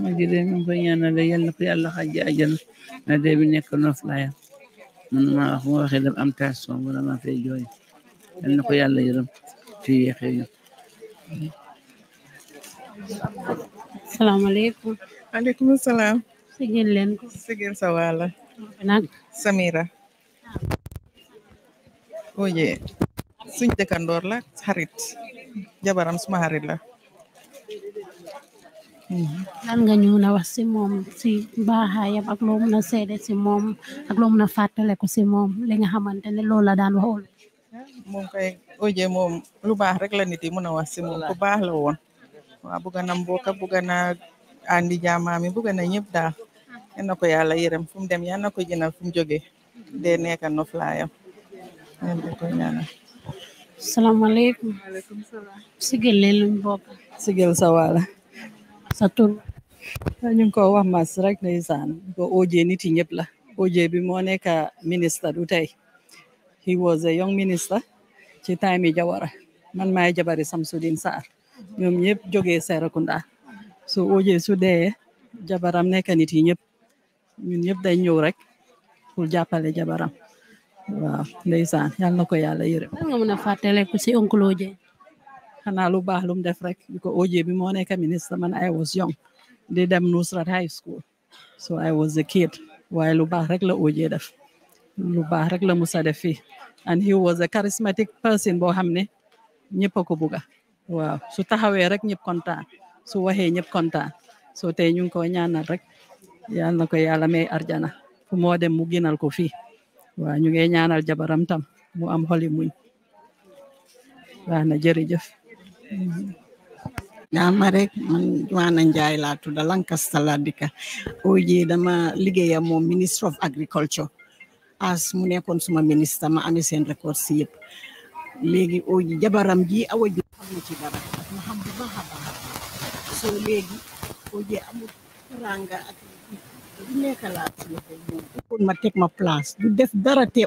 ma jide min koy ñaanale yàlla ko yàlla xaji ajana na dee bi nekk noflaayam man ma wax ma waxee dam am tension wala ma fay jooy yal na ko yàlla yërëm ci yeexee ñu salaamaaleykum aleykum salaam sigil leen ko sigil sa wala nag Samira oye suñ dëkkandoor la xarit jabaram suma xarit la lan nga ñu na wax si moom ci mbaaxaayam ak loo mën a seede si moom ak loo mën a fàttale ko si moom li nga xamante ne loolu la daan waxul moom koy oje moom lu baax rek la nit yi a wax si moom ku baax la woon waa buga na mbokka buga na andi jaamaami buga na ñëpp daal yal ko yàlla yërëm fu mu dem yal na ko jëna ya fu mu jóge dee nekka noflaayam yal na ko ñaanal ya. ya salaamaaleykum sigel leen luñ bokk sigel sa wala satun ñu ko wax mas rek ndeysaan ko OJ niti ñëpp la OJ bi moo nekk minister du tey he was a young minister ci time yi e Jawara man maay e jabari samsudin Sarr ñoom ñëpp jógee Serekunda so OJ su dee jabaram nekk nit yi ñëpp ñun ñëpp day ñëw rek pour jàppale jabaram waaw ndeysaan yàlla na ko yàlla yërëm. lan nga mën a fàttaliku si oncle OJ xanaa lu baax lum def rek bi OJ bi moo nekk ministre man I was young di dem Nusrat high school so I was a kid waaye lu baax rek la OJ def lu baax rek la musa def fii and he was a charismatic person boo xam ne ñëpp a ko buga waaw su taxawee rek ñëpp kontaan su waxee ñëpp kontaan so tey ñu ngi ko ñaanal rek yal na ko yàlla may arjana fu moo dem mu ginal ko fii waaw ñu ngi ñaanal jabaram tam mu am xoli muñ baax na jërëjëf jaama rek man Juwaana Njaay laa tudd Lancaster laa dëkka oje dama liggéeya moom ministre of agriculture as mu nekkoon suma ministre ma amee seen record si yëpp léegi jabaram ji awa ji ma xam bu place du def dara te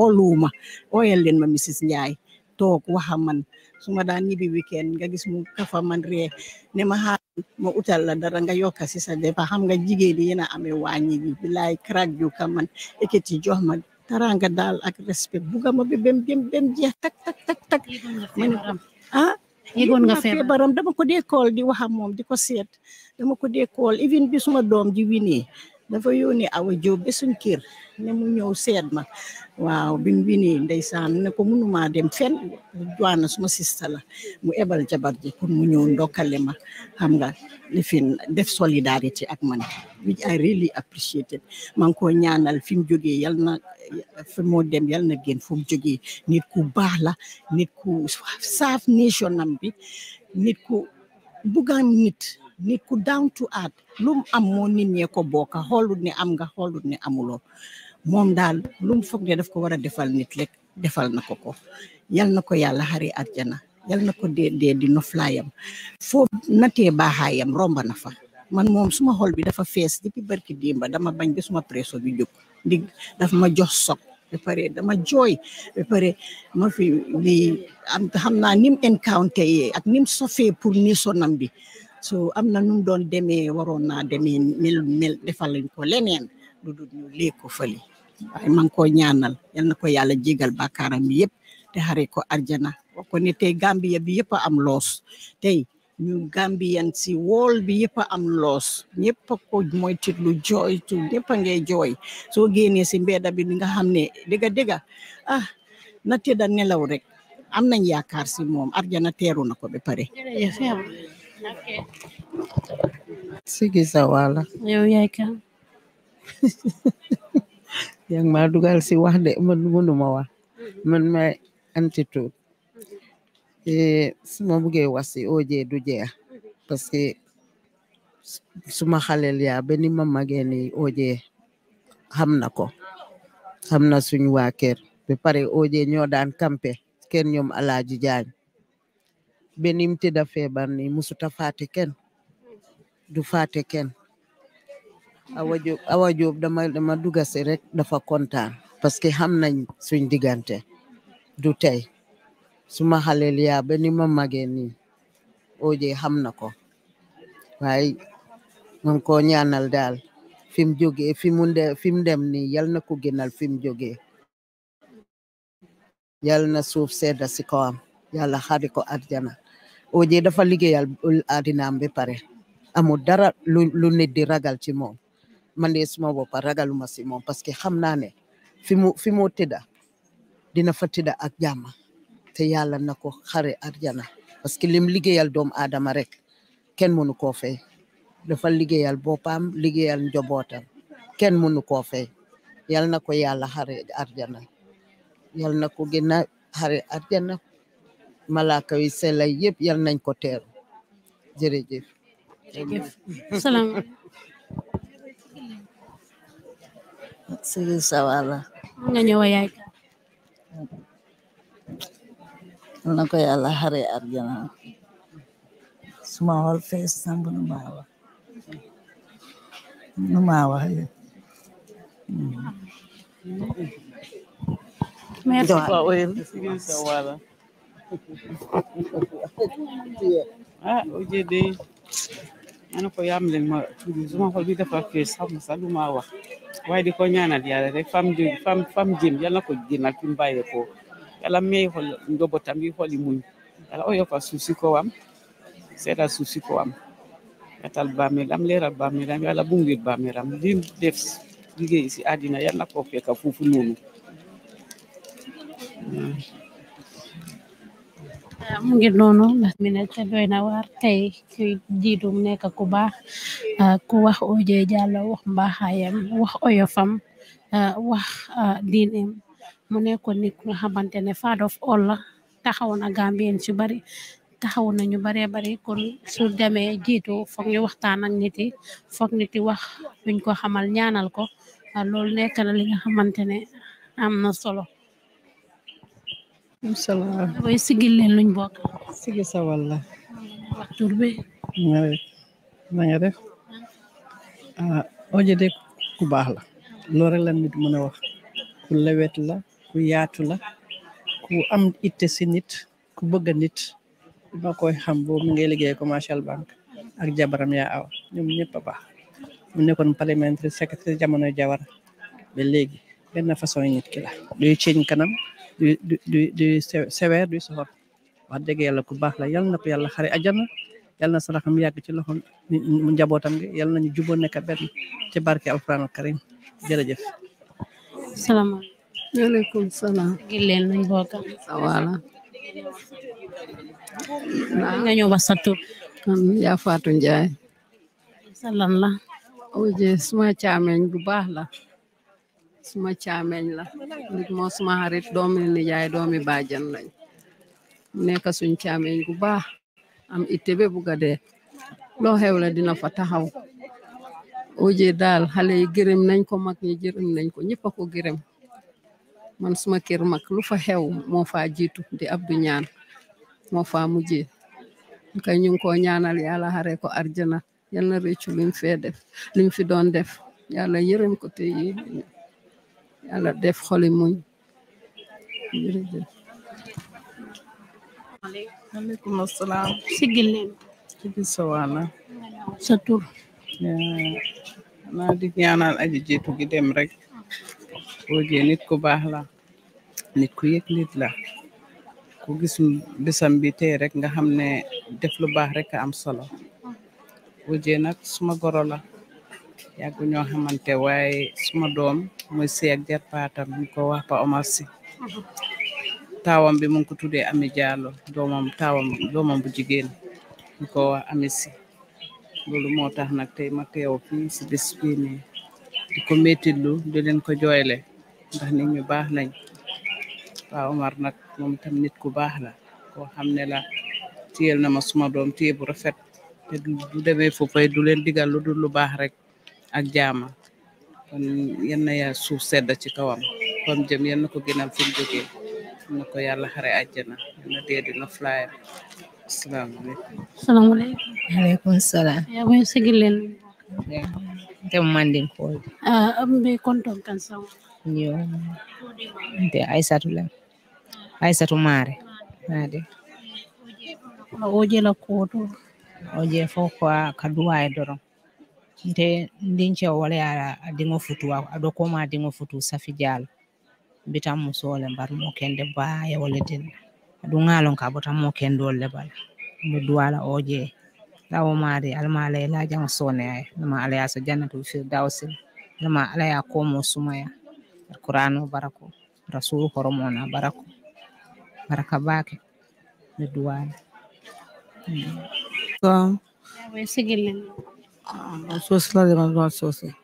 ooluwuma ooyal leen ma Mrs Njaay toog waxa suma daan ñibbi weekend nga gis mu kafa man ree ne ma xaaral ma utal la dara nga yokka si sa defa xam nga jigéen yi yéen a amee wàññi bi bilaay krak ju ka man ekiti jox ma taranga daal ak respect buga ma bi bem bem bem jeex tak tak tak tak man ah yëgoon nga feebaram dama ko dee kool di wax ak moom di ko seet dama ko dee kool even bi suma doom ji winee dafa yónnee awa Jóob ba suñ kër ne mu ñëw seet ma waaw bimu winee ndeysaan ne ko mënumaa dem fen juwaana suma sista la mu ebal jabar ji pour mu ñëw ndokkale ma xam nga lifin def solidarité ak man which I really appreciated maa ngi ko ñaanal fi mu jógee yal na fi moo dem yal na génn fu mu nit ku baax la nit ku saaf nation nam bi nit ku bugaan nit nit ku down to earth lum am moo nit ñee ko bokka xoolut ne am nga xoolut ne amuloo moom daal lum foog ne daf ko war a defal nit rek defal na ko ko yal na ko yàlla xari arjana yal na ko de dee di noflaayam foo natee baaxaayam romba na fa man moom suma xol bi dafa fees depuis barki dimba dama bañ bi suma presso bi jóg ndig daf ma jox sok ba pare dama jooy ba pare ma fi bi am xam naa nim encounter yee ak nim sofee pour ni nam bi so am na nu doon demee waroon naa demee mel mel defal lañ ko leneen lu dul ñu lee ko fële waaye ko ñaanal yal na ko yàlla jégal bàkkaaram bi yëpp te xaree ko arjana wax ko ne tey bi yëpp am loos tey ñu Gambian si wool bi yëpp am loos ñëpp a ko moytit lu jooytu ñëpp a ngay jooy soo génnee si mbedda bi nga xam ne dëgga dëgga ah na tëdda nelaw rek am nañ yaakaar si moom arjana teeru na ko ba pare ok sige sa wala yow ya, yai ka. Ya. yang madugal si wah de man mënuma wax man mai antitud eh suma buge wasi si oje du jeex parce que suma xalel ya beni mama ma oje hamna ko hamna suñu Be pare oje ño daan kampe ken ñom alaaji jaañ ba nim tëdda feebar ni musuta faate kenn du faate kenn awa joob dama dama dugga rek dafa kontaan parce que xam nañ suñ diggante du tey suma xaleel yaa ba ni ma magee nii oje xam na ko waaye man ko ñaanal daal fi mu jógee fi mu dem nii yal na ko gënal fi mu jógee yal na suuf sedda si kawam yàlla xari ko arjana OJ dafa liggéeyal àddinaam ba pare amul dara lu lu nit di ragal ci moom man de suma bopp ragaluma si moom parce que xam naa ne fi mu fi mu tëdda dina fa tëdda ak jàmm te yàlla na ko xare arjana parce que lim liggéeyal doomu aadama rek kenn mënu koo fay dafa liggéeyal boppam liggéeyal njobootam kenn mënu koo fay yàlla na ko yàlla xare arjana na malaka yu selay yëpp yal nañ ko teer jere jef salam sëriñ Sawala nga ñëw yaay na ko yàlla xare arjana suma xol fees samb nu maa wax nu maa wax merci ah Oudjé de ma ne ko yaa am leen ma tuuti su ma xol bi dafa fees xam nga sax lu waaye di ko ñaanal yàlla rek fam jëm fam fam jëm yàlla ah, na ko génnal fi mu bàyyee ko yàlla may xol njabootam yi xoli muñ yàlla oyofal suuf si kawam seedal suuf si kawam yatal bàmmeelam leeral bàmmeelam yàlla bu mu wéet bàmmeelam li def liggéey si àddina yàlla na ko fekka mu ngi noonu ndax mi ne te doy na waar tey ki jiitum nekka ku baax ah, ku wax OJ Jallow wax mbaaxaayam wax oyofam ah, wax ah, diineem mu nekkoon nit nga xamante ne faad of all la taxaw na Gambien ci bari taxaw nañu bare bari kon su demee jiitu foog ñu waxtaan ak nit yi foog nit wax luñ ko xamal ñaanal ko loolu nekk na li nga xamante ne am na solo inshallah way iya, sigil leen luñ bokk sigi sa walla wax tur bi nga def na nga def ah oje oh, de ku baax la loolu rek la nit mën a wax ku lewet la ku yaatu la ku am itte si nit ku bëgg nit ma koy xam boobu mi ngay liggéey commercial bank ak jabaram yaa aw ñoom ñëpp ba baax mu nekkoon parlementaire secrétaire jamono e jawara ba léegi benn façon nit ki la luy ceeñ kanam di di di sewer du soxor wax dëgg yàlla ku baax la yalla na ko yàlla xare ajana yal na saraxam yàgg ci loxo mu njabootam gi yal nañu juboo nekk benn ci barke alquran al karim jërëjëf salam waaleykum salam gi leen nañ bokkam wala nga ñëw ba sattu kan yaa Fatou Njaay salan la oje oh, suma caameñ bu baax la suma caameñ la nit moo suma xarit doomi nijaay doomi baajan lañ nekka suñ caameñ gu baax am itte be buga dee loo xew la dina fa taxaw oje daal xale yi gërëm nañ ko mag ñi gërëm nañ ko ñëpp a ko gërëm man suma kër mag lu fa xew moo fa jiitu di abdu ñaan moo fa mujje kay ñu ngi ko ñaanal yàlla xare ko arjana yal na réccu lim fee def lim fi doon def yàlla yërëm ko te yéen yàlla def xoli muñ jërëjëf aleykum asalaam sigil leen sigi sowaana sa tur naa di ñaanal aji jiitu gi dem rek oje nit ku baax la nit ku yëg nit la ku gis bisam bi tey rek nga xam def lu baax rek am solo oje nag suma goro la yàggu ñoo xamante waaye suma doom muy sey ak jarpaatam ñu ko wax Omar Sy taawam bi mu ngi ko tuddee Ami doomam taawam doomam bu jigéen ñu ko wax loolu moo tax nag tey ma teew fii si bés bii lu di ko méttitlu di leen ko jooyle ndax nit ñu baax lañ Pa Omar nag moom nit ku baax la koo xam ne la téyel na ma suma doom téye bu te du demee foofay du leen digal lu dul lu baax rek ak jaama kon yenn ya suuf sedd ci kawam fam jëm yenn ko gënal fi mu jógee na ko yàlla xare àjjana yenn na dee dina flyam asalaamaaleykum asalaamaaleykum aleykum salaam yaa leen ah kan yo nte aysatu maare ade oje la oje nte ndince o wala yaa a diŋo futu a do koma a diŋo futu safi jaalo mbitan musoole mbar mo kende baaya wala dinna aɗum ŋaalon ka botan mo kendol le bala mi duwala o je lawo maari alama ala e laajaŋo sooneyaya alama ala yaa so jannatu firdawsil alama ala yaa koomo sumaya alqurano barako rasulu horomona barako baraka baake mi duwala hmm. sigille చూస్తున్నది మనం చూస్తుంది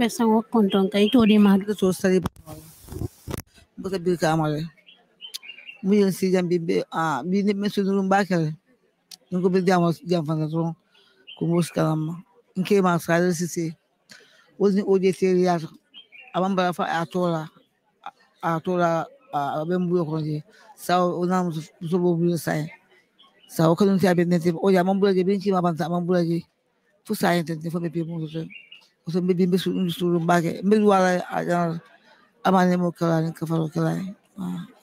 బెస్సం ఒప్పుకుంటాం కై తోడి మాకు చూస్తుంది ఒక బిల్ కామాలి మీరు సీజన్ బిబ్బి బిల్ మెసుదురు బాకలే ఇంకో బిల్ జామ జామ ఫంగతం కుమోస్ కలమ్మ ఇంకే మా సార్ సిసి ఓజి ఓజి సేరియా అవం బరా ఫా అతోలా అతోలా abin buya kuma je sau na musu bobu sai sau kan sai abin ne sai o ya man bulaje binci ma ban sa man bulaje fu sayente ni fo be bi mu o so be bi be su su mbake be wala ajal amane mo kala ni ka faro kala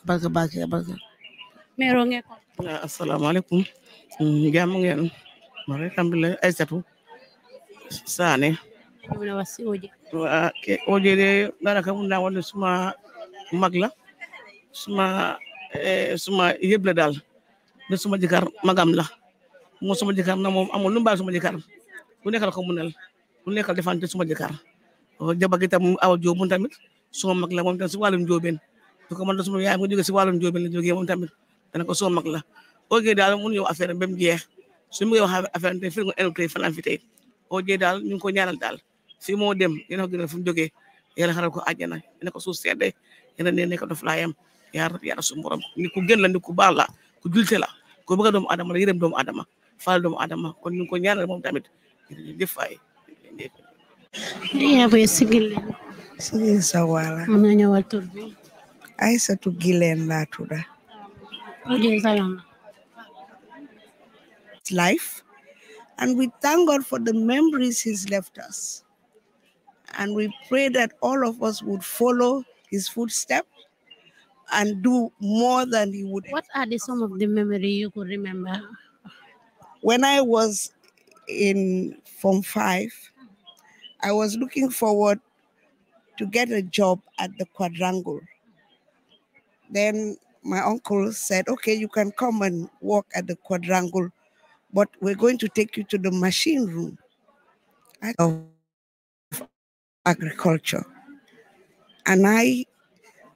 barka barka barka mero nge ko assalamu alaikum jam ngeen mare tambile ay setu sane wala wasi oje wa ke oje de dara ka mun wala suma magla suma eh, suma yeble dal de suma jikar magam la mo suma jikar na mom amul lu mbaa suma jikar ku nekkal ko munal ku nekkal defante suma jëkkër oh, jabar gi tam awa jóob mun tamit suma mag la moom tam si wàllum jóobeen du ko mën da suma yaay mu jóge si wàllum jóobeen la jógee moom tamit dana ko suma mag la OJ daal mun yow affaire ba mu jeex su mu wax affaire fi nga enu tey daal ñu ko ñaanal daal fi moo dem yéen a ko gënal fu mu jógee yàlla xaral ko àjjana ne ko suuf sedde yéen ne nekk dof laayam yaa rab yaa suñu borom ni ku gën la ni ku baax la ku julte la ku bëgg doomu adama la yërëm doomu adama faal doomu adama kon ñu Life. And we thank God for the memories He's left us. And we pray that all of us would follow His footsteps and do more than He would. What are the some of the memory you could remember? When I was in Form 5, I was looking forward to get a job at the quadrangle. Then my uncle said, okay, you can come and work at the quadrangle, but we're going to take you to the machine room of agriculture. And I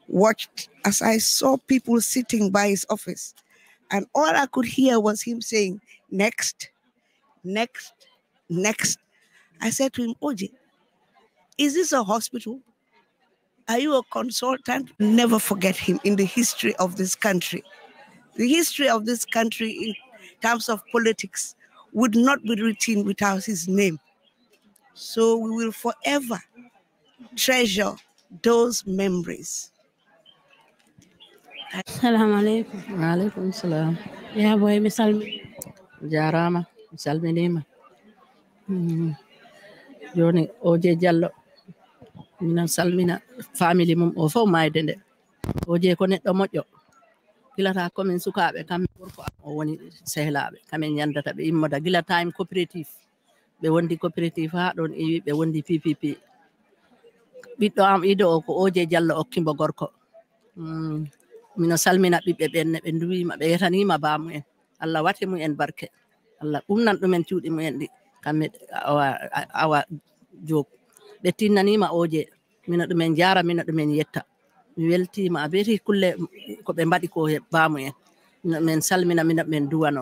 watched as I saw people sitting by his office. And all I could hear was him saying, next, next, next. I said to him, Oji, is this a hospital? Are you a consultant? Never forget him in the history of this country. The history of this country in terms of politics would not be written without his name. So we will forever treasure those memories. Assalamu alaikum. Alaikum salam. boy, misal. Jarama. salminima mm. joni o je diallo minon salmina famili mum o fof mayde nde o je ko neɗɗo moƴƴo gilata komin sukaɓe kammin gorko am o woni sehlaɓe kamin yandata ɓe immoda gila time coopératif ɓe wondi coopératif ha ɗon iwi ɓe wondi ppp ɓiɗɗo am ido o ko o je diallo okkimbo gorko mm. mino salmina ɓiɓɓe ɓenne ɓe duwima ɓe yetanima bamu'en allah wati mu'en barke allah umnan ɗumen cuuɗi mumen ɗi kamɓe awa awa joog ɓe tinnanima oje mino ɗumen jara mino ɗumen yetta mi weltima beti kulle ko ɓe mbaɗi ko he baamu en mino ɗumen salmina mino ɗumen duwano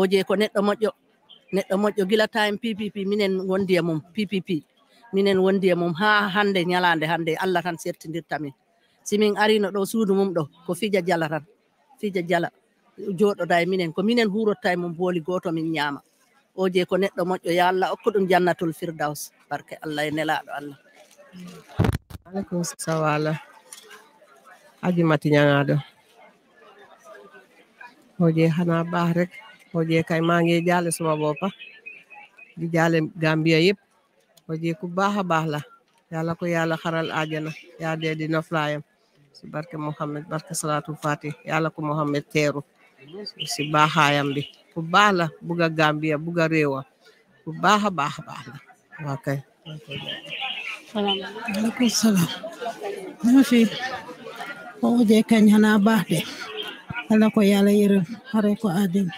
oje ko neɗɗo moƴƴo neɗɗo moƴƴo gila time ppp minen wondi e mum ppp minen wondi e mum ha hande ñalande hande allah tan sertidirta min simin arino ɗo suudu mum ɗo ko fija jala tan fija jala joɗoɗa e minen ko minen hurotta e mum booli goto min ñaama o je ko neɗɗo moƴƴo yo allah okku ɗum jannatul firdaus barke allah e nelaɗo allah aleykum sawala aji mati ñagaɗo je hana baax rek je kay maa ngi jaale suma boppa di jaale Gambia o je ku baax a baax la yàlla ko yalla xaral aljana ya de di noflaayam si barke Muhammad barke salatu fatih yalla ko Muhammad teru. si baaxaayam bi bu baax la bugg a Gambia bugg a réewam bu baax a baax a baax la waa kay salaamaaleykum salaam dama fi foo jeekañ xanaa baax de yàlla ko yàlla yërëm xare ko àddina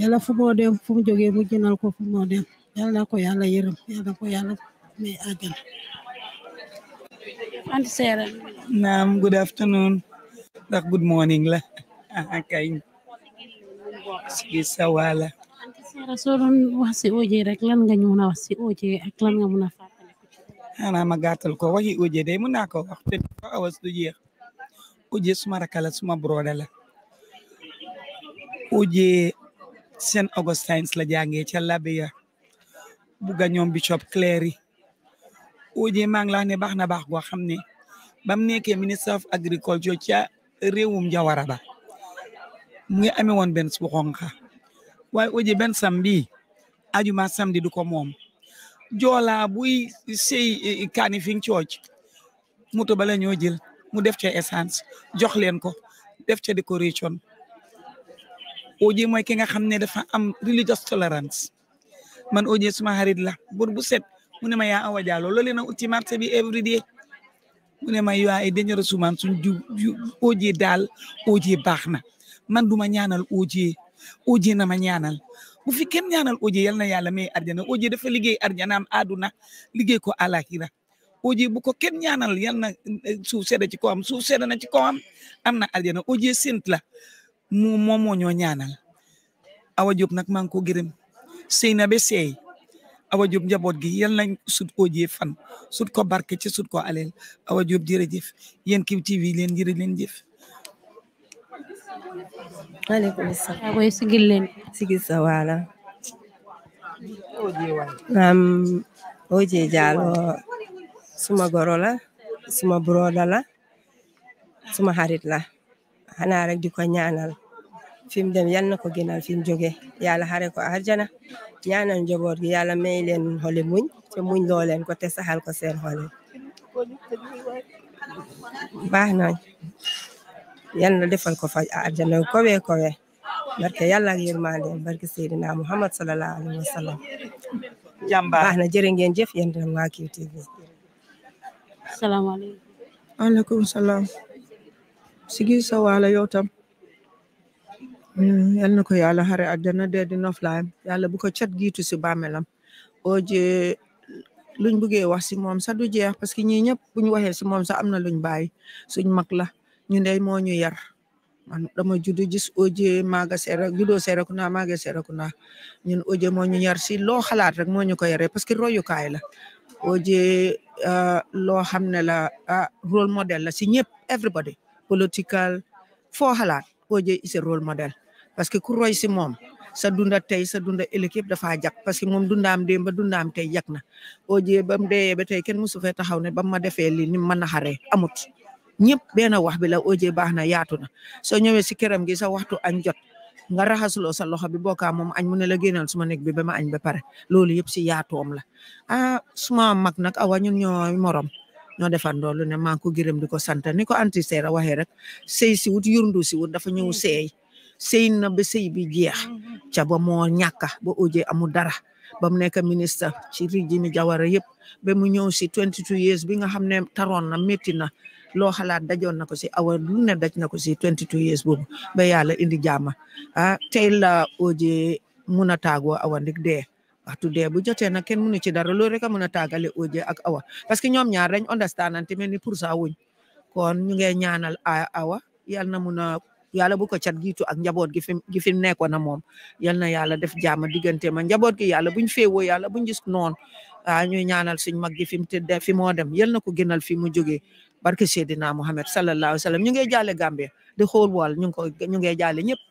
yàlla fu moo dem fu mu jógee mu jënal ko fu moo dem yàlla ko yàlla yërëm yàlla ko yàlla may àjjana anti seera naam good afternoon ndax good morning la ah, kay si sawala Sera soo doon wax si OJ rek lan nga ñu mën a wax si lan nga mën a fàttali ma gàttal ko waxi OJ day mën naa ko wax te fa awas du suma rakk la suma broda la OJ Saint Augustine la jàngee ca Labia buga ñoom Bishop Clary OJ maa ngi la ne baax na baax goo xam ne bam nekkee Minister of Agriculture ca réewum Jawara ba mu ngi ame woon benn bu xonqa waaye oje benn sam aju ajuma samedi du ko moom joola buy sey eh, kaani fi ng cooc moto ba la ñoo jël mu def ca essence jox leen ko def ca décoration oje mooy ki nga xam ne dafa am religious tolerance man oje suma xarit la bur bu set mu ne ma yaa awa jàllo loolu na uti marché bi every day mu ne ma yaa ay dañu suñ ju oje daal oje baax na man duma ñaanal OJ OJ na ma ñaanal bu fi kenn ñaanal OJ yal na yàlla may arjana OJ dafa liggéey arjanaam àdduna liggéey ko alaxira OJ bu ko kenn ñaanal yal na eh, suuf sedda ci kawam suuf sedda na ci kawam am na arjana OJ sent la mu moom moo ñoo ñaanal Awa Diop nag maa ngi ko gërëm sëy na ba seey Awa Diop njaboot gi yal nañ sut OJ fan sut ko barke ci sut ko aleel Awa Diop jërëjëf yéen Q TV leen jërë leen jëf maaleykum salaam. yaa koy sigil leen. sa waala. naam OJ Jallow suma goro la suma broda la suma xarit la xanaa rek di ko ñaanal fi mu dem yal na ko gënal fi mu jóge yàlla xare ko àjjana ñaanal njaboot gi yàlla may leen xoli muñ te muñ loo leen ko te saxal ko seen xoli baax yalla defal ko fa aljanna kowe kowe barke yalla ak yërmande barke sayidina muhammad sallallahu alaihi wasallam jamba baax na jërë ngeen jef yende tam waa QTV salaamaaleykum sigi sa waala yow tam hmm, yal na ko yalla hare àjjana de di noflaayam yalla bu ko chat giitu ci bamelam oo je luñ bëggé wax ci mom sa du jeex parce que ñi ñëpp buñ waxé ci mom sa amna luñ suñ mak la ñu ndey mo ñu yar man dama juddu gis oje maga sera judo sera kuna maga sera kuna ñun oje mo ñu yar si lo xalaat rek mo ñu ko yaree parce que kay la oje loo xam la role model la si ñëpp everybody political fo xalaat oje is a role model parce que ku roy si mom sa dunda tay sa dunda ëllëg dafa jak parce que mom dundam demba dundam tay tey oje bam deye deyee ba tey kenn musu fe taxaw ne bam ma defee li ni amut ñëpp benn wax bi la oje baax na yaatu na soo ñëwee si këram gi sa waxtu añ jot nga raxasuloo sa loxo bi boo bokkaa moom añ mu ne la génnal suma nekk bi ba ma añ ba pare loolu yëpp si yaatoom la a ah, suma mag nag awa ñun ñooy morom ñoo defandoo lu ne maa ko gërëm di ko sant ni ko anti seera waxee rek sëy si wut yurndu si wut dafa ñëw seey sëy na ba sey bi jeex ca ba moo ñàkka ba oje amul dara ba mu nekk ministre ci Riji ni Jawara yëpp ba mu ñëw si 22 years bi nga xam ne taroon na métti na loo xalaat dajoon na ko si awa lu ne daj na ko si 22 years boobu ba yàlla indi jàmma ah tey la OJ mun a taagoo awa ndik dee waxtu dee bu jotee nag kenn mënu ci dara loolu rek a mun a taagale OJ ak awa parce que ñoom ñaar dañ understandante mel ni pour ça wuñ kon ñu ngi ñaanal awa yal na mun a yàlla bu ko cat jiitu a njaboot gi fi gi fi nekkoon na moom yal na yàlla def jàmm diggante ma njaboot gi yàlla buñ féewoo yàlla buñ gis noonu ah ñuy ñaanal suñ mag gi fi mu tëdd fi moo dem yal na ko gënal fi mu jógee barke Seydina Muhammad sallallahu alayhi wa sallam jaale Gambia the whole world ñu ngi ko ñu ngi jaale ñëpp.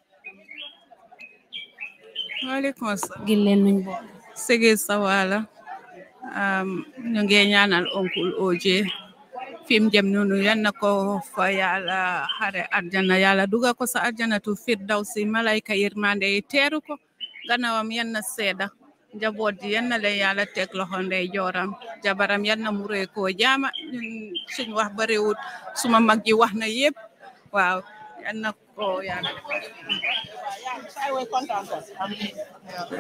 waaleykum salaam. gilleen nuñ bokk. Sege Sawala. ñu ngi ñaanal oncle OJ fim jëm na ko fa yàlla xare arjana yàlla duga ko sa arjana tu firdawsi malayka yërmande yi teeru ko gannaawam yal na seeda njaboot ji yenn la yalla tek loxo ndey joram jabaram yenn na mu ree koo jaama suñ wax bariwut suma mag ji wax na yëpp waaw yan na ko yàlla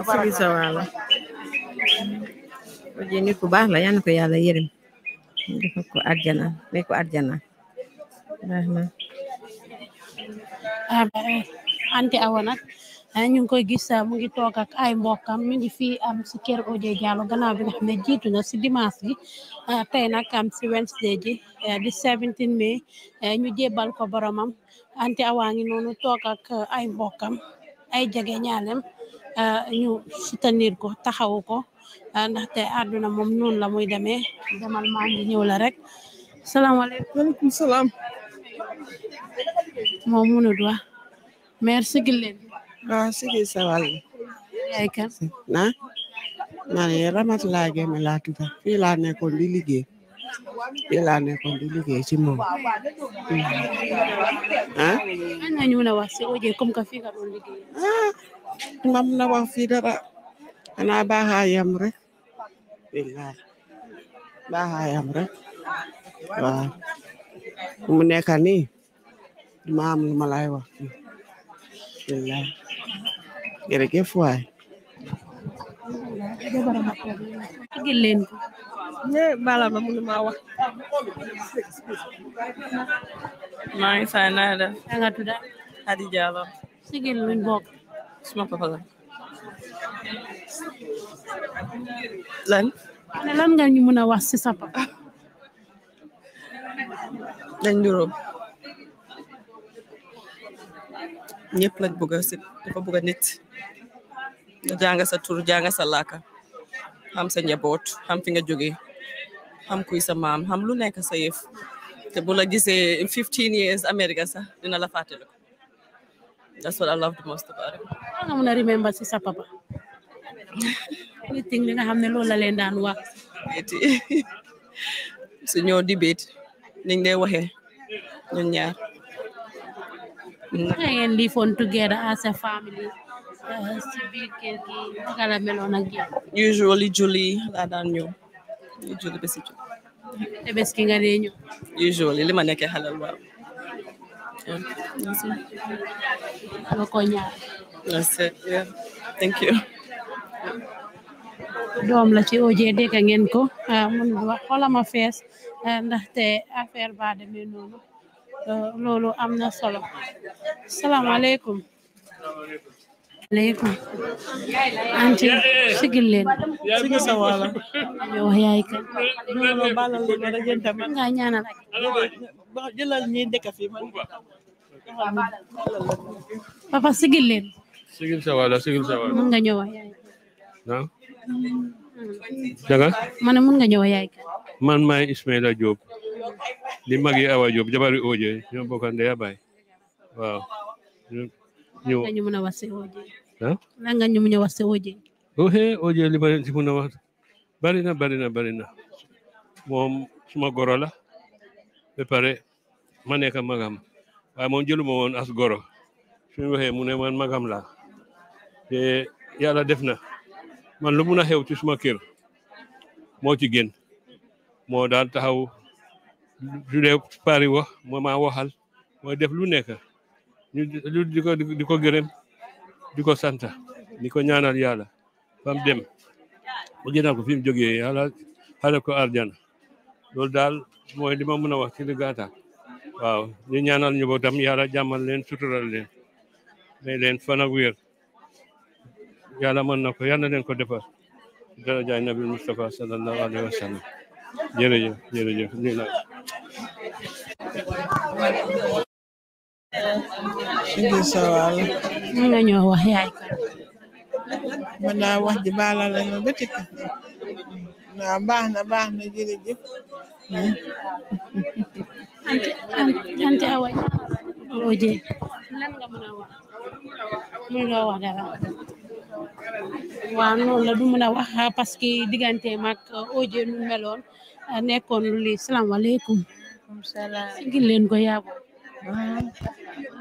sibisa waala o ji ni ku baax la yenn ko yalla yërëm def ko aljana may ko aljana rahma ah na anti awa ñu ngi koy gis ah, mu ngi toog ak ay mbokkam mi ngi fii am si kër OJ Jallow gannaaw bi nga xam ne jiitu na si dimanche bi ah, tey nag am si Wednesday ji ah, di 17 mai ñu jébal ko boromam anti awaa ngi noonu toog ak ay mbokkam ay jege ñaalem ñu soutenir ko taxawu ko ndaxte àdduna moom noonu la muy demee demal maa ngi ñëw la rek salaamaaleykum waaleykum salaam moom munut wax merci gi leen waaw sigi sawal yaay na man ramat laa géeme laa tuta fii laa nekkoon di liggéey fii laa nekkoon di liggéey ci moom ah ana ñu na wax si oje comme ka fii ka doon ah mam na wax fii dara xanaa baaxaayam rek billahi baaxaayam rek waaw mu nekk nii duma am lu ma lay wax Gere ke fwai. Ne bala ma munu ma wax. Maa ngi fay naa Da nga Hadi luñ Suma papa la. Lan. Ne lan nga ñu mën wax ci sa papa. Dañ juróom. lañ bëgg dafa bëgg nit. nga jàng sa tur jàng sa laaka xam sa njaboot xam fi nga jóge xam kuy sa maam xam lu nekk sa yëf te bu la gisee in fifteen years America sax dina la fàttali ko that's what I love the most about it nga remember si sa papa meeting li nga xam ne loolu la leen daan wax su ñoo debate niñ lay waxee ñun ñaar ngeen live on together as a family Usually Julie la meloon usually julli laa daan ñëw ki usually li ma nekkee xelal waaw. ko ñaar. thank you. doom la ci OJ dégg ngeen ko mun wax xolama fees ndaxte affaire ba solo alaikum anti si leen sigil sa wala yow yaay ka no balal leen rek yéen tamit nga ñaanal ak jëlal man papa sigil leen sigil sa mun nga ñëw man mun nga ñëw yaay ka man maay Ismaila Diop di magi Awa ya bay waaw ñu ñu mën a wax si lan nga ñu mën a wax si OJ ok OJ li ma si mën a wax bari na bari na bari na suma goro la ba pare ma nekk magam waaye moom jëluma woon as goro suñu waxee mu ne man magam la te yàlla def na man lu mun a xew ci suma kër moo ci gën moo daan taxaw su dee pari wax moo def lu nekk ñu di di ko gërëm di ko sant di ko ñaanal yàlla fam dem ba ko fi mu jógee yàlla xale ko arjana loolu daal mooy li ma mën a wax ci lu gàtta waaw ñu ñaanal njabootam yàlla jàmmal leen sutural leen may leen fan weer wér yàlla mën na ko yàlla leen ko defar darajaay nabil Mustafa sallallahu alayhi wa sallam jërëjëf jërëjëf Sidi Sowal mën nga ñoo wax yaay kan ma daa wax ji baala la ñu na baax na baax na jërëjëf anti awa oje oh, lan nga mën a wax mën nga wax dara waaw noonu la du mën oh, a wax parce que diggante mag oje nu meloon nekkoon lu li salaamaaleykum salaam sigil leen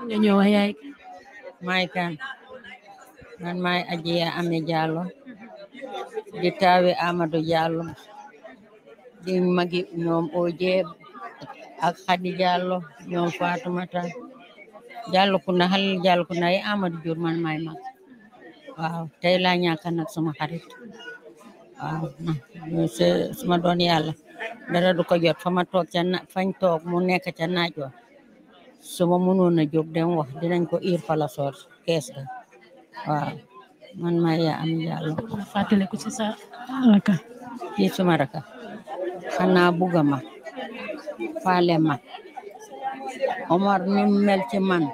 ñu ñëw yaay maay kan man maay ajiya ame jallo di taawi Amadou Jallo di magi ñoom oje ak Xadi Jallo ñoom Fatoumata Jallo ku na xal Jallo ku na yi Amadou jur man maay mag waaw tey laa ñàkk nag sama xarit waaw suma doon yàlla dara du ko jot ca fañ toog mu nekk ca naaj wa su ma mënoon a jóg dem wax dinañ ko ir palasoor kees ga waaw man Maria Amy Diallo fàttali ko ci sa raka ci suma raka xanaa buga ma faale ma Omar ni mel man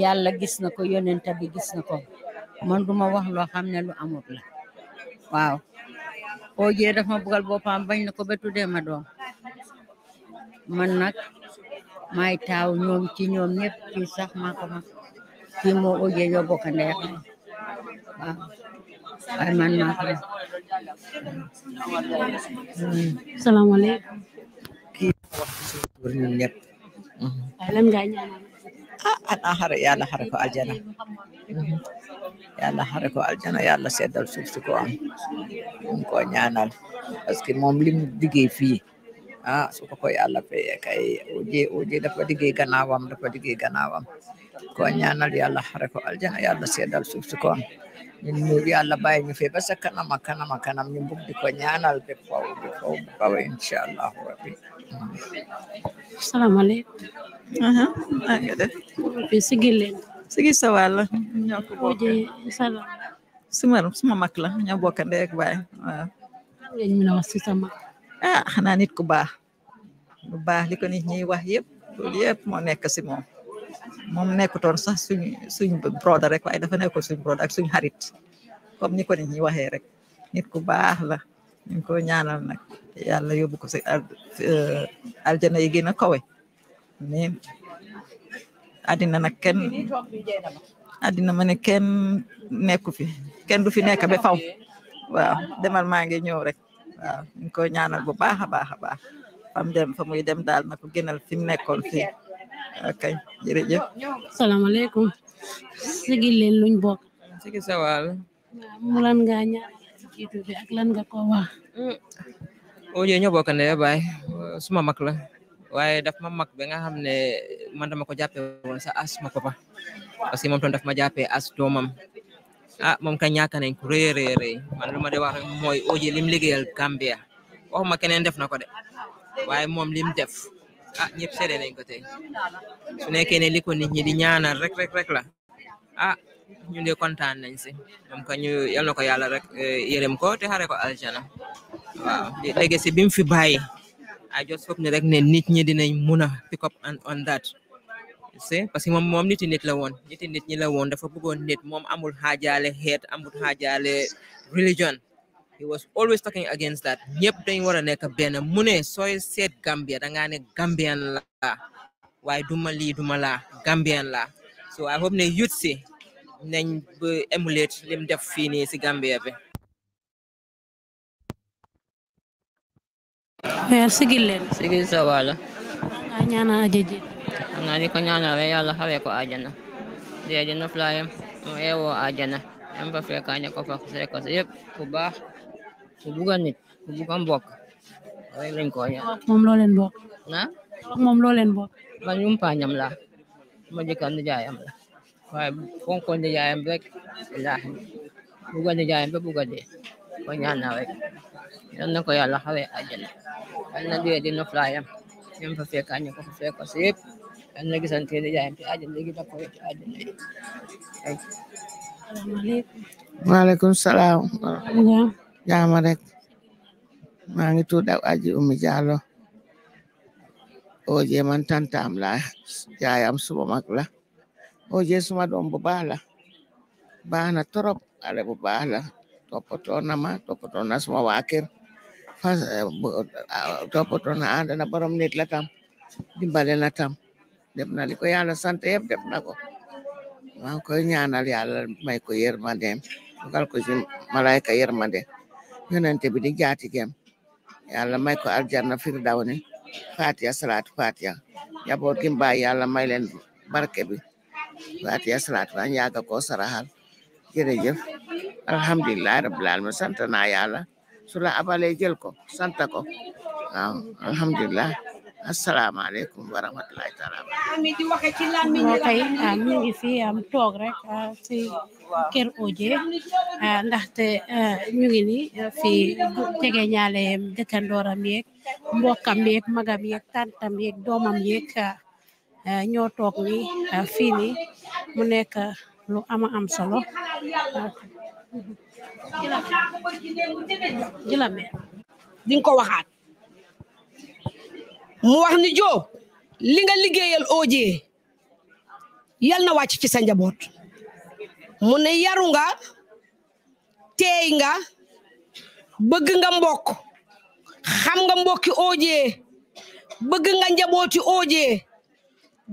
yàlla gis na ko yonent bi gis na ko man duma wax loo xam ne lu amut la waaw OJ dafa ma bugal boppam bañ na ko ba tuddee ma doom man nag may taw ñoom ci ñoom ñëpp ci sax mako ko ci mo o uje yo bokk ndey ak ah, man maa ko mag alaykum kii wax ah ya ko aljana Ya xare ko ajana, yàlla ya seddal suuf si ko am ko ñaanal parce que moom lim fi ah suka koy ya alla fe ya kay uji oje dafa liggéey gannaawam dafa liggéey gannaawam ko ñaanal yàlla xare ko aljana yàlla ya seedal suuf si koon ñun ñu yàlla bàyyi ñu fee ba sa kanama kanama kanam ñu bugg di ko ñaanal be faw be faw be faw insha allahu rabbi salaamaaleykum aha nga def fi sigil leen sigi sa wàll ñoo ko bokk suma suma mag la ñoo bokk ndey ak baay ngeen mën a wax si sa ah xanaa nit ku baax lu baax li ko nit ñiy wax yëpp loolu yëpp moo nekk si moom moom nekkutoon sax suñ suñ broda rek waaye dafa nekkoon suñ broda ak suñ xarit comme ni ko nit ñi waxee rek nit ku baax la ñu ko ñaanal nag yàlla yóbbu ko si eh, aljana yi gën a kawe mais àddina nag kenn àddina ma ne kenn nekku fi kenn du fi nekk ba faw waaw demal maa ngi ñëw rek waaw ñu koy ñaanal bu baax a baax fam dem fa muy dem daal na ko gënal e fi mu nekkoon fii kay jërëjëf salaamaaleykum sigi leen luñ bokk sigi sawal mu lan nga ñaan jiitu bi ak lan nga ko wax mm. o ñoo bokk ndey baay suma mag la waaye daf ma mag ba nga xam ne man dama ko jàppee woon sa as ma papa parce que moom tam daf ma jàppee as doomam ah moom ka ñàkk nañ ko rëy rëy rëy man lu ma di wax rek mooy OJ lim liggéeyal Gambia waxuma keneen def na ko de waaye moom lim def ah ñëpp seede nañ ko tey su nekkee li ko nit ñi di ñaanal rek rek rek la ah ñu de kontaan nañ si moom ka ñu ko yàlla rek eh, yërëm ko te xare ko aljana waaw léegi si bi fi bàyyi I just hope ne rek ne nit ñi dinañ mun a pick up on that si parce que moom moom niti nit la woon niti nit ñi la woon dafa bëggoon nit moom amul xaajaale xeet amul xaajaale religion he was always talking against that ñëpp dañ war a nekk benn mu ne sooy seet Gambia dangaa ne Gambian la waaye duma lii duma laa Gambian la so I hope ne youth si nañ ba emulate lim def fii nii si Gambia bi sigil leen sigil sa wàll ñaana ajeje xanaa di ko ñaanal rek yàlla xaree ko àjjana dee di noflaayam mu eewoo àjjana yam fa fekkaa fa seeko si yëpp ku baax ku bugg a nit ku bugg a mbokk rek lañ ko ñaan moom loo leen bokk na moom loo leen bokk man yumpaañam la ma jëkkër nijaayam la waaye fonko nijaayam rek ilaahi bugg a nijaayam ba bugg a dee ko ñaanal rek yal na ko yàlla xaree àjjana na dee di noflaayam yam fa fekkaa fa seeko si lagi santai aja MP aja lagi itu aja Assalamualaikum Waalaikumsalam ya ya marek mang nah, itu dak aji umi jalo oje oh, man tantam la yayam ya, suba mak la oje oh, suma dom bala bana torop ale eh, bu bala eh, topoto nama topoto na suma wakir ada topoto na anda na borom nit la tam dimbale tam def na li ko yàlla sant yëpp def na ko maa ngi koy ñaanal yàlla may ko yërmandeem dugal ko ci malayka yërmande yonente bi di jaatigeem yàlla may ko aljanna firdawni fatiha salaatu fatiha njaboot gi mbaay yàlla may leen barke bi fatiha salaatu an yaaga ko saraxal jërëjëf alhamdulilahi rabbil alamin sant naa yàlla su la abalee jël ko sant ko waaw asalaamaaleykum wa rahmatulahi taala moo kay ñu ngi ah, fi am toog rek si kër OJ ndaxte ñu ngi ni fi tege ñaale dëkkandooram yeeg mbokkam yeeg magam yeeg tantam yeeg doomam yeeg ah, ah, ñoo toog ni fii ni mu nekk lu ama am solo jëla meer di nga ko waxaat mu wax ni Joob li nga liggéeyal OJ yal na wàcc ci sa njaboot mu ne yaru nga tey nga bëgg nga mbokk xam nga mbokki OJ bëgg nga njabooti OJ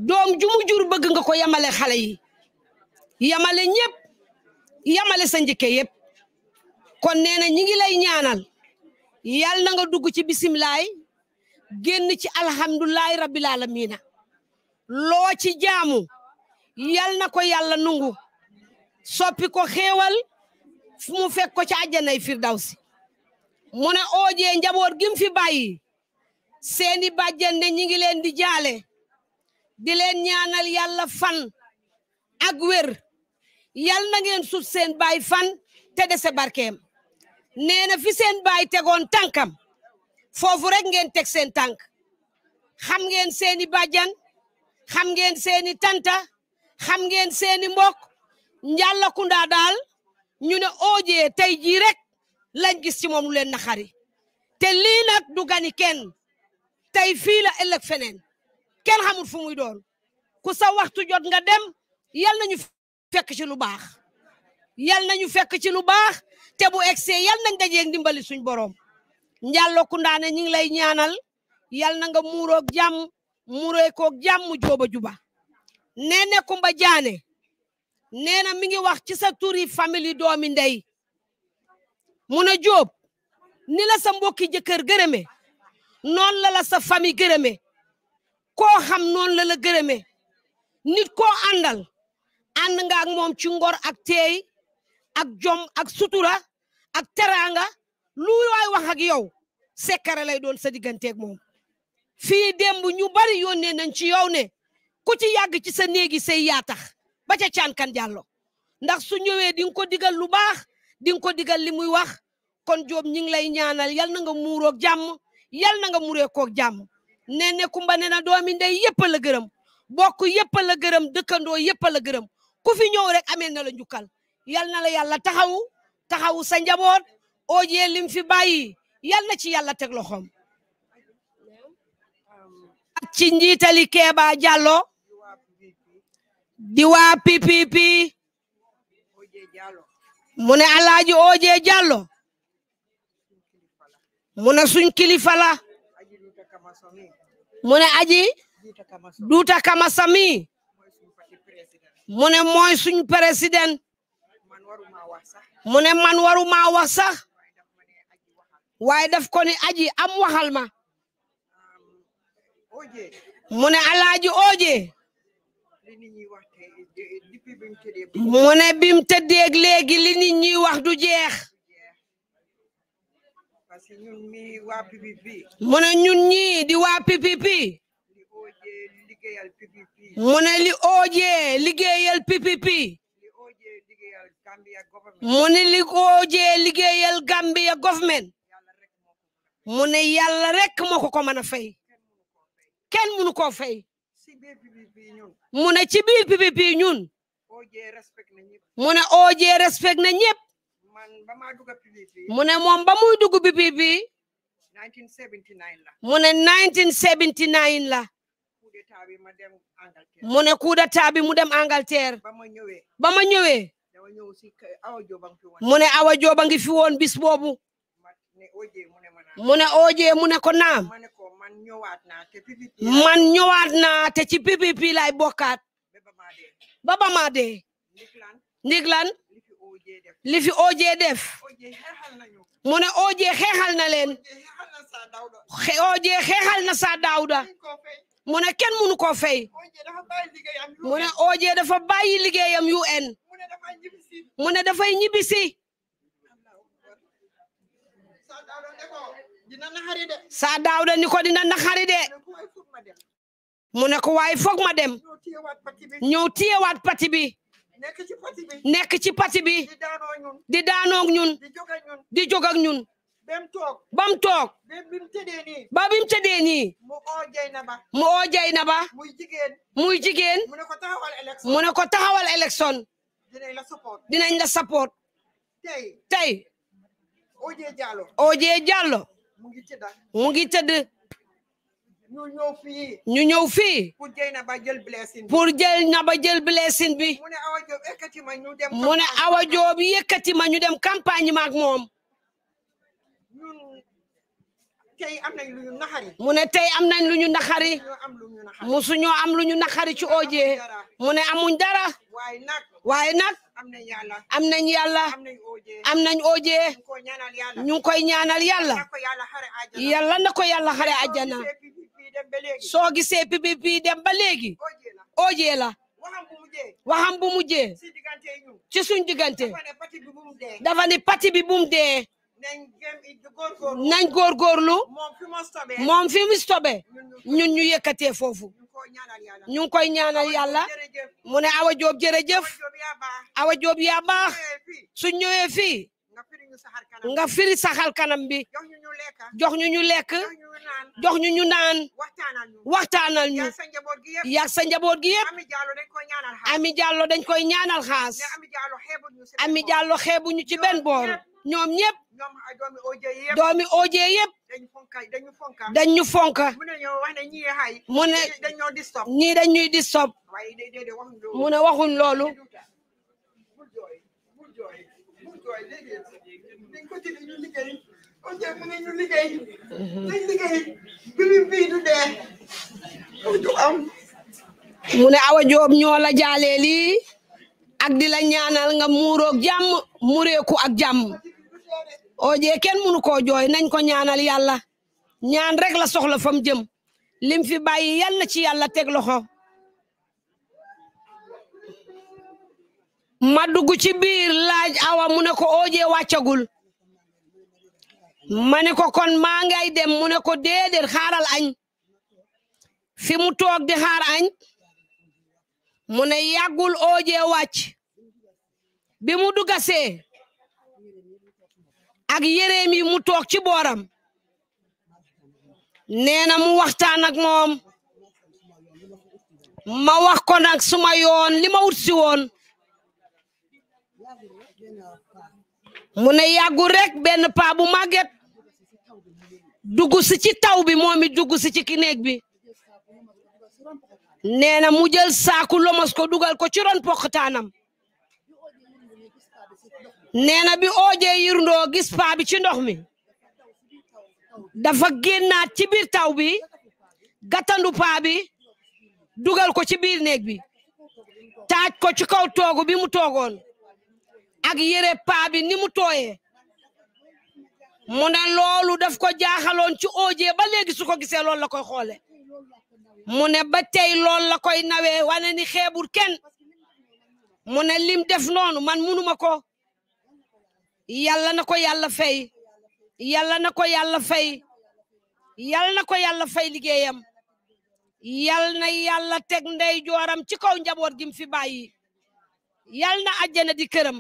doom ju mu bëgg nga ko yamale xale yi yamale ñëpp yamale sa njëkke kon nee na ñi ngi lay ñaanal yal na nga dugg ci bisimilaay génn ci alhamdulilahi rabbil alamina loo ci jaamu yal na ko yàlla nungu soppi ko xéewal fu mu fekk ko ci àjjanay firdawsi mu ne ooje njaboot gim fi bàyyi seeni bàjjen ne ñi ngi leen di jaale di leen ñaanal yàlla fan ak wér yal na ngeen sut seen baay fan te dese barkeem nee na fi seen baay tegoon tànkam foofu rek ngeen teg seen tànk xam ngeen seeni bàjjan xam ngeen seeni tanta xam ngeen seeni mbokk njàllakundaa daal ñu ne oojee tey jii rek lañ gis ci moom lu leen naxari te lii du gani kenn tey fii la ëllëg feneen kenn fu muy doon ku sa waxtu jot nga dem yal nañu fekk ci lu baax yal nañu fekk ci lu baax te bu egsee yal nañ dajeeg ndimbali suñ boroom njàllo kundaane ñu lay ñaanal yal na nga jam jàmm muuree koog jooba juba Nene ne ba Jaane nee na mi ngi wax ci sa turi family doomi ndey mu job, Jóob ni la sa mbokki jeuker gërëme non la la sa famille gërëme ko xam non la la gërëme nit ko andal and nga ak mom ci ngor ak tey ak jom ak sutura ak teranga lu waay wax ak yow sekkare lay doon sa digganteeg moom fii demb ñu bari yónnee nañ ci yow ne ku ci yàgg ci sa néegi say yaa tax ba ca caankan jàllo ndax su ñëwee di ko digal lu baax di ko digal li muy wax kon Jóob ñi ngi lay ñaanal yal na nga muuroog jàmm yal na nga muree koog jàmm ne ne ne na doomi ndey yëpp la gërëm bokk yëpp la gërëm dëkkandoo yëpp la gërëm ku fi ñëw rek amee na la njukkal yal na la yàlla taxawu taxawu sa njaboot oojee lim fi yal na ci yàlla teg loxoom ak ci njiitali Kéba Jallow di waa PPP mu ne alaaji suñ kilifa la mu aji duuta kama sami mu ne suñ président mu man waruma wax sax waaye def ko ni aji am waxal ma mu ne alaaji ooje mu ne bim tëddeeg léegi li nit ñi wax du jeex mu ne ñun ñii di waa PPP mu li ooje liggéeyal PPP mu li ooje liggéeyal Gambia government mu ne yàlla rek moo ko ko mën a fay kenn mënu koo fay mu ne ci biir PPP ñun mu ne OJ respect na ñëpp mu ne moom ba muy dugg PPP mu ne 1979 la mu ne coup d'état bi mu dem Angleterre ba ma ñëwee mu ne Awa Jooba ngi fi woon bis boobu mu ne OJ mu ne ko naam man ñëwaat naa te ci PPP bokat bokkaat ba ba maa ndiglan li fi OJ def mu ne OJ xeexal na leen OJ xeexal na sa Dawda mu ne kenn mënu ko fay dafa bàyyi liggéeyam UN mu ne dafay ñibbisi sa daawda ni ko dina naxari de mu ne ko waaye foog ma dem ñëw téyewaat pati bi nekk ci pati bi di daanoog ñun di jóg ak ñun ba toog ba bi mu tëddee nii mu oo jay na ba muy jigéen mu ne ko taxawal élection dinañ la support tey Oje Jallow Oje Jallow mu ngi tëdd ngi tëdd ñu ñëw fi ñu ñëw fii pour jël na ba jël blessing na ba jël blessing bi mu ne Awa Joob yëkkati ma ñu dem mu ne Awa Joob yëkkati ma ñu dem campagne maak moom mu ne tey am nañ lu ñu naxari musu ñoo am lu ñu naxari ci OJ mu ne amuñ dara waaye nag am nañ yàlla am nañ OJ ñu ngi koy ñaanal yàlla yàlla na ko yàlla xare àjjana soo gisee PPP dem ba léegi OJ la waxam bu mujjee ci suñ diggante dafa ne pati bi bum dee nañ góorgóorlu moom fi mu stobe ñun ñu yëkkatee foofu ñu ngi koy ñaanal yàlla mu ne Awa Joob jërëjëf Awa Joob yaa baax su ñëwee fii nga firi saxal kanam bi jox ñu ñu lekk jox ñu ñu naan waxtaanal ñu yàgg sa njaboot gi yëpp Ami Jallo dañ koy ñaanal xaas Ami Jallo xeebuñu ci benn boor ñoom ñëpp doomi OJ yëpp dañ ñu fonka mu ne ñii dañ ñuy distop mu ne waxuñ loolu OJ mu ne ñu liggéey mhm. dañ liggéey bilim bii du dee mu ne Joob ñoo la lii ak di ñaanal nga muuroog jàmm mureeku ak jàmm oojee kenn mënu koo jooy nañ ko ñaanal yàlla ñaan rek la soxla fam jëm lim fi bàyyi yal na ci yàlla teg loxo ma dugg ci biir laaj awa mu ne ko oojee wàccagul ma ne ko kon maa ngay dem mu ne ko déedéet xaaral añ fi mu toog di xaar añ mu ne yàggul oojee wàcc bi mu dugasee ak yéreem yi mu toog ci booram nee na mu waxtaan ak moom ma wax ko nag suma yoon li ma wut si woon mu ne yàggu rek benn paa bu màgget dugg si ci taw bi moom it dugg si ci ki kineeg bi nee na mu jël saaku lomos ko dugal ko ci ron poqtaanam nee na bi ooje yirndoo gis paa bi ci ndox mi dafa génnaat ci biir taw bi gàttandu paa dugal ko ci biir néeg bi taaj ko ci kaw toogu bi mu toogoon ak yére paa bi ni mu tooye mu ne loolu daf ko jaaxaloon ci oojee ba léegi su ko gisee loolu la koy xoole mu ne ba tey loolu la koy nawee wane ni xeebur kenn mu ne lim def noonu man munuma ko yàlla na ko yàlla fay yàlla na ko yàlla fay yàlla na ko yàlla fay liggéeyam yàlla na yàlla teg ndey jooram ci kaw njaboot gi mu fi bàyyi yàlla na àjjana di këram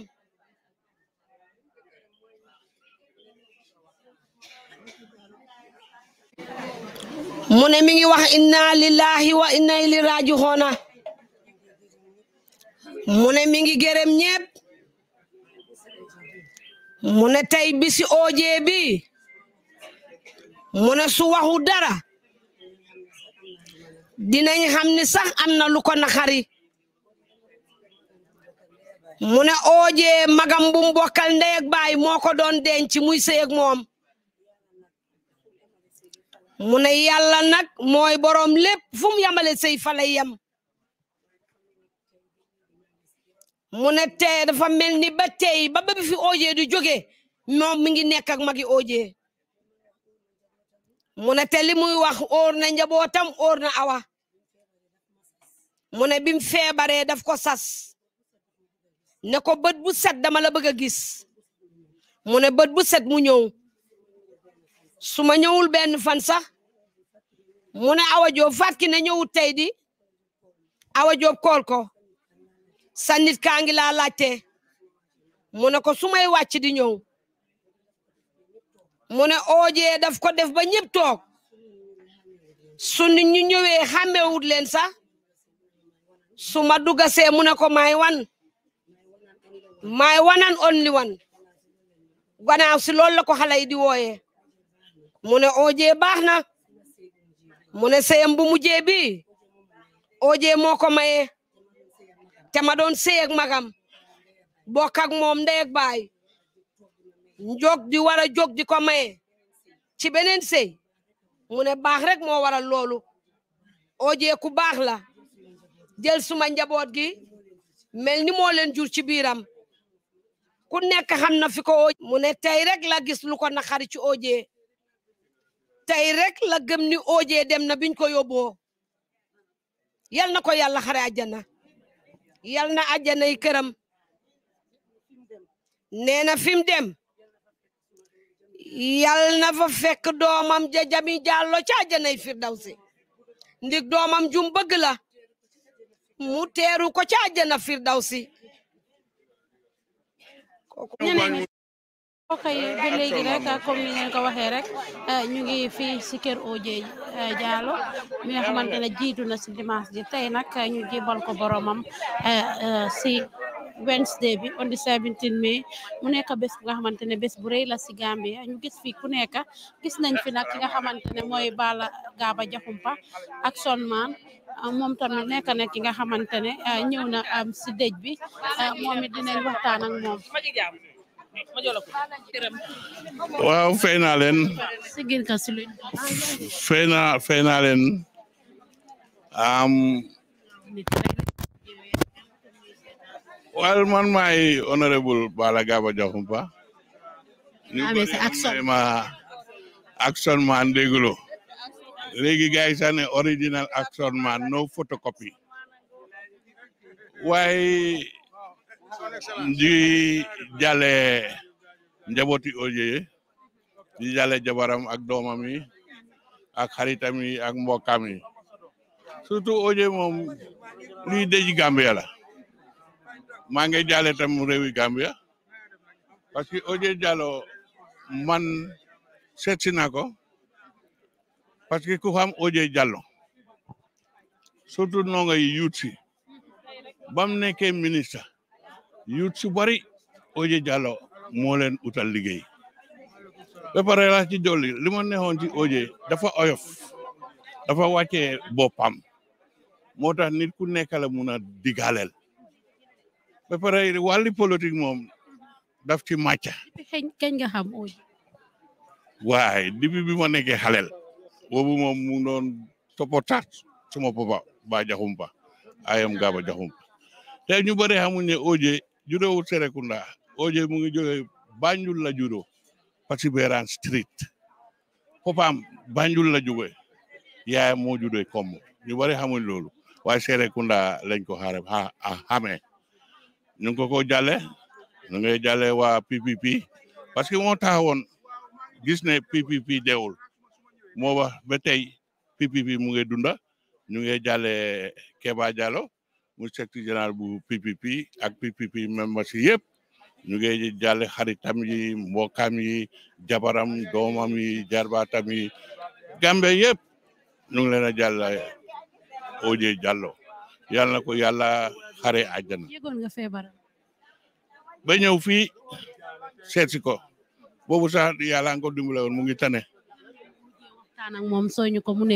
mu ne mi ngi wax inna lillahi wa inna ilayhi raji'un mu ne mi ngi gërëm mu ne tey bisi OJ bii mu ne su waxu dara dinañ xam ni sax am na lu ko naxari mu ne OJ magam bu mbokkal ndey baay moo ko doon denc muy sëy ak moom mu ne yàlla nag mooy borom lépp fu mu yamale sëy fa lay yam mu ne dafa mel ni ba tey ba ba fi OJ di joge moom mi ngi nekk ak magi OJ mu ne te li muy wax óor na njabootam óor na awa mu ne bi mu feebaree daf ko sas ne ko bët bu set dama la bëgg a gis mu ne bët bu set mu ñëw suma ma ñëwul benn fan sax mu ne awa joob faat ki ne ñëwut tey di awa joob kool ko sa nit kaa ngi laa laajte mu ne ko su may wàcc di ñëw mu ne oojee daf ko def ba ñëpp toog su nit ñu ñëwee xàmmewut leen sax su ma dugasee mu ne ko may wan may wanan only wan gannaaw si loolu la ko xale yi di wooye mu ne oojee baax na mu ne seyam mu mujjee bi moo ko mayee te ma doon sey ak magam bokk ak moom ndey ak baay njog di war a di ko maye ci beneen sey mu ne baax rek moo waral loolu oojee ku baax la jël suma njaboot gi mel ni moo leen jur ci biiram ku nekk xam na fi ko ooj mu ne tey rek la gis lu ko naqari ci oojee tey rek la gëm ni oojee dem na biñ ko yóbboo yal na ko yàlla xare àjjana yal na àjjanay këram nee na fi mu dem yal na fa fekk doomam ja jami jàllo ca àjjanay firdawsi ndik doomam jum bëgg la mu teeru ko ca àjjana firdawsi kay ba léegi rek comme ni ngeen ko waxee rek ñu ngi fii si kër OJ Jallow eh, mi nga xamante ne jiitu na si dimanche ji tey nag ñu jébal ko boromam eh, eh, si Wednesday bi on the 17 mai mu nekk bés bu nga xamante ne bés bu rëy la si Gambie ñu gis fii ku nekk gis nañ fi nag ki nga xamante ne Bala Gaba Jaxumpa ak Son Man moom tamit nekk na ki nga xamante ne ñëw na si dëj bi moom it dinañ waxtaan ak moom. waaw fay naa leen fay naa fay naa leen am wal man maay honorable Bala Gaba Diakhompa ah, ma action man déglu léegi gars yi sax original action man no photocopy waaye ndi jàlle njabooti Ogier di jàlle jabaram ak doomam yi ak xaritam yi ak mbokkam yi surtout Ogier moom luy déji Gambia la maa ngi jàlle tam réewi Gambia parce que Ogier Jallow man seetsi naa ko parce que ku xam Ogier Jallow si bam nekkee ministre yuut si bari Oje Jallow moo leen utal liggéey ba pare laa ci dolli li ma neexoon ci Oje dafa oyof dafa wàccee boppam moo tax nit ku nekk la mun a digaaleel ba pare wàlli moom daf ci màcca kañ nga xam Oje waaye depuis bi ma nekkee xaleel boobu moom mu doon toppataat suma papa ba jaxumpa ayam gaaba jaxumpa te ñu bëri ne Oje judóowul Serekunda OJ mu ngi jógee Banjul la judoo Perseverance Street papaam Banjul la jógee yaayam moo judee Kombo ñu bari xamuñ loolu waaye Serekunda lañ ko xaare xamee ngi ko ko jàlle ñu ngay jàlle waa PPP parce que moo taxawoon gis ne PPP deewul moo wax ba tey PPP mu ngi dunda ñu ngi jàlle Keba Jallow mu secrétaire général bu pi ak PPP membres yi yëpp ñu ngi jàlle xaritam yi mbokam yi jabaram doomam yi jarbaatam yi gambe yëpp ñu ngi leen a jàlla Oje Jallo yal na ko yàlla xare àjjana ba ñëw fii seet si ko boobu sax yàlla mu ngi tane. waxtaan ak mu ne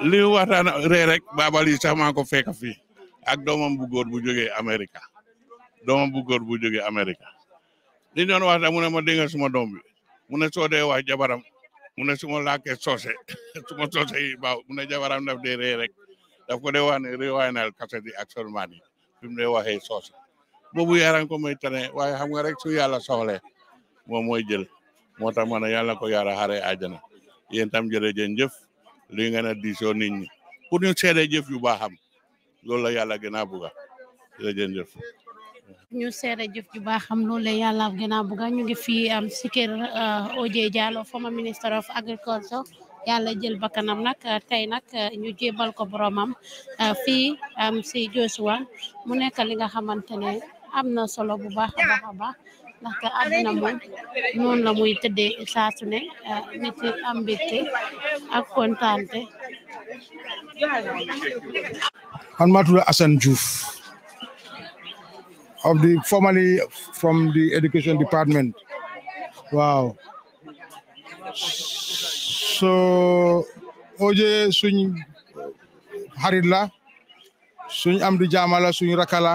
li mu waxtaan rek baabal yi sax ko fekk fii ak doomam bu góor bu jógee Amérique doomam bu góor bu jógee Amérique li ñu doon waxtaan mu ne ma dégg suma doom bi mu ne soo dee wax jabaram mu ne su ma làkkee soose su ma soose yi baaw mu ne jabaram daf dee ree rek daf ko dee wax ne reewaanal kaset yi ak solmaan yi fi mu dee waxee soose boobu yaran ko may tane waaye xam nga rek su yàlla soxlee moom mooy jël moo tax ma ne yàlla ko yàlla xare àjjana yéen tam jërëjëf li nga na diisoo nit ñi ñu seede jëf yu baaxam loolu la yàlla gën a buga jërëjëf ñu seede jëf ju baaxam loolu la yàlla gën a buga ñu ngi fii am si kër uh, OJ Jallow former minister of agriculture yàlla jël bakkanam nag uh, tey nag uh, ñu jébal ko boromam fii am um, si Joshua mu nekk li nga xamante ne am na solo bu baax baax ndaxte àddina moom noonu la muy tëddee saa su ne eh, man maa tudd Assane Diouf of the formerly from the education department waaw so oje suñ xarit la suñ am di jaamala suñ rakala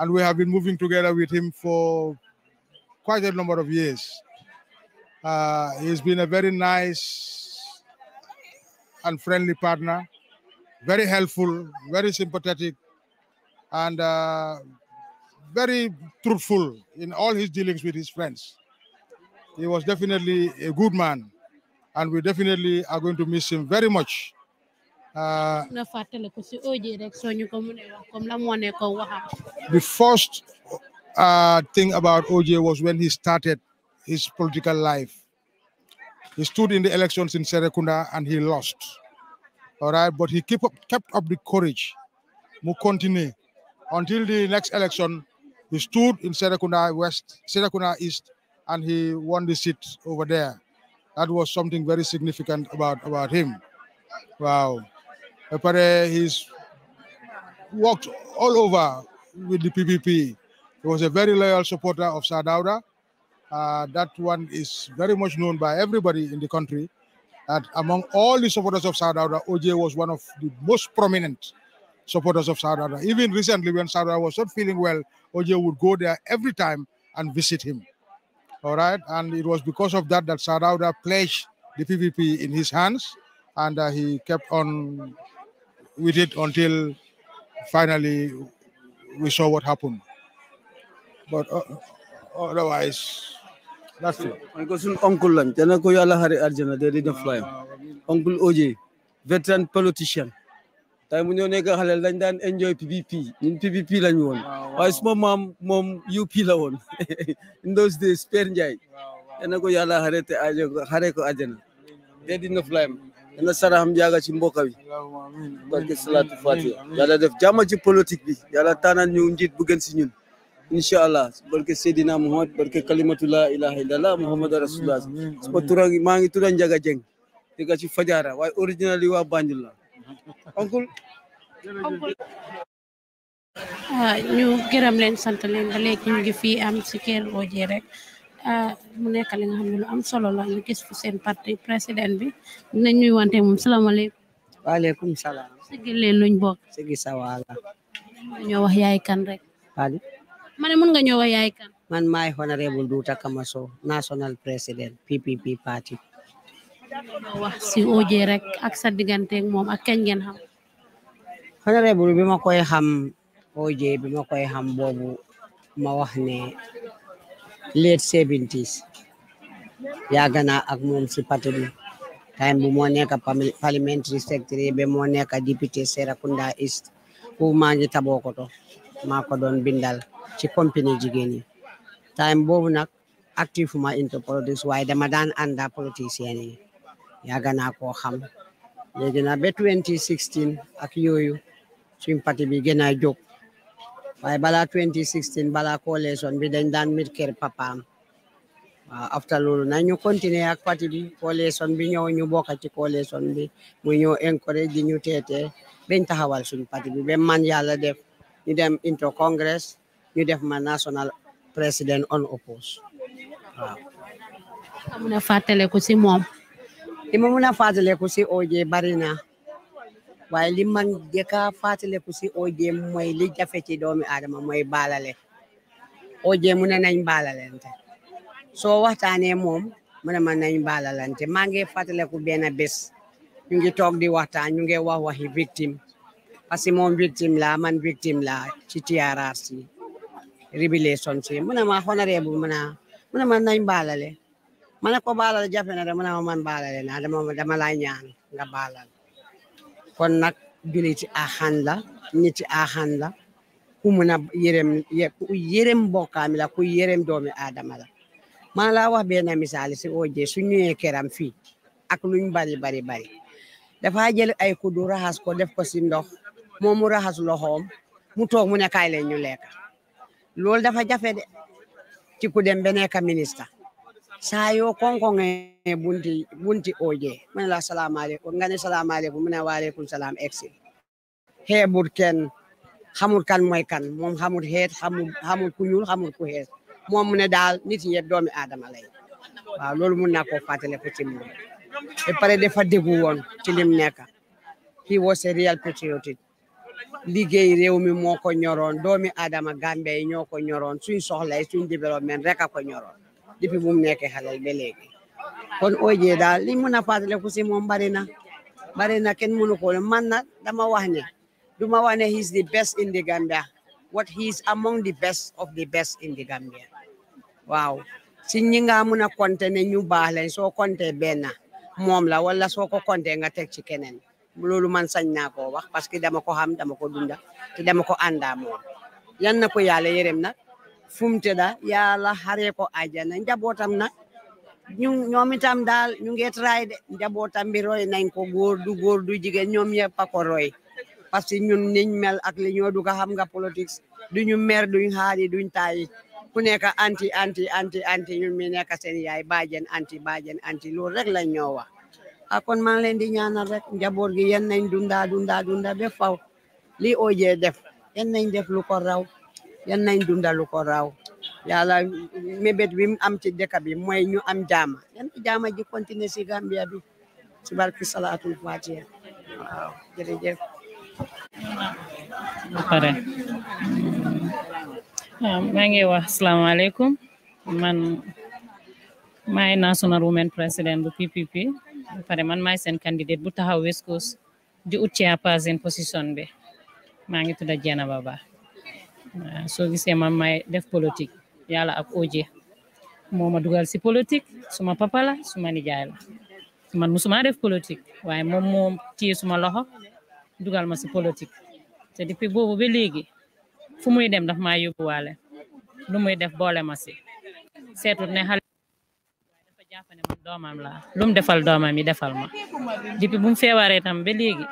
and we have been moving together with him for quite a number of years. Uh, he's been a very nice and friendly partner, very helpful, very sympathetic, and uh, very truthful in all his dealings with his friends. He was definitely a good man, and we definitely are going to miss him very much. Uh, the first uh, thing about OJ was when he started his political life. He stood in the elections in Serekunda and he lost. All right, but he kept up, kept up the courage. Mu continue until the next election. He stood in Serekunda West, Serekunda East, and he won the seat over there. That was something very significant about about him. Wow, but he's walked all over with the PPP. He was a very loyal supporter of Sadauda. Uh, that one is very much known by everybody in the country. That among all the supporters of Sadauda, OJ was one of the most prominent supporters of Sadauda. Even recently, when Sadauda was not feeling well, OJ would go there every time and visit him. All right, and it was because of that that Sadauda pledged the PVP in his hands, and uh, he kept on with it until finally we saw what happened but uh, otherwise, that's it. Man ko uncle lañ té na ko yalla xari aljana dé di Uncle OJ, veteran politician. Tay mu ñoo nekk xalel dañ daan enjoy PPP. Ñun PPP lañ woon. Waaye suma mom, moom UP la woon. In those days, Père Ndiaye. Té na ko yalla xare té xare ko aljana. Dé di def flyam. na saraxam jaaga ci mbokka bi barke salaatu fatiha yàlla def jàmm ci politique bi yàlla tànnal ñu njiit bu Insyaallah barke sedina Muhammad barke kalimatullah ilaha illallah Muhammad Rasulullah sebab turang mang itu dan jaga jeng dikasih fajara wa original wa banjul lah Ah, ñu gëram leen sant leen ba léegi ñu ngi fii am si kër OJ rek ah, mu nekk li nga xam ne lu am solo la ñu gis fu seen parti président bi dinañ ñuy wante moom salaamaaleykum waaleykum salaam sigi leen luñ bokk sigi sawaala ñoo wax yaay kan rek ma ne mun nga ñëw yaay kan. man maay honorable Duuta Kamaso national president PPP party. wax si OJ rek ak sa digganteeg moom ak kañ ngeen xam. honorable bi koy xam OJ bi ma koy xam boobu ma wax ne late seventies yàgg naa ak moom si parti bi time bu moo nekk parliamentary secretary ba moo nekk député Serekunda East fu maa ngi taboo ko to maa ko bindal. ci compagnie jigéen yi time boobu nag activement into politics waaye dama daan ànd ak politiciens yi yàgg naa koo xam léegi nag ba 2016 ak yooyu suñ pati bi gën a jóg waaye balaa 2016 balaa coalition bi dañ daan mit kër papaam waaw after loolu na ñu continuer ak parti bi coalition bi ñëw ñu bokk ci coalition bi mu ñëw encourage di ñu teetee bañ taxawal suñ parti bi ba man yàlla def ñu dem into congress ñu def ma national president on oppose waaw. mun a fàttaliku si moom. li ma mun a fàttaliku si OJ bari na waaye li man njëkk a fàttaliku si OJ mooy li jafe ci doomi aadama mooy baalale OJ mu ne nañ baalalante soo waxtaanee moom mu ne ma nañ baalalante maa ngi fàttaliku benn bés ñu ngi toog di waxtaan ñu ngi wax waxi victime parce que la man victime la ci TRRC relationship mu ne ma honorable mu ne mu ne ma nañ baalale ma ne ko baalal jafe na de mu ne ma man baalale naa dama dama laa ñaan nga baalal kon nag julli ci axan la ñi ci axan la ku mun a yërëm ku yërëm mbokkaam la ku yërëm doomi aadama la maa laa wax benn misaal si OJ su ñëwee këram fii ak luñ bari bari bari dafa jël ay kuddu raxas ko def ko si ndox moo mu raxas loxoom mu toog mu ne kaay leen ñu lekk loolu dafa jafe de ci ku dem ba nekk ministre saa yoo koŋ-koŋe bunti oje mu la salaamaaleykum nga ne salaamaaleykum mu ne salaam egsi xeebut kenn xamul kan mooy kan moom xamul xeet xamul xamul ku ñuul xamul ku xeet moom ne daal nit ñi yëpp doomi aadama lay waaw loolu mun naa koo fàttaliku ci moom ba pare dafa déggu woon ci lim nekk he was real patriotic liggéey réew mi moo ko ñoroon doomi aadama Gambia yi ñoo ko ñoroon suñ soxlay suñ développement rek a ko ñoroon depuis bu mu nekk xalal ba léegi kon OJ daal li mun a fàttaliku si moom bari na bari na kenn mënu ko man na dama wax ne duma wax ne he is the best in the Gambia what he is among the best of the best in the Gambia waaw si ñi nga mun a compter ñu baax lañ soo compter benn moom la wala soo ko compter nga teg ci keneen loolu man sañ naa ko wax parce que dama ko xam dama ko dunda te dama ko àndaa moom yan na ko yàlla yërëm nag fumte da yàlla xaree ko àjjana njabootam nag ñu ñoom itam daal ñu ngi tray de njabootam bi roy nañ ko góor du góor du jigéen ñoom ñëpp a roy parce que ñun niñ mel ak li ñoo duga xam nga politique duñu mer duñ xaari duñ taayi ku nekk anti anti anti anti ñun mi nekk seen yaay baajen anti baajen anti loolu rek lañ ñoo wax akon man len di ñaanal rek njaboot gi yéen nañ dunda dunda dunda be faw lii OJ def yéen nañ def lu ko raw yéen nañ dunda lu ko raw yalla mebet bi am ci deka bi moy ñu am jaama yéen jaama ji continuer si Gambia bi ci barki salatu fatiha waaw jere pare ma ngi wax alaykum man maay national women president bu PPP pare man maay seen candidate bu taxaw di Coast di pas en position be ma ngi tudda baba baba, so gisee man may def politique yalla ak OJ moma dugal si politique suma papa la suma nijaay la man musuma def politique waye mom mom tie suma loxo dugal ma politik, politique te depuis bobu be léegi fu muy dem daf ma yóbbuwaale lu muy def boole ma si ne jàpp ne man doomam la lu mu defal doomam yi defal ma depuis bu mu feebaree tam ba léegi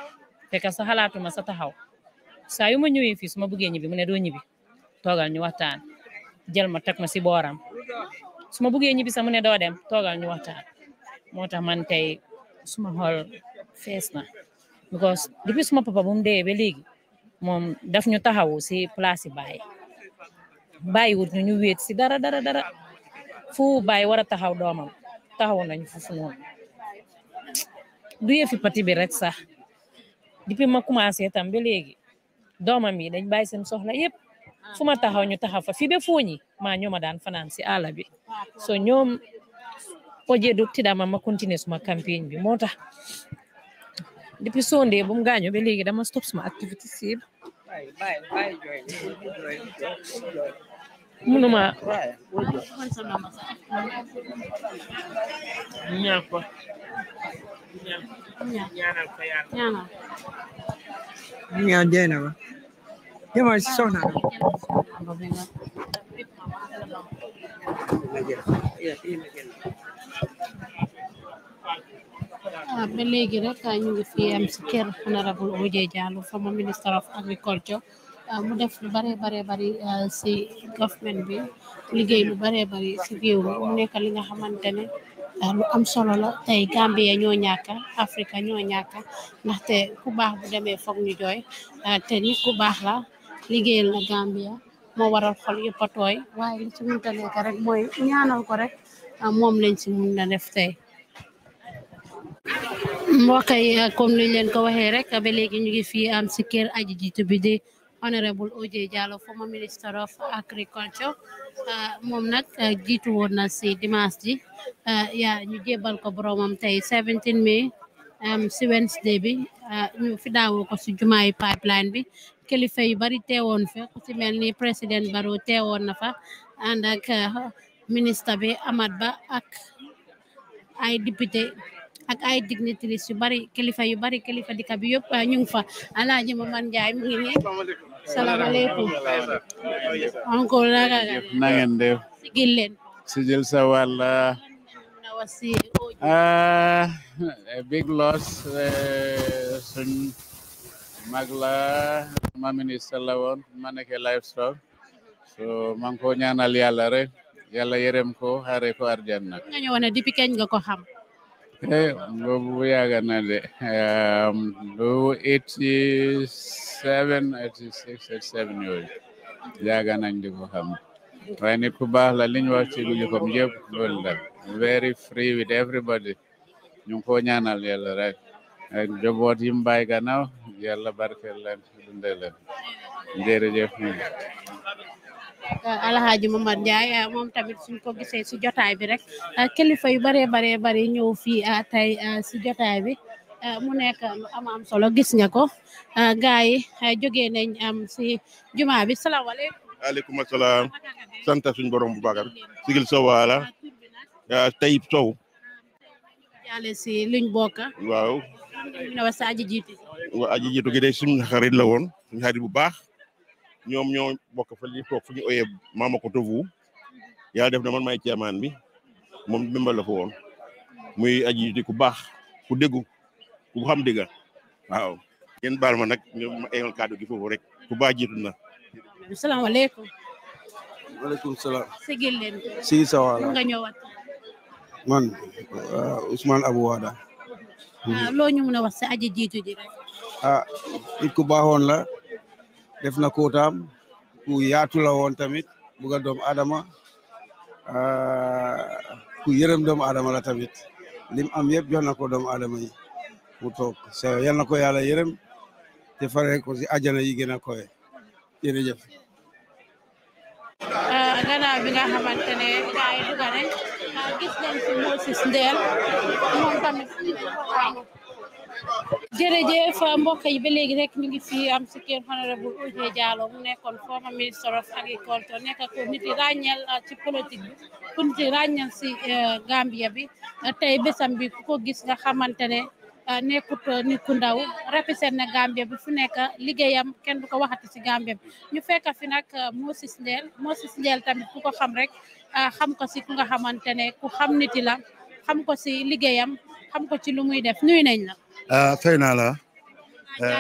fekk sa xalaatuma sa taxaw saa yu ma ñëwee fii su ma buggee ñibbi mu ne doo ñibbi toogal ñu waxtaan jël ma teg ma si boram su ma buggee ñibbi mu ne dem toogal ñu waxtaan moo man tey suma xol fees na because depuis suma papa bu mu beli. ba léegi moom daf ñu taxawu si place yi bàyyi bàyyiwut ñu wéet si dara dara dara fu bàyyi war a taxaw doomam taxawoon nañ foofu noonu du yëfi pati bi rek sax depuis ma commencé tam ba léegi doomam yi dañ bàyyi seen soxla yëpp fu ma taxaw ñu taxaw fa fi ba fooñi maa ñooma daan fanaan si àll bi so ñoom oje du tidama ma continuer suma campagne bi moo tax depuis sondé bu mu gaañoo ba léegi dama stop suma activité si munuma ñaan ko ñaanal ko yàlla ñaan jeyna ba demal ah, si soxna waaw ba léegi rek ñu ngi fi am si kër honorable OJ Jallow former minister of agriculture Ah, mu def lu bare bare bari ci ah, government bi liggéey lu bare bari ci réew mi mu nekk li nga xamante ne ah, lu am solo la tey Gambia ñoo ñàkka Africa ñoo ñàkka ndaxte ku baax bu demee foog ñu jooy te nit ku baax la liggéeyal na Gambia moo waral xol yëpp a tooy waaye li ci mënta nekk rek mooy ñaanal ko rek moom lañ ci mun na def tey mbokk yi comme liñ leen ko waxee rek ba léegi ñu ngi fii am si kër aji jiitu bi honorable OJ Jallow former minister of agriculture ah, moom nag ah, jiitu woon na si dimanche ji ah, yaa ñu jébal ko boromam tey 17 mai si Wednesday bi ñu fi daawoo ko si jumaay pipeline bi kilifa yu bari teewoon fa si mel ni président Barrow teewoon na fa ànd ak ministre bi Amat ba ak ay député ak ay dignitaires yu bari kilifa yu bari kilifa dëkk bi yëpp ah, ñu fa alaaji Momar Njie mu ngi nii salaamaaleykum encore naka na ngeen def sigil leen sigil sa wàlla ah eh, big loss eh, suñ mag la ma ministre la woon ma livestock so maa ngi ko ñaanal yàlla rek yàlla yërëm ko xaaree ko arjana nga ñëwoon depuis kañ nga ko xam Eh, boobu na de du um, nañ di ko ku baax la liñ wax ci jikkoom yëpp loolu la very free with everybody ñu ko ñaanal yàlla rek ak joboot yi mbaay gannaaw yàlla barkeel leen dundee leen jërëjëf Euh, alhaaji Momar Ndiaye euh, moom tamit suñ ko gisee si jotaay bi rek euh, kilifa yu bare bare bare ñëw fii tey si jotaay bi mu nekk lu solo gis nga ko gaay yi jógee nañ am si jumaa bi salaamaaleykum aleykum asalaam sant suñ borom bu baax sigil sow waala Tayib Sow jaale si luñ bokk waaw ne wa gi day suñ xarit la woon suñ xarit bu baax ñoom ñoo bokk fa li toog fu ñu oyee Mamoudzou yàlla def na man may ceemaan bi moom dimbal la fa woon muy aji di ku baax ku déggu ku xam dégga waaw ngeen baal ma nag ma eegal kàddu gi foofu rek ku baax na. salaamaaleykum. maaleykum salaam. sigil leen. sigi sa waala man euh, Ousmane Abou Wada. Ah, loo ñu mën a wax sa aji jiitu rek. ah nit ku la. def na kóotaam ku yaatu la tamit buga doomu aadama ah, ku yërëm doomu aadama la tamit lim am yëpp jox na ko doomu aadama yi mu toog so yal na ko yàlla yërëm te fare ko si àjjana yi gën a koy jërëjëf ah, gannaaw bi nga xamante ne gars yi jërëjëf mbokk yi ba léegi rek ñu ngi si am si kër honorable Oujé Jallow mu nekkoon former minister of agriculture nekk ko nit yi uh, ci politique bi ku nit yi ràññeel si uh, bi uh, tey bésam bi ko gis nga xamante ne nekkut nit ku ndaw represent na Gambia bi fu nekk liggéeyam kenn du ko waxati ci Gambia bi ñu fekk fi nag Moses Ndell Moses Ndell tamit ku ko xam rek xam ko si ku nga xamante ne ku xam nit yi la xam ko si liggéeyam xam ko ci lu muy def nuyu nañ la. Euh, fay naa la. Euh,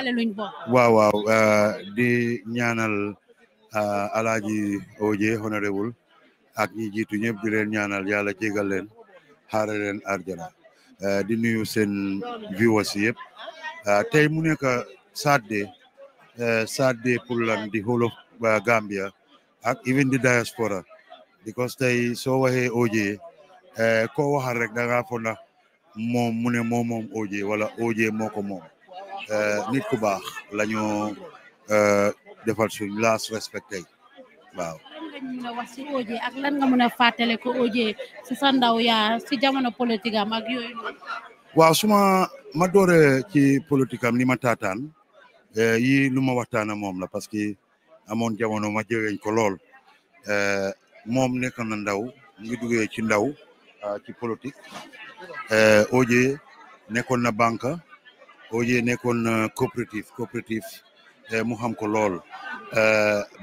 waaw waaw euh, di ñaanal alaaji OJ ak ñi jiitu ñëpp di leen ñaanal yàlla jégal leen arjana di nuyu seen viewers yëpp tey mu nekk Saturday Saturday pour lan di whole of Gambia even di diaspora because tey soo waxee OJ koo waxal rek da moom mu ne moom moom wala OJ moo ko moom euh, nit ku baax la ñu euh, defal suñ laas respecté waaw. lan nga si OJ ak lan nga mën a ko OJ si sa ndaw si jamono politique am ak yooyu. suma ma doore ci politique am ni ma taataan euh, yi lu ma waxtaana moom la parce que amoon jamono ma jegeñ ko lool moom nekk na ndaw mu ngi duggee ci ndaw. Euh, ci politique euh, OJ nekkoon na banque OJ nekkoon na coopérative coopérative euh, mu xam ko lool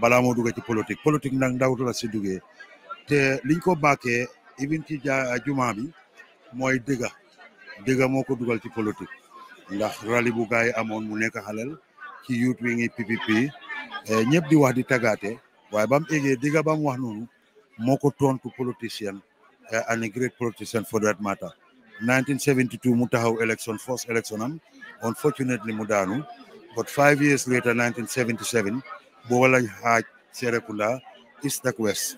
balaa moo dugg ci politique politique nag ndawtu la si duggee te liñ ko bàkkee even ci juma bi mooy dëgga dëgga moo ko dugal ci politique ndax rali bu gaay amoon mu nekk xalel ci youth wi ngi PPP ñëpp di wax di tagaate waaye ba mu eggee dëgga ba mu wax noonu moo ko tontu politicien and a great politician for that matter 1972 mu election first election unfortunately mu but five years later 1977 bowala lañ serikula is east quest. west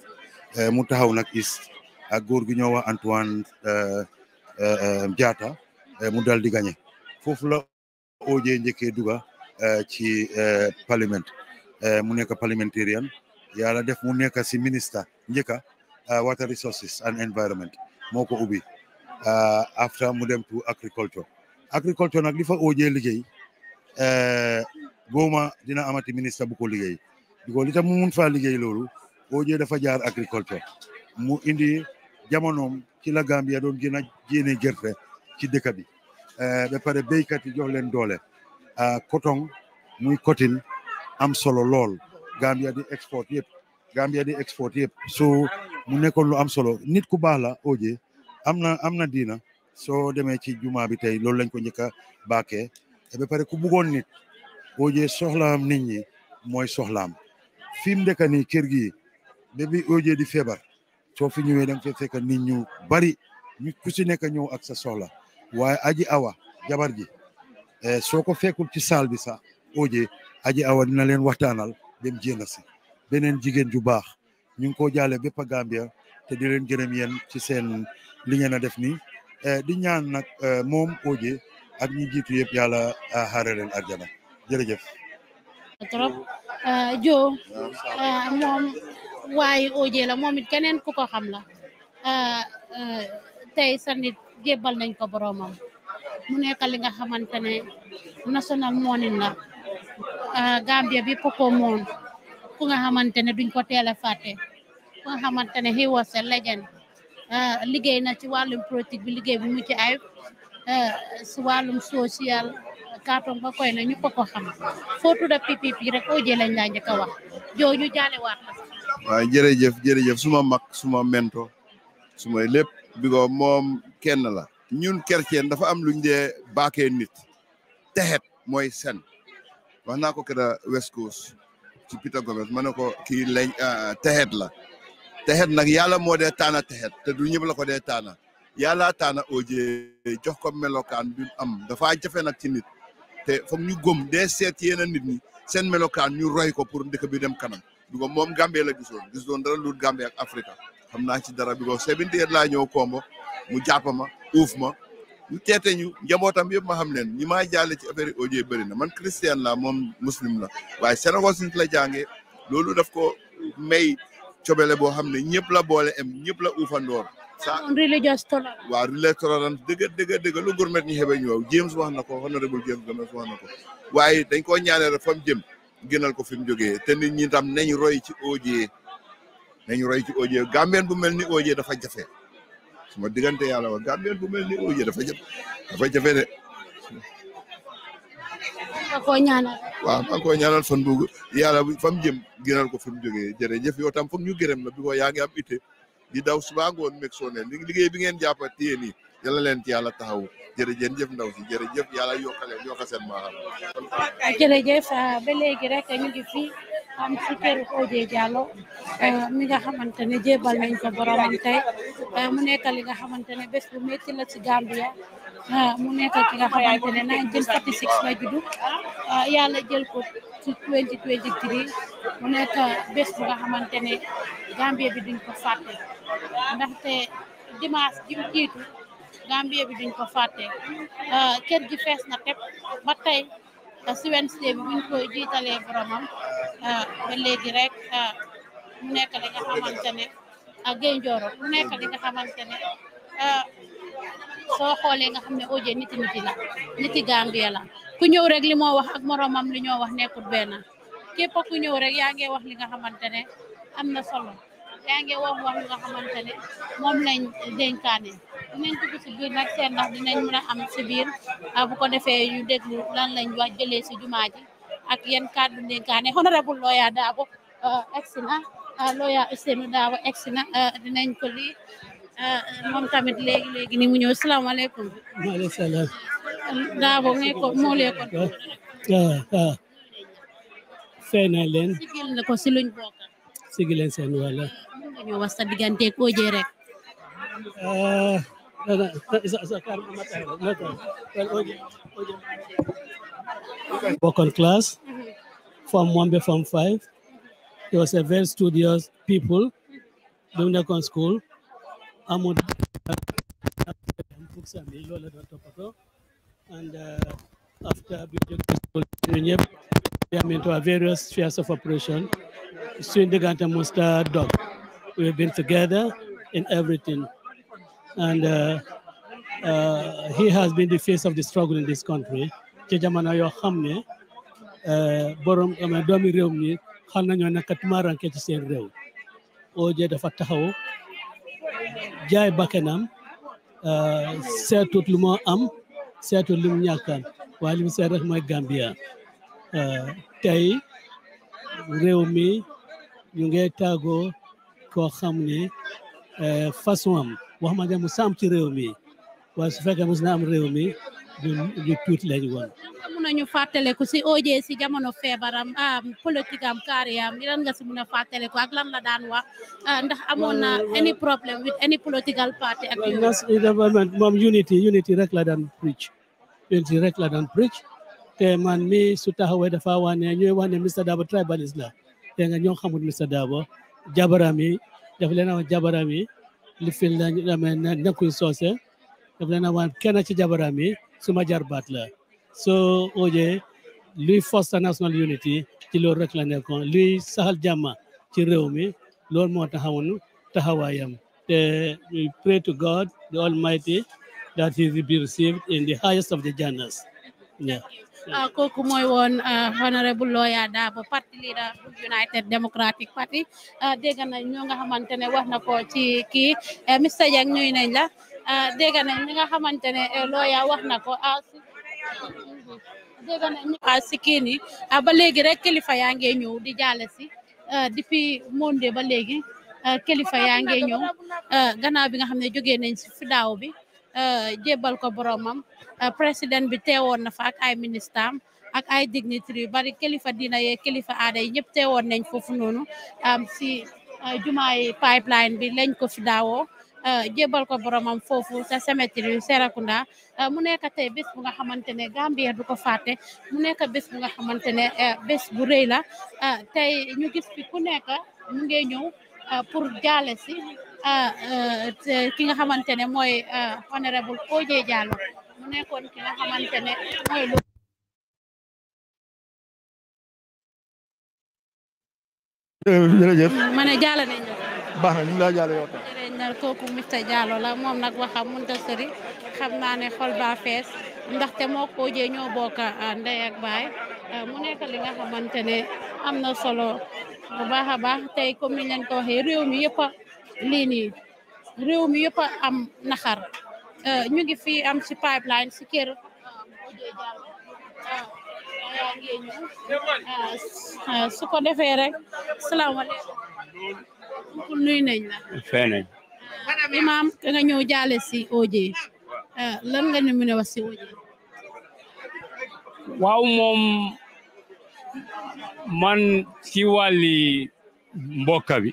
eh, mu taxaw nag east ak góor Antoine eh, eh, Diatta mu dal di oje foofu la OJ njëkkee duga ci parlement mu nekk def mu si minister njeka. Uh, water resources and environment moo ko ubbi uh, after mu dem to agriculture agriculture nag li fa OJ liggéey uh, gooma dina amati ministre bu ko liggéey because li tax mu mun faa liggéey loolu OJ dafa jaar agriculture mu indi jamonoom ci la Gambia doon gën a génne gerte ci dëkk bi ba pare béykat yi jox leen doole coton muy cotton am solo lool Gambia di export yëpp Gambia di export yëpp so mu nekkoon lu am solo nit ku baax la oje am na am na diina soo demee ci juma bi tey loolu lañ ko njëkk a baakee pare ku bëggoon nit oje soxlaam nit ñi mooy soxlaam fi mu nekk nii kër gi ba bi oje di feebar soo fi ñëwee da nga nit ñu bari ñu ku si nekk ñëw ak sa soxla waaye aji awa jabar ji eh, soo ko fekkul ci sal bi sax oje aji awa dina leen waxtaanal dem jéem a si beneen jigéen ju baax. ñu ngi koo jaale bépp Gambia te di leen gërëm yéen ci seen li ngeen a def nii eh, di ñaan nag eh, moom Oje ak ñi jiitu yëpp yàlla eh, xaare leen àjjana jërëjëf. trop jo moom waaye Oje? la moom it keneen ku ko xam la tey sa nit jébbal nañ ko boromam mu nekk li nga xamante ne national Morning la Gambia bi poko moon ku nga xamante ne duñ ko teel a fàtte ku nga xamante ne he was a legend ah, liggéey na ci wàllum politique bi liggéey bi mu ci ay ah, si wàllum social kàttan ba koy ko ko xam foo tudda rek OJ lañ laa njëkk a wax jooju jaalewaat la waaw jërëjëf jërëjëf suma mag suma mento suma lépp biko moom kenn la ñun kerceen dafa am luñ dee baakee nit sen wax naa ko kada West Coast ci Peter Gomez ma ne ko kii lañ euh, texet la texet nag yàlla moo dee taana texet te du ñëpp la ko dee taana yàlla taana OJ jox ko melokaan bi am dafa jafe nag ci nit te foog ñu gëm dee seet yeneen nit ñi seen melokaan ñu roy ko pour ndëkk bi dem kanam du ko moom Gambie la gisoon gis doon dara luut Gambie Afrika xam naa ci dara bi ko sebinti laa ñëw kombo mu jàpp ñu teete ñu njabootam yëpp ma xam leen ñi maa jàll ci affaire audio yi bëri na man christian la moom muslim la waaye Sénégal suñ la jàngee loolu daf ko may cobele boo xam ne ñëpp la boole am ñëpp la uufandoor religious tolerance waaw religious tolerance dëgg dëgg lu gourmet ñu xebe ñu waaw James wax na ko honorable James Gomes wax na ko waaye dañ koo ñaanee rek jëm gënal ko fi mu jógee te nit ñi tam nañ roy ci audio nañ roy ci audio gambeen bu mel ni audio dafa jafe ma digante yalla wa gambien bu mel ni uje dafa jëf dafa jafe de waaw maa ngi ko ñaanal fan bu yalla fa mu jëm gënal ko fi mu jere jërëjëf yo tam foog ñu gërem la bi ko yaa am ité di daw suba ngon meg soo ne liggéey bi ngeen jàppa téye nii yàlla leen ci yalla taxaw jërëjëf ndaw si jërëjëf yàlla yokkaleen ma xam jere jërëjëf ba léegi rek ñu ngi fi am si kër OJ Jallow euh, mi nga xamante ne jébal nañ ko boromam tey euh, mu nekk li nga xamante ne bés bu métti la ci Gambia euh, mu ki nga xamante ne naan jël 46 la juddu yàlla jël ko ci 2023 mu nekk bés bu nga ne Gambia bi duñ ko fàtte ndaxte dimanche ji Gambia bi duñ ko fàtte kër gi fees na tepp ba si Wednesday bi buñ koy jiitalee boromam ah, ba léegi rek ah, mu nekk li nga xamante ne ak ah, Gaye Njoro mu li nga xamante ne soo xoolee nga xam ne OJ niti niti la niti Gambia la ku ñëw rek li moo wax ak moromam li ñoo wax nekkul benn képp ku ñëw rek yaa ngi wax li nga xamante ne am na solo yaa ngi wax wax nga xamante ne moom lañ dénkaane dinañ dugg si biir nag seen ndax dinañ mën a am si biir ah, bu ko defee ñu déglu lan lañ wax jëlee si jumaa ji ak yan kàddu dénkaane honorable lawyer Dabo ah, egsi na ah, lawyer Ousseynou Dabo egsi na dinañ ko lii moom tamit léegi léegi ni mu ñëw salaamaaleykum maaleykum salaam Dabo ngay ko moo lee ko fay naa sigil na ko si luñ bokk sigil leen seen wàlla nga ñoo wax sa diggante koo class from one ba from five It was a very studious people dum nekkoon school amul books and uh, after bi jóge school we am into various spheres of operation got a monster dog we've been together in everything. And uh, uh, he has been the face of the struggle in this country. ci jamono yoo uh, borom uh, doomi réew mi xam nañoo nekk tumaaranke ci seen réew OJ dafa taxaw jaay bakkanam uh, am seetut lu mu ñàkkaan waaye li Gambia tay reumi mi ñu koo xam ne euh, façon am wax ma ne mu saam ci réew mi waaye su fekkee mos na am réew mi ñu tuuti lañ woon. mën nañu fàttaliku si OJ si jamono feebaram ah, politique am carrière am lan nga si mën a fàttaliku ak lan la daan a ah, ndax amoon na any problem with any political party ak moom unity unity rek la daan la daan preach te man mi su taxawee dafa wax ne ñooy wax ne Mr Dabo la te nga ñoo xamul Mr Dabo jabaram yi daf leen a wan jabaram yi li fil na nekkuñ soose daf leen a wan kenn ci jabaram yi suma jarbaat la soo oje luy fosta national unity ci loolu rek la nekkoon luy saxal jàmm ci réew mi loolu moo taxawoon taxawaayam te we pray to God the Almighty that he be received in the highest of the Jannas yeah Ah, kooku mooy woon ah, honorable lawyer Darboe parti leader United Democratic Party ah, dégg nañ ñoo nga xamante ne wax na ko ci kii Mr Jang ñuy nañ la dégg nañ nga xamante ne eh, lawyer wax na ko dégg nañ ba léegi rek kilifa yaa ngi ñëw di jaale si difi monde ba légi kilifa yaa ngi ñëw gannaaw bi nga xam ne jógee nañ si fi daaw bi Eh, jébbal ko boromam eh, président bi teewoon na fa ak ay ministre ak ay dignitaires yu bari kilifa diina yee kilifa aada yi ñëpp woon nañ foofu noonu si eh, jumaay pipeline bi lañ ko fi daawoo jébbal ko boromam foofu sa cimetière yu mu nekk tey bés bu nga xamante ne Gambia du ko fàtte mu nekk bés bu nga xamante ne bés bu rëy la tey ñu gis fi ku nekk mu ngi ñëw pour jaale si ki nga xamante ne mooy honorable OJ Jallow mu nekkoon ki nga xamante ne mooy lu jërëjëf ma ne jaale nañ baax na ñu ngi laa jaale yow tam la moom nag waxam mun ta sëri xam naa ne xol baa fees ndaxte moo ko OJ ñoo bokk ndey baay mu nekk li nga xamante ne am na solo bu baax a baax tey comme ni réew mi yëpp lii nii réew mi yëpp a am naxar euh, ñu ngi fii am ci pipeline ci kër euh, su ko defee rek salaamaaleykum nuy nañ la fee euh, imaam ka nga ñëw jaale si OJ lan nga ñu mën a wax si OJ waaw moom man ci wàlli mbokka bi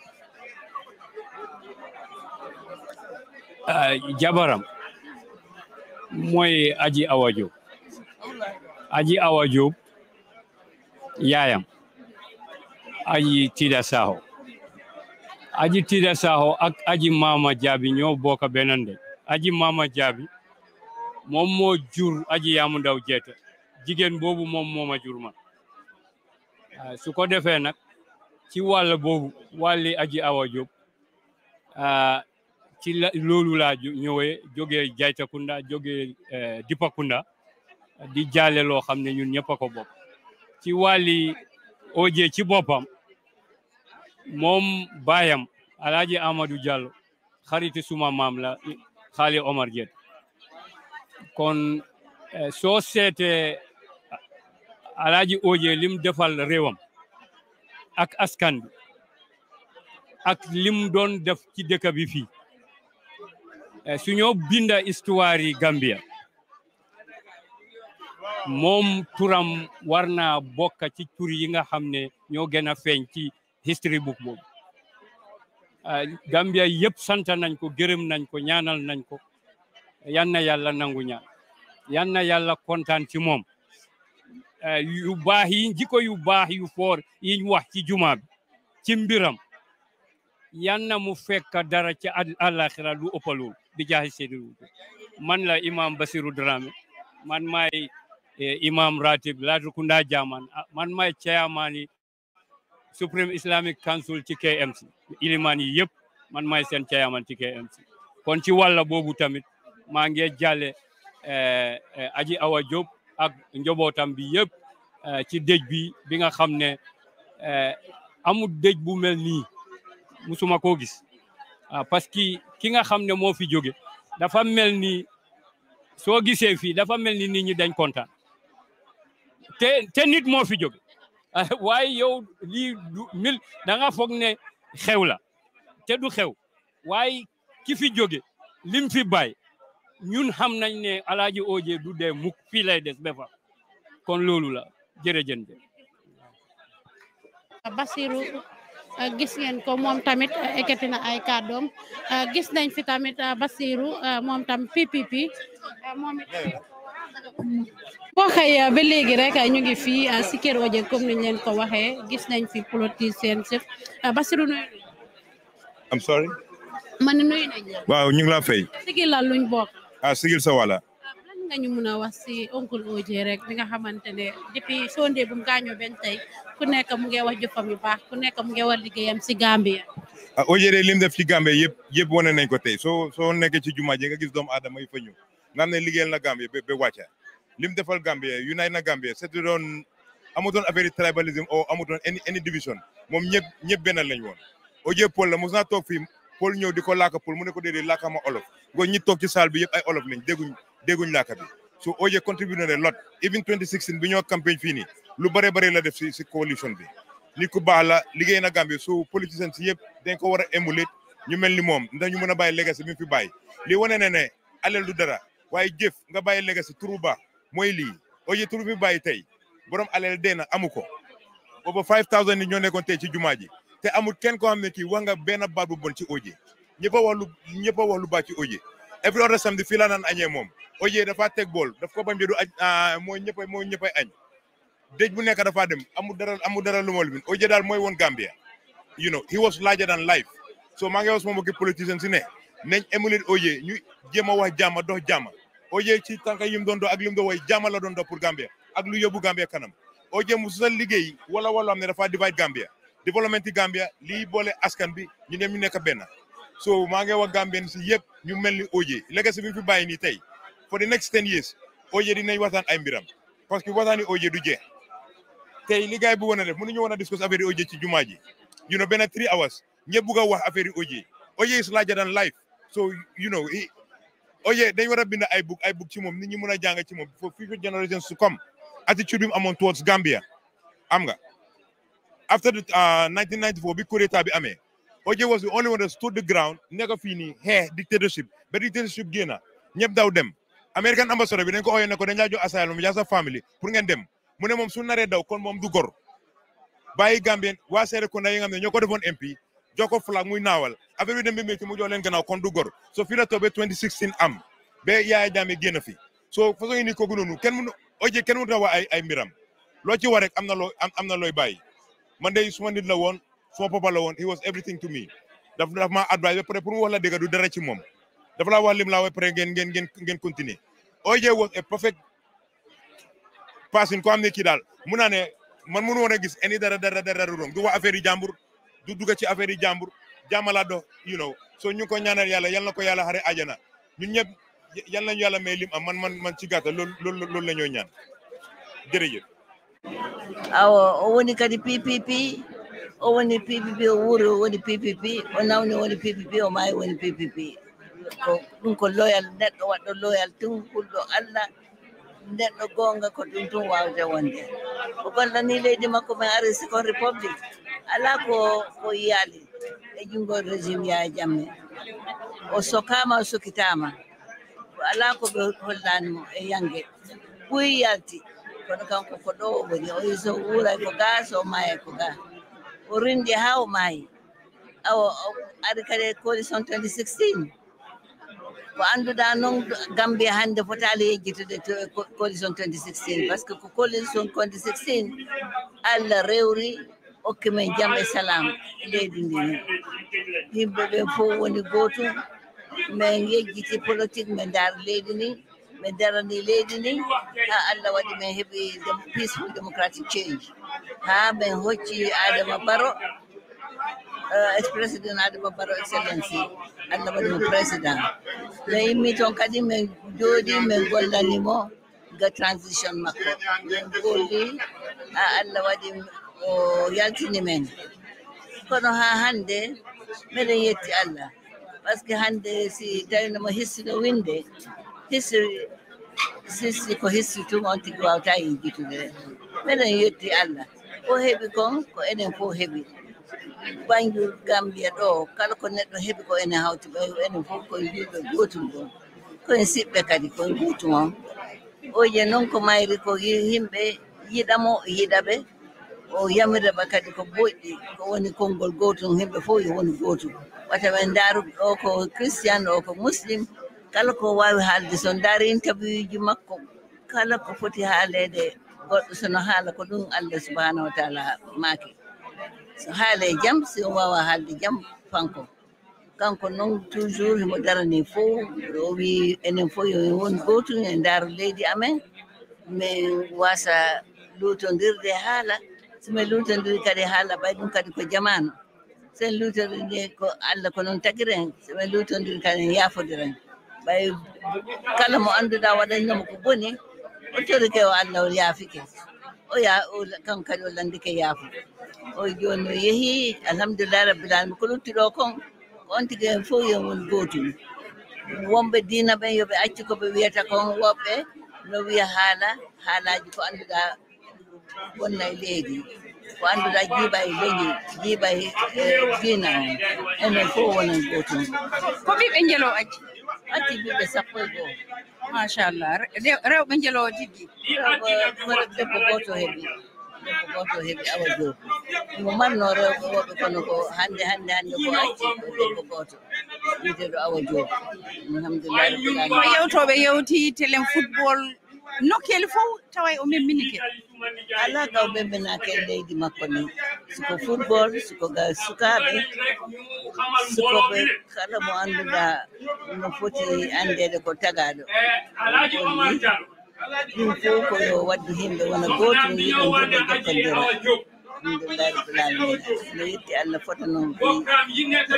Euh, jabaram mooy aji awa Diop aji awa Diop yaayam aji Tida Saho aji Tida Saho ak aji Mama Jaabi ñoo bokk benn aji Mama Jaabi moom jur aji Yaamu Ndaw Jeete jigéen boobu moom moo ma jur man euh, su ko defee ci wàll boobu wàlli aji awa Diop euh, ci la loolu laa ñëwee jógee Jaytakunda jógee eh, Dipakunda di jaale loo xam ne ñun ñëpp a ko bokk ci wàlli OJ ci boppam moom baayam Alaaji Amadou Diallo xariti suma maam la xaali Omar Died kon eh, soo seetee Alaaji OJ lim defal réewam ak askan ak lim doon def ci dëkk bi fii Eh, su ñoo binda histoire Gambia moom turam war naa bokk ci tur yi nga xam ne ñoo gën a feeñ ci history book boobu eh, Gambia yëpp santa nañ ko gërëm nañ ko ñaanal nañ ko yan na yàlla nangu ñaan yan na yàlla kontaan ci moom eh, yu baax yi yu baax yu foor yiñ wax ci jumaa ci mbiram yan na mu fekk dara ci àllaaxira lu ëppalul bi jaaxi man la imam Basiru Dramé man maay eh, imam ratib Latrikunda Jaman ah, man maay chairman yi Supreme Islamic Council ci KMC ilimaan yi yëpp man may seen chairman ci KMC kon ci wàlla boobu tamit maa ngi jàlle eh, eh, aji awa Diop ak njobootam bi yëpp ci dëj bi bi nga xam ne amul dëj bu mel musuma koo gis waaw ah, parce que ki nga xam ne moo fi jóge dafa mel ni soo gisee fii dafa mel ni nit ñi dañ kontaan te te nit moo fi jóge ah, waaye yow lii du mil da nga foog ne xew la te du xew waaye ki fi jóge lim fi bàyyi ñun xam nañ ne alaaji Oje du dee mukk fii lay des ba fa kon loolu la jërëjëf. Basiru Euh, gis ngeen ko moom tamit euh, ekkati na ay kàddoom euh, gis nañ fi tamit Basiru moom tam PPP moom it moo xëy ba léegi rek ñu ngi fii si Kër Ojeng comme ni ñu leen ko waxee gis nañ fi politicien seen Basiru nuyu I'm sorry. man nuyu nañ la. waaw ñu ngi laa fay. sigil la luñ bokk. ah sigil sa wàlla. nga ñu mun wax si oncle OJ rek bi nga xamante ne so Sunday bu mu gaañoo benn tey ku nekk mu ngi wax jëfam yu baax ku nekk mu ngi war si Gambia. ah OJ de lim def ci Gambia yëpp yëpp wane nañ ko tey soo soo nekkee ci jumaa ji nga gis doomu aadama yi fa ñëw naan ne liggéeyal na Gambia ba ba wàcca lim defal Gambia unite na Gambia setu doon amutoon affaire tribalisme o amutoon any any division moom ñëpp ñëpp benn lañ woon OJ Paul la mos naa toog fii Paul ñëw di ko laaka Paul mu ne ko déedéet laaka ma olof ngo ñi toog ci saal bi yëpp ay lañ dégguñ dégguñ laaka bi so OJ contribué na lot even 2016 bi ñoo campagne fii nii lu bare bare la def si si coalition bi nit ku baax la liggéey na Gambie so politiciens si yëpp dañ ko war a émuler ñu mel ni moom ndax mën a bàyyi legacy bi mu fi bàyyi li wane ne ne alal du dara waaye jëf nga bàyyi legacy turu ba mooy lii OJ turu bi bàyyi tey borom alal dee na amu ko booba 5000 nit ñoo nekkoon tey ci jumaa ji te amul kenn koo xam ne kii wax nga benn baat bon ci OJ ñëpp a wax lu ñëpp a lu baax ci OJ every other di fila nan naan mom. moom Oje oh dafa tek bol daf ko bañ bi moy añ moy ah, ñëppay mooy ñëppay añ déj bu nek dafa dem amu dara amu dara lu bin o oh Oje dal moy won Gambia you know he was larger than life so maa ngi mom sama politician ci ne nañ o Oje oh ñu jema a wax jàmm dox o Oje ci tanka yim don do ak lim do way jama la don do pour Gambia ak lu yobu Gambia kanam Oje mu sa liggey wala wala am ne dafa divide Gambia development Gambia lii bolé askan bi ñu dem ñu nek benn so maa ngi wax Gambien si yëpp ñu mel ni OJ legacy bi mu fi bàyyi nii tey for the next ten years OJ dinañ waxtaan ay mbiram parce que waxtaani OJ du jeex tey li gars yi bëggoon a def mënuñu woon a discuss affaire yi OJ ci jumaa ji you know benn three hours ñëpp bëgg a wax affaire yi OJ OJ is larger than life so you know oje dañ war a bind ay book ay book ci moom nit ñi mën a jàng ci moom for future generations to comme attitude bi mu amoon towards Gambia am nga after 1994 ah, bi coup bi amee OJ was the only one that stood the ground nekk fii nii xeex dictatorship ba dictatorship génna ñëpp daw dem American ambassador bi dañ ko ooyee ne ko dañ laa jox asylum yaa sa famille pour mu ne moom daw kon moom du gor bàyyi Gambien waa Serekunda yi nga xam ne ñoo ko defoon MP jox muy naawal affaire bi dem bi métti mu jox kon du gor so fii la toog am ba Yaya Jammeh génn fi so façon yi ni kooku noonu kenn mënu OJ kenn mënu loo ci war am na loo am na looy bàyyi man de suma nit la woon suma papa la won he was everything to me daf daf ma advice ba pare pour mu wax la du dara ci mom daf la wax lim la way pare ngeen ngeen ngeen ngeen continuer was a perfect passing ko am ki dal man munu wona gis any dara dara dara rom du wa affaire yi du dugg ci affaire yi do you know so ñu ko ñaanal yalla yalla na yalla xari aljana ñun ñep yalla nañu yalla may lim am man man man ci gata lool lool lañu ñaan jere jere awo woni kadi PPP o PPP Uhuru, o PPP, o now ni o PPP, o mai o PPP. Ko ɗum ko loyal neɗɗo waɗɗo loyal tun kulɗo Allah neɗɗo gonga ko ɗum tun wawde wonde o gollani leydi makko men second republic ala ko ko yiyali jungo régime yaya jamme o sokama o sokitama ala ko ɓe hollanimo e yangue ɓuyi kono kanko ko ɗo o woni o yiso wuuray ko ga so maya ko o rindi haa o maayi awo ari kadi condition 2016 ko annduɗa noon gambie hannde fotaali yejjitude condition 2016 par ce que ko condition 2016 allah rewri okki men jam e salam e leydi ndini yimɓe ɓen fof woni gootum min yejjiti politique min ndaara leydi ni min darani leydi ni haa allah waɗi min heɓi peaceful démocratique change haa min hocci adama baro eh, ex président adama baro excellenci allah waɗimo président mi yimmi toon kadi min jooɗi min gollanimo ga transition makko min golli haa allah waɗi o yaltini men kono haa hannde miɗen yetti allah par ce que hannde si tawinomo histino winde histori histi ko histi tum on tigi wawata yijjitude minen yetti allah ko heɓi kon ko enen fo heɓi banjur gambia ɗo kala ko neɗɗo heɓi ko enen hawti ɓayo enen fof koye yimɓe gootum ɗon koye siɓɓe kadi koye gootum on oje noon ko mayri ko yimɓe yiɗamo yiɗa ɓe o yamira ɓa kadi ko boƴƴi ko woni konngol gootum himɓe fof yo woni gootum wata men daaruɓe o ko christian o ko muslim kala ko waawi haalde soon daari intabiuji makko kala ko foti haaleede goɗɗo sono haala ko ɗum allah subhanahu wa taala maake so haala e jam si on wawa haalde jam fanko kanko noon toujours himo darani fof o wii enen fof yo woni gootum e ndaaro leydi amen min wasa luutondirde e haala somin luutondiri kadi e haala ɓay ɗum kadi ko jamanu sen luutondirde ko allah ko noon tagiren somin luutondiri kadi en yaafodiren ɓay kala mo annduɗa waɗannoma ko boni o torike o allah o yaafike o ya kankadi o landike yaafu o jooni o yehi alhamdulillah rabbilalami ko luttuɗo kon on tigi hen fof yen woni gootum wonɓe diina ɓen yoɓe acci koɓe wiyata kon woɓɓe no wiya haala haalaji ko annduɗa wonna e leydi ko annduɗa jiiɓa e leñi jiiɓa e, e diina en enen fof wonan gootum ko ɓiɓe jelo acci atti ɓiɓɓe sappo e goo machallah rewɓe njelowo tigi debbo goto heɓi debbo goto heɓi awa dow mo manno rewɓe woɓe kono ko hande hande hande ko atti ko debbo goto wiiteɗo awa dow alhamdulillah yewtoɓe yewti télen football nokkel fo taway o memminike Alaga ubebenake deidi makoni. Siko football, siko ga sukabe, siko be kala mo andu da no foti andede ko tagado. Ɗum fo ko waddi himɓe wona goto mi jogo jokkondira. alhamdulillahi rabbil alamin no yetti allah fota noon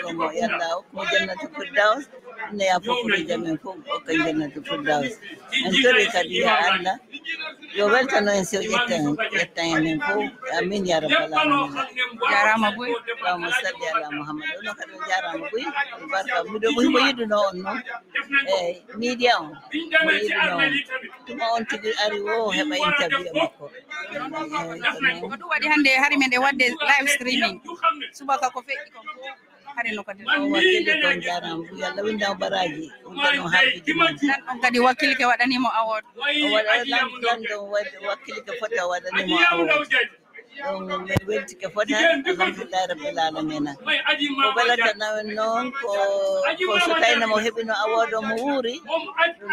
omo yalla hokkumo jannatu firdaus inna ya fofuɗo fof hokka jannatu firdaus en tori kadi ya allah yo weltano en sew ƴettan ƴettan enen fo amin ya rabbalamina jarama boy lawma sabi ala mouhamado ono kadon jarama boy barka miɗo ɓoy eh, mo yiɗuno on noon eyi miidia on mo yiɗuno on tuma on tigi ari o heɓa intervie makko ko ɗum waɗi hannde harimen nde wadde live streaming subaka ko feƴƴi ko haren no kadi ɗon wakkille ɗon jarama ke waɗanimo awod o waɗa ɗumɓe welti ke fota alhamdulillahi rabbil alamina o welatanae noon ko sukayna mo heɓino awoodo mo wuuri ɗum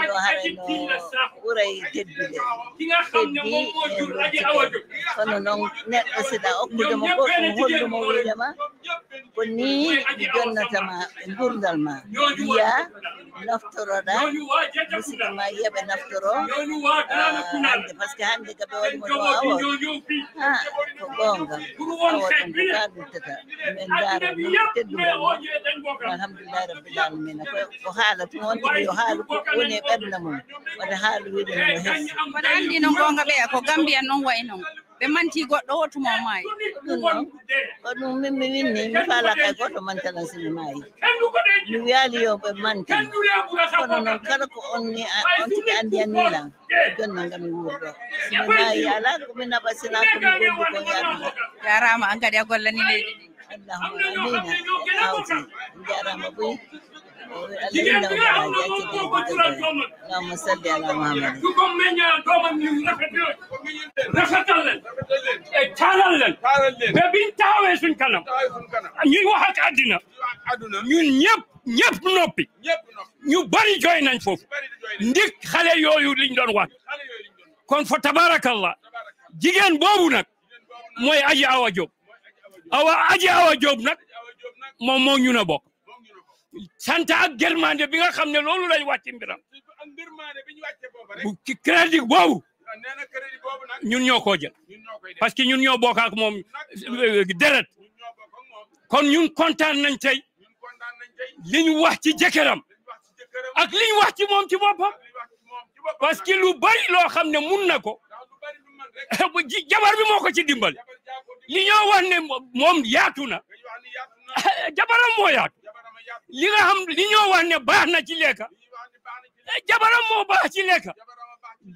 ɗo hareno ɓuray teddude teddi e kono noon neɗɗo siɗa okkudemo goɗ ɗum hollumo wiidema ko ni ɗi gonnatama e gurdal ma yiya naftoroɗa musiɗi ma yiyaɓe naftoro ah, hande par ce que hande gabe waɗimo ɗo awo ko goonga awoɗon ko kaaɗirtata min daara tedduɗam alhamdulillahi rabbilalamina ko haala tum wontiɓe yo haalu woni e ɓerna mum wata haalu wiɗen yo hes wona anndi noon goonga ɓeya ko gambiyan noon way noon ɓe manti goɗɗo o tumo maayi ko ɗum min mi winni mi faala kay goɗɗo mantana simi maayi mi wiyali yo ɓe manta kono noon kala ko onni ontiɓe anndi a nilan jonnon ngami wuurɗo simi maayi ala komi naɓa sina komi gondi ko yami jarama an kadi a gollani leydi ɗi allahu amina hawti jarama boy jigéen bi nga xam ne moom moo taawee suñ kanam ñuy wax ak àddina ñun noppi ñu bari jooy nañ ndik xale yooyu liñ doon wax kon fa tabarakallah jigéen boobu nag mooy aji awa Joob awa aji awa Joob nag moom ñu na bokk sant ak germande bi nga xam ne loolu lay lañ wàcc mbiram bu ci crédit boobu ñun ñoo koo jël parce que ñun ñoo bokk ak moom euh, deret kon ñun kontaan nañ tey li ñu wax ci jëkkëram ak li ñu wax ci moom ci boppam parce que lu bari loo xam ne mun na ko jabar bi moo ci dimbali li ñoo wax ne moom yaatu na jabaram moo yaatu li nga xam li ñoo wax ne baax na ci lekka eh, jabaram moo baax ci lekka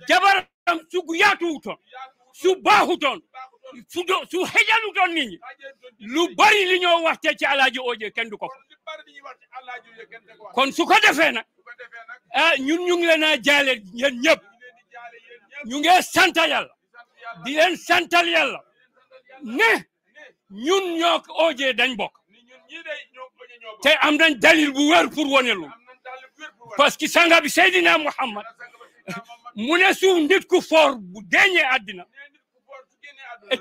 jabaram su yaatuwutoon su baaxutoon su do su xejalutoon nit ñi lu bari li ñoo waxte ci alaaji Oje kenn du ko kon su ko defee nag ah ñun ñu ngi leen a ñu ngi sant yàlla di leen santal yàlla ne ñun ñoo Oje dañ bokk te am nañ dalil bu wér pour wane lu parce que sanga bi Seydina Muhammad mu ne suuf nit ku foor bu deeñee àddina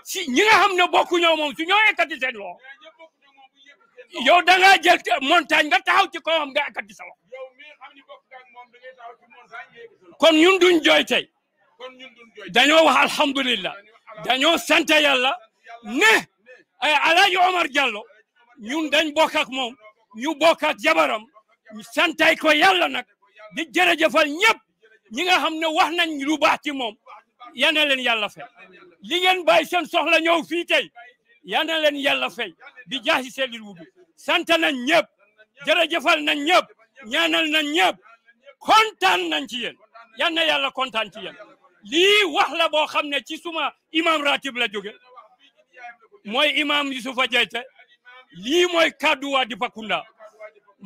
ci ñi nga xam ne bokku ñoo moom su ñoo ekkati seen loxo yow da ngaa jël montagne nga taxaw nga ekkati sa loxo kon ñun duñ jooy tey dañoo wax alhamdulillah dañoo sant yàlla ne Alaaji Omar Diallo ñun dañ bokk ak mom ñu bokk ak jabaram santay ko yàlla nak di jërëjëfal ñep ñi nga xamne wax nañ lu baax ci mom yana len yàlla fay li ngeen bay seen soxla ñëw fi tay yana len yàlla fay di jaxi seen seelil wubi sant nañ ñëpp jërëjëfal nañ ñep ñaanal nañ ñep kontan nañ ci yéen yana yàlla kontan ci yéen li wax la bo xamne ci suma imam ratib la jóge moy imam Yusufa Jeyte lii mooy kàddu waa Dipakunda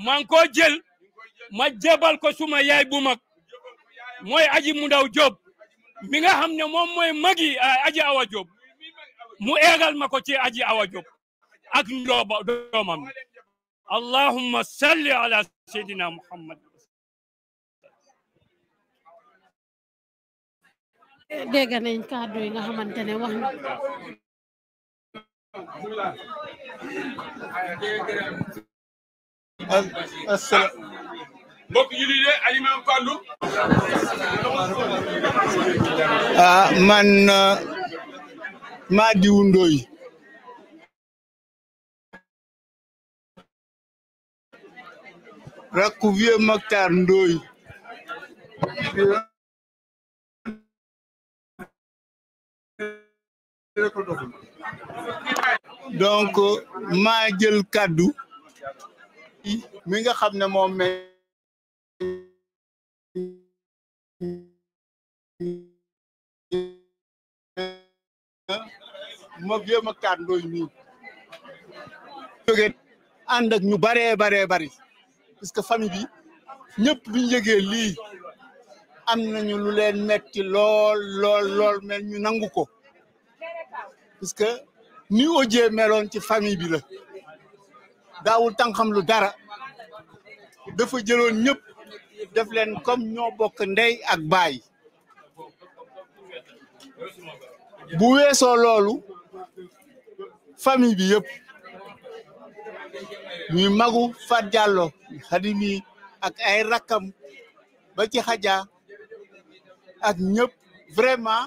maa ngi koo jël ma jébal ko suma yaay bu mag mooy aji mu ndaw Diop mi nga xam ne moom mooy magi eh, aji awa Diop mu egal ma ko ci aji awa Diop ak ndooba doomam allahumma salli ala sayyidina muhammad a yi lii de Alimam Fallou ah man uh, maa diwu ndooy rakku ndooy donc maa jël kàddu mi nga xam ne moom me ma jéem a kàddooy nii jóge ànd ñu baree baree bari parce que famille bi ñëpp bu ñu yëgee lii am nañu lu leen metti lool lool lool ñu nangu ko ni Odié meloon ci famille bi la daawul tànqam lu dara dafa jëloon ñëpp def leen comme ñoo bokk ndey ak baay bu weesoo loolu famille bi yëpp ñuy magu Fat Diallo xadimi ak ay rakkam ba ci xaja ak ñëpp vraiment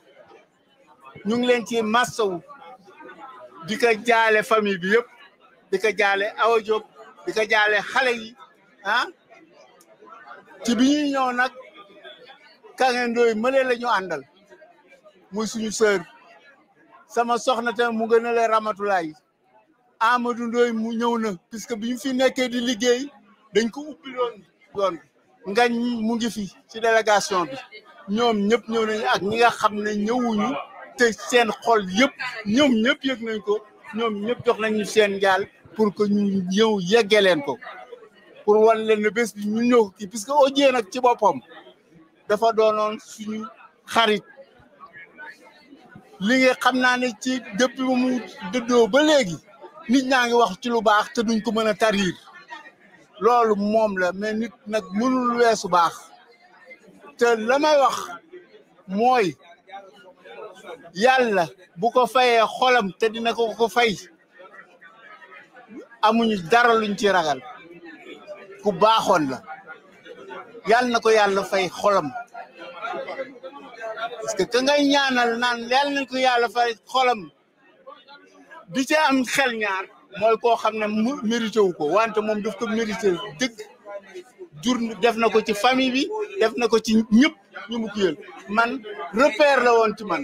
ñu ngi leen ci massawu di ko jaale famille bi yëpp di ko jaale Awa Diop jaale xale yi ah. ci bi ñuy ñëw nag Kange Ndoye mëlee ñu àndal muy suñu sœur sama soxna tamit mu gën a leen Ramatulaay Amadou Ndoye mu ñëw na puisque bi ñu fi nekkee di liggéey dañ ko ubbi loon yoon ngañ mu ngi fi ci délégation bi ñoom ñëpp ñëw nañu ak ñi nga xam ne ñëwuñu te seen xol yëpp ñoom ñëpp yëg nañ ko ñoom ñëpp jox nañu seen njaal pour que ñu ñëw yegge leen ko pour wan leen ne bi ñu ñëw kii puisque Odyee nag ci boppam dafa doonoon suñu xarit li xam naa ne ci depuis mu ba léegi nit ñaa ngi wax ci lu baax te duñ ko mën a tariir loolu moom la mais nit nag mënul weesu baax te la may wax mooy yàlla bu ko fayee xolam te dina ko ko fay amuñu dara luñ ci ragal ku baaxoon la yàlla na ko yàlla fay xolam parce que ka ngay ñaanal naan yàlla na ko yàlla fay xolam du ci am xel ñaar mooy koo xam ne mérité wu ko wante moom def ko mérité dëgg jur def na ko ci famille bi def na ko ci ñëpp ñu mu man repère la woon man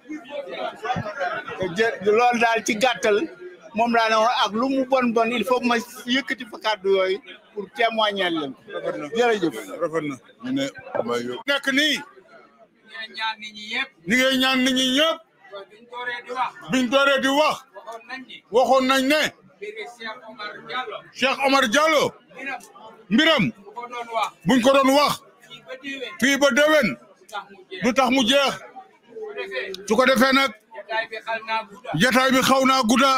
lool dal ci gattal mom la non ak lu mu bon bon il faut ma yëkkati fa kàddu yoy pour témoignal leen. jere na jërëjëf rafet na. ñu ne may yóbbu. nekk nii. ñaan nit ñi yëpp. ñi ngay ñaan nit ñi ñëpp. biñ dooree di wax. biñ nañ ne. Cheikh Omar Diallo. mbiram. buñ ko doon wax. buñ ko doon wax. fii ba déwén. du tax mu jeex. su ko defee nag jataay bi xaw naa gudda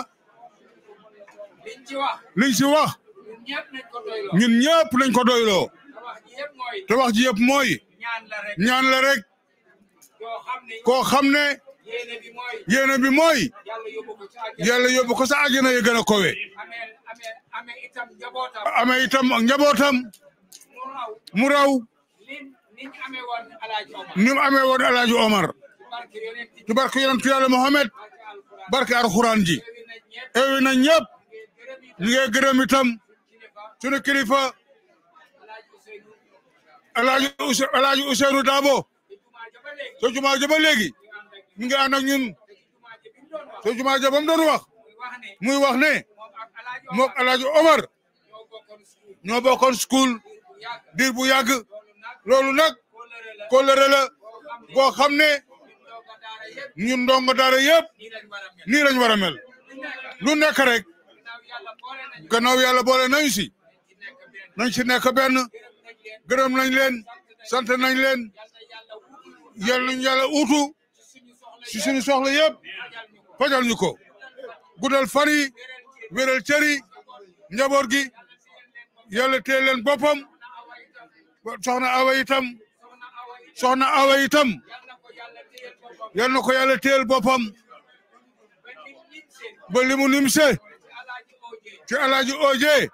liñ ci wax ñun ñëpp nañ ko doyloo te wax ji yëpp mooy ñaan la rek koo xam ne yéene bi mooy yàlla yóbbu ko sa àjjana yi gën a kowe amee itam njabootam mu raw ni mu amee woon Alaaji Omar ci barke yonent Yàlla Muhammad barke alxuraan ji ewi na ñëpp ñu ngi gërëm itam kilifa alaaji alaaji Ousseynou Dabo so jumaa ja ba léegi mi ngi ànd ak wax muy wax ne mook alaaji Omar school diir bu yàgg loolu nag kóllëre la boo ñun ndongo daara yëpp nii lañ war a mel lu nekk rek gannaaw yàlla boole nañ si nañ si nekk benn gërëm nañ len sant nañ leen yal nañ yàlla uutu si suñu soxla yëpp fajal ñu ko guddal fan yi wéral cër njaboot gi yàlla téye leen boppam soxna awa itam soxna awa itam yal na ko yàlla téel boppam ba li mu nimse ci alaaji oje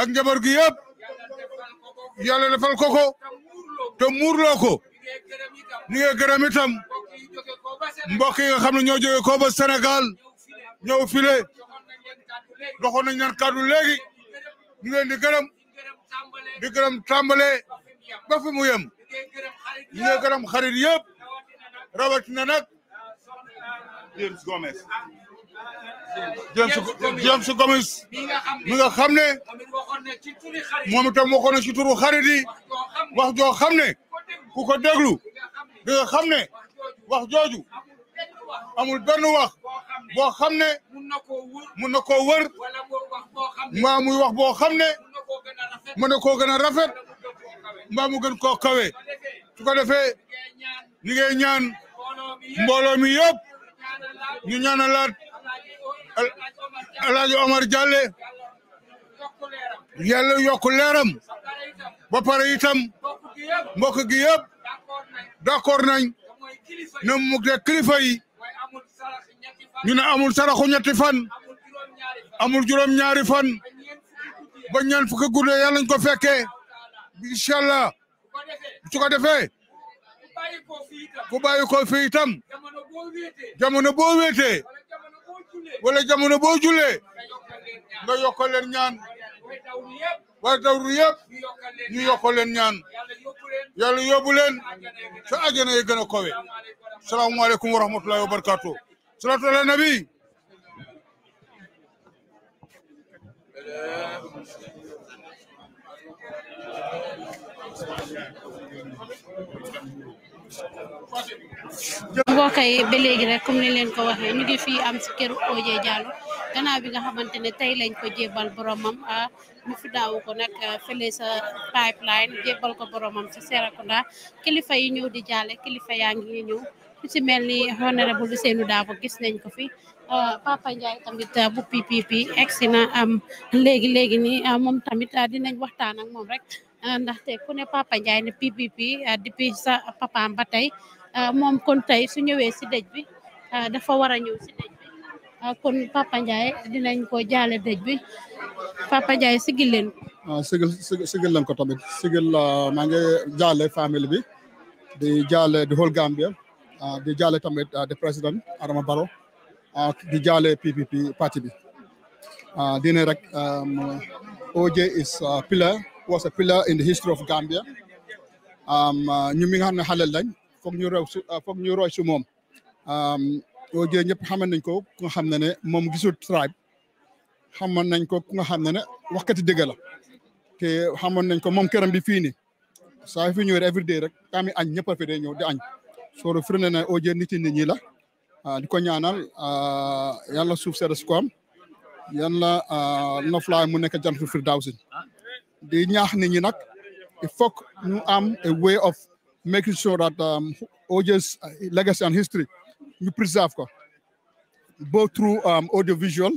ak njaboot gi yëpp yàlla defal te muurloo ko ñu ngi gërëm ne ñoo jóge ko ba Sénégal ñëw file doxoon nañ ñaan kàddu léegi ñu leen di gërëm tàmbale ba fi xarit yëpp Robert Nanak. James Gomez. James Gomez. mi nga xamne ne moom itam waxoon ci turu xaridi wax jo xamne ku ko déglu mi nga xamne wax joju amul ben wax bo xamne ne mun na wër ma muy wax bo xamne ne nako gëna rafet ma mu gën ko kawe su ko defé ñu ngi ñaan mbooloo mi yëpp ñu ñaanalaat El Hadj Omar Jalle yàlla yokk leeram itam mbokk gi yëpp d'accord nañ ne mu de kilifa yi ñu ne amul saraxu ñetti amul juróom-ñaari fan ba ñaan fukki gudde yàlla nañ ko fekkee incha allah su ko defee. ku bàyyi ko fii itam jamono boo wéetee wala jamono boo julee nga yokkal leen ñaan waaye dawru yëpp ñu yokkal leen ñaan yàlla yóbbu sa ajana yi kowe salaamaaleykum wa rahmatullahi wa barakaatu salaatu ala nabi mbokk yi ba léegi rek comme ni leen ko waxee ñu ngi fii am si kër OJ Jallow gannaaw bi nga xamante ne tey lañ ko jébal boromam bu ah, fi daaw ko nag ah, fële sa pipeline jébal ko boromam si Serekunda kilifa yi ñëw di jaale kilifa yaa ngi ñëw ku ci mel ni honorable Ousseynou Dabo gis nañ ko fi ah, Papa Ndiaye tamit bu PPP egsi na am léegi léegi nii moom tamit dinañ waxtaan ak moom rek. Euh, ndaxte ku ne Papa Ndiaye ne PPP euh, depuis sa papaam ba tey euh, kon tey su ñëwee si dëj bi dafa war a si dëj bi kon Papa Ndiaye dinañ ko jaal dëj bi Papa Ndiaye sigil leen ko. waaw ah, sigil sigil leen ko tamit sigil maa ngi jaale famille bi di jaale di whole Gambia ah, di jaale tamit ah, di président Adama Barrow di jaale PPP parti bi. dina rek um, OJ is pillar. was a pillar in the history of Gambia um, uh, ñu mi nga xam ne xalal lañ foog ñu roy uh, foog ñu roy si moom yoo um, jëlee ñëpp xaman nañ ko ku nga xam ne ne gisul tribe xaman nañ ko ku nga xam ne ne waxkati la te xamoon nañ ko moom këram bi fii nii saa fi ñëwee every day rek taami añ ñëpp a fi day ñëw di añ soo firi na ne oo jël nit ñi la uh, di ko ñaanal yàlla suuf sedda si ko am yàlla noflaay mu nekk jantu firdawsi the Nyah nit ñi nag a way of making sure that um, OJ's uh, legacy and history we preserve both through um, audiovisual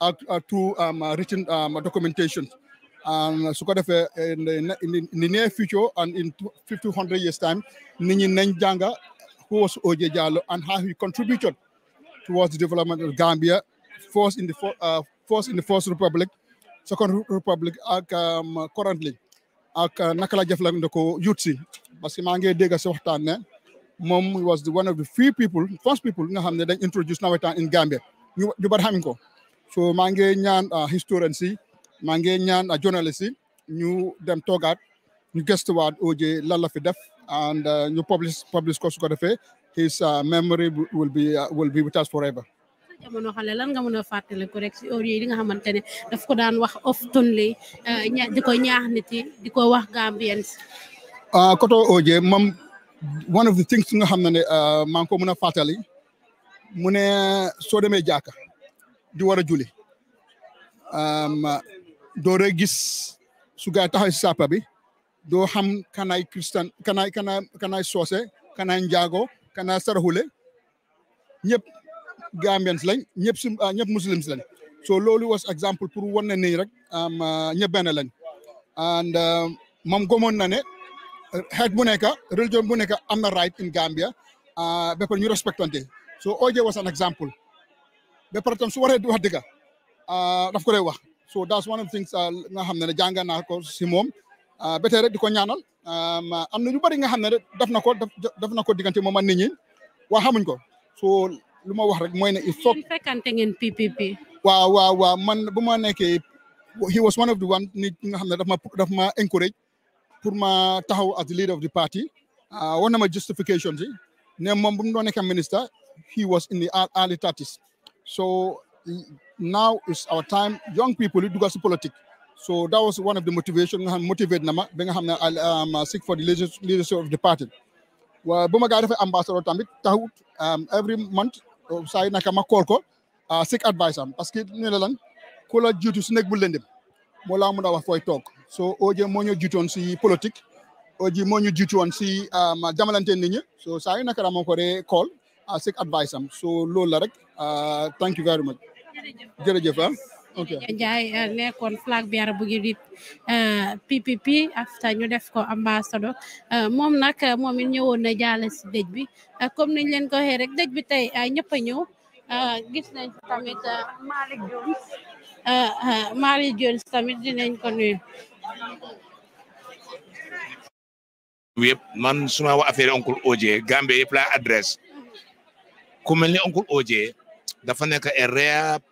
uh, through um, uh, written um, documentation and so ko in the near future and in 1500 years time nit ñi who was OJ Jallow and how he contributed towards the development of Gambia first in the uh, first in the first republic Second Republic ak um, currently ak uh, naka la jëfandikoo youth si parce que maa ngi dégg si waxtaan ne moom was the one of the few people first people nga xam ne dañ introduce nawetaan in Gambia ñu ñu bari xam so maa ngi ñaan uh, historien si maa ngi ñaan uh, journalist si ñu dem toogaat ñu gëstuwaat OJ lan la fi def and ñu publish publish ko su ko defee his memory will be will be with us forever. jamono xale lan nga mën a fàttaliku rek si heure yi li nga xamante ne daf ko daan wax oftenly eh, di ko ñaax nit yi di ko wax Gambians. ah koto OJ moom one of the things nga xam ne ah, maa ngi ko mën a fàttali mu ne soo demee jàkka di war a julli doo gis su gaa taxaw si bi doo xam kanaay Christian kanaay kanaay kanaay soose kanaay njaago kanaay saraxule ñëpp. Gambians lañ ñëpp su ah, ñëpp muslims lañ so loolu was exemple pour wan na ni rek ah, ñëpp benn lañ and ah, moom gomoon na ne xeet bu nekk religion bu nekk am na right in Gambia ba pare ñu respectante so OJ was an example ba pare tam su waree wax dëgg daf ko lay wax so that's one of the things nga xam ne ne jànga naa ko si moom ba tey rek di ko ñaanal am na ñu bëri nga xam ne def na ko def na ko diggante moom ak nit ñi waa xamuñ ko lu ma wax rek mooy ne il faut. fekkante ngeen PPP. waaw waaw waaw man bu ma nekkee he was one of the one nit ñi nga xam ne daf ma daf ma encourage pour ma taxaw as the leader of the party. Ah, war na ma justification si ne moom bu mu doon nekkee minister he was in the early thirties so now is our time young people yi dugal si politique. So that was one of the motivation motivate nama being hamna um seek for the leadership of the party. Well Bumaga ambassador Tambik Tahut um every month Euh, saa yu naka ma kool ko ah, seek advice am parce que ne la lan ku la jiitu su nekk bu lëndëm moo laa mun a wax fooy toog so OJ moo ñu jiitoon si politique OJ moo ñu jiitu woon si ah, jamalante nit ñi so saa yu naka la ma ko dee kool ah, seek advice am so loolu la rek thank you very much jërëjëf Njaay euh, nekkoon flag bearer bu UDP euh, PPP after ñu def ko ambassador euh, moom nag moom it ñëwoon na jaale si dëj bi comme niñ leen ko waxee rek dëj bi tey ñëpp a ñëw gis nañ tamit Malick Jones man suma wa affaire oncle mel ni oncle nekk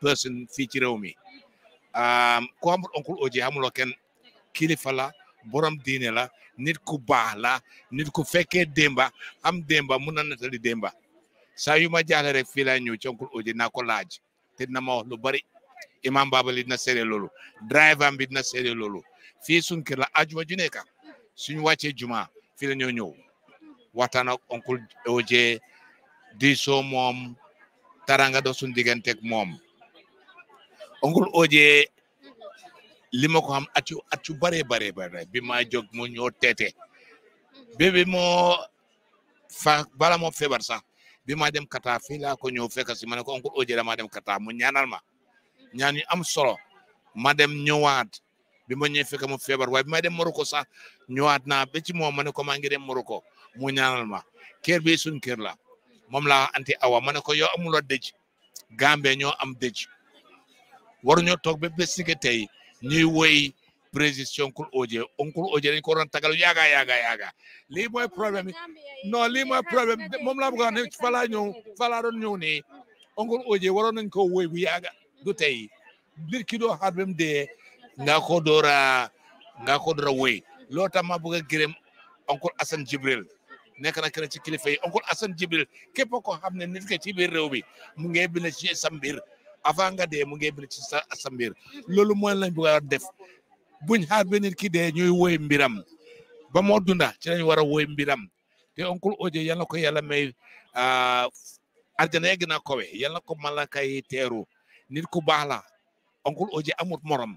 person fii ci réew mi ku amul oncle Oje amuloo kenn kilifa la borom diine la nit ku baax la nit ku fekkee démba am démba mun na natali démba saa yu ma jaaxle rek fii laa ñëw ci oncle Oje naa ko laaj te dina ma wax lu bari imam babali dina seede loolu driver bi dina seede loolu fii suñ kër la ajuma ju nekk suñu wàccee juma fii la ñoo ñëw waxtaan ak oncle Oje diisoo moom taranga do suñ digganteeg moom oncle OJ li ma ko xam at yu at yu bare bare bare bi maa jóg mu ñoo teete bébé fa bala moo feebar sax bi maa dem Qatar fi laa ko ñëw fekk si ma ne ko oncle OJ dem Qatar mu ñaanal ma ñaan yu am solo ma dem ñëwaat bi ma ñëwee fekk mu feebar waaye bi ma dem Morocco sax ñëwaat naa ba ci moom ma ne ko maa ngi dem Morocco mu ñaanal ma kër bi suñ kër la moom laa anti awa ma ne ko yow amuloo dëj ñoo am dëj ñoo toog ba bés ni tey ñuy woy président Uncle OJ Uncle OJ dañ ko waroon tagal yaaga yaaga yaaga lii mooy problème non lii mooy problème moom laa bëgg a wax ne fa laa ñëw fa laa doon ñëw nii Uncle waroon nañ ko woy bu yaaga du tey nit ki doo xaar ba mu nga ko door nga ko door a woy loolu tax ma bëgg a Jibril nekk na kenn ci kilifa yi Uncle Assane Jibril képp koo xam ne nit ki ci biir réew bi mu ngi bind ci sa avant nga dee mu ngi bir ci sa sa mbir loolu mooy lañ bëgg a def buñ xaar ba ki dee ñuy woy mbiram ba moo dunda ci lañ war woy mbiram te onkul Oje yal ko yàlla may arjana ah, yegg na kowe yal na ko malaka yi teeru nit ku baax la onkul Oje amut morom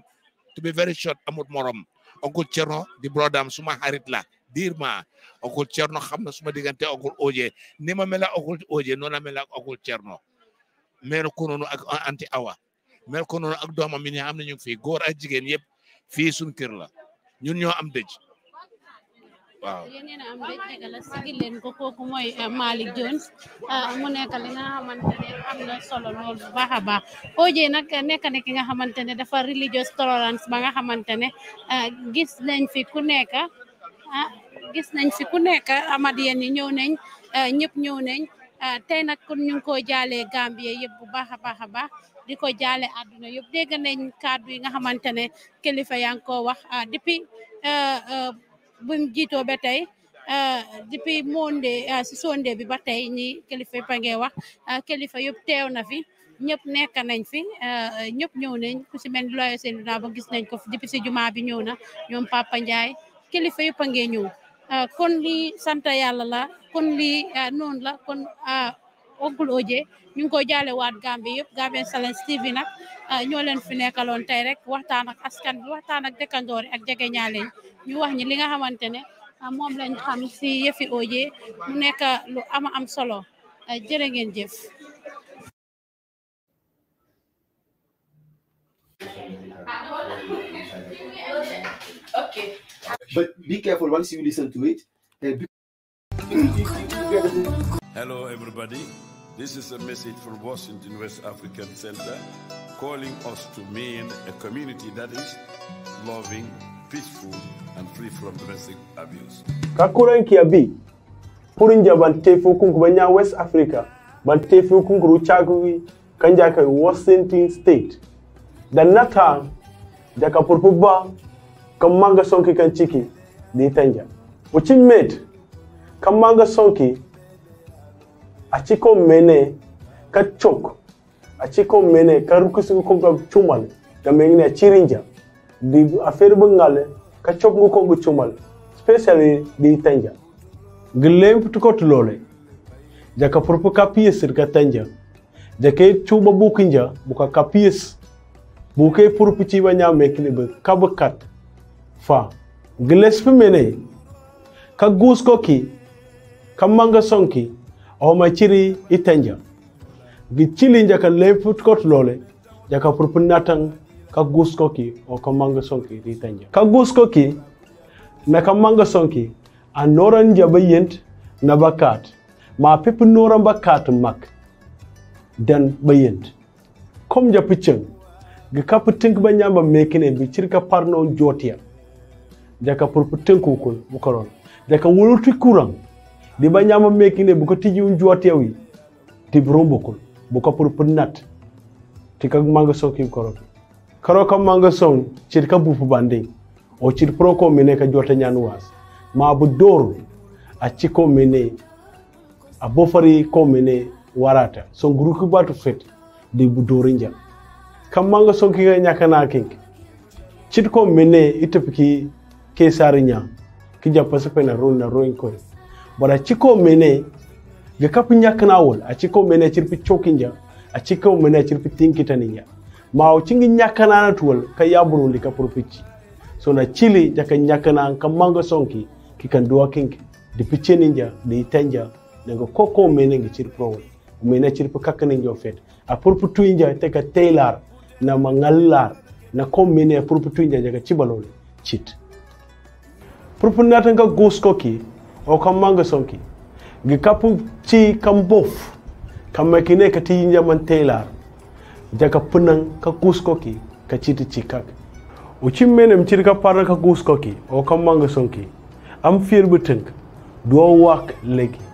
to be very short amut morom Onkul Cerno di brodam suma xarit la dirma. ma Cerno xam na suma diggante onkul Oje ni ma mel Oje noonu la mel ak Cerno meeru ko noonu ak anti awa meeru ko noonu ak doomam yi ne am na ñu ngi fii góor ak jigéen yëpp fii suñu kër la ñun ñoo am dëj waaw yeneen am dëj dëgg la sigil leen ko kooku mooy eh, Malick Jones ah, mu nekk li nga xamante ne am na nag nekk ki nga xamante ne dafa religious tolerance ba nga xamante ne eh, gis nañ fi ku nekk ah, gis nañ fi ku nekk amad yeen yi ñëw nañ eh, ñëpp ñëw nañ Euh, tey nag kon ñu ko jaalee Gambie yëpp bu baax a baax a baax di ko jaale àdduna yëpp dégg nañ kàddu yi nga xamante ne kilifa yaa ngi ko wax euh, depuis euh, bu mu jiitoo ba tey depuis monde si sonde bi ba tey ñi kilifa yëpp a wax kilifa yëpp teew na fi ñëpp nekk nañ fi ñëpp ñëw nañ ku si mel ni looyo ba gis nañ ko depuis si jumaa bi ñëw na ñoom Papa Ndiaye kilifa yëpp a ngi ñëw Ah, kon lii sant yàlla la kon lii ah, noonu la kon ah, ogul oje ñu ngi koy jaale waat Gambie yëpp Gambian Talents TV nag ñoo leen fi nekkaloon tey rek waxtaan ak askan bi waxtaan ak dëkkandoor ak jege ñaale ñu wax ñi li nga xamante ne moom lañ xam si yëfi oje mu nekk lu ama am solo jërë ngeen jëf Okay. But be careful once you listen to it. Uh, Hello, everybody. This is a message from Washington West African Center calling us to mean a community that is loving, peaceful, and free from domestic abuse. Kakuran kiabi, purinja bantefu kunkubanya West Africa, bantefu kunkuru chagui, kanjaka Washington State. da nata daga purpubba kan manga sonki kan ciki da ya tanja wucin mate kan manga sonki a cikon mene ka chok a cikon mene ka rukusu ko ga chumal da mene chirinja di affaire bungale ka chok ko ga chumal specially da ya tanja gillen putukot lole jaka purpuka piyesir ka tanja jaka chuba bukinja buka ka kapiyes buke furpici banya meklibe kabukat fa gillespi mene ka guskoki ka manga sonki oma ciri itenja gi cili lefut kot lole jaka natang ka koki o ka manga sonki itenja ka koki na ka manga sonki a noran yent na bakat ma pipi noran bakat mak dan bayent kom japicin ga kapu tink ba nyamba mekin en bi cirka parno jotia jaka purpu tinku kun bukaron jaka wulutu kurang di ba nyamba mekin e buka tiji un jotia wi ti brombo kun buka purpu nat ti kag manga sokin koron karo kam manga son cirka bufu bande o cir pro ko mene ka jota nyanuwas ma bu dor a ciko mene a bofari ko mene warata son guru batu fet de bu dorinja kam manga sonki nyaka na kink chit ko mene itupiki ke sarinya ki jappa sepe na ron na ron ko bara chiko mene ga kapu nyaka na wol a chiko mene chirpi chokinja a chiko mene chirpi tinkitaninya ma o chingi nyaka na na tuwol ka yaburu li ka purpichi so na chili jaka nyaka na kam manga sonki ki kan duwa kink di piche ninja di itanja daga koko mene ngi chirpi wol mene chirpi kakani njo fet a purputu inja teka tailor na mangallar na kom mine e purputu inja jaga cibalon cit purpun na ka gosko ki o kam manga sonki gi kapu ci kam bof kam makine ka ti inja man jaga punan ka gosko ki ka ci kak o chimmene ka parna ka gosko ki o kam manga sonki am do wak legi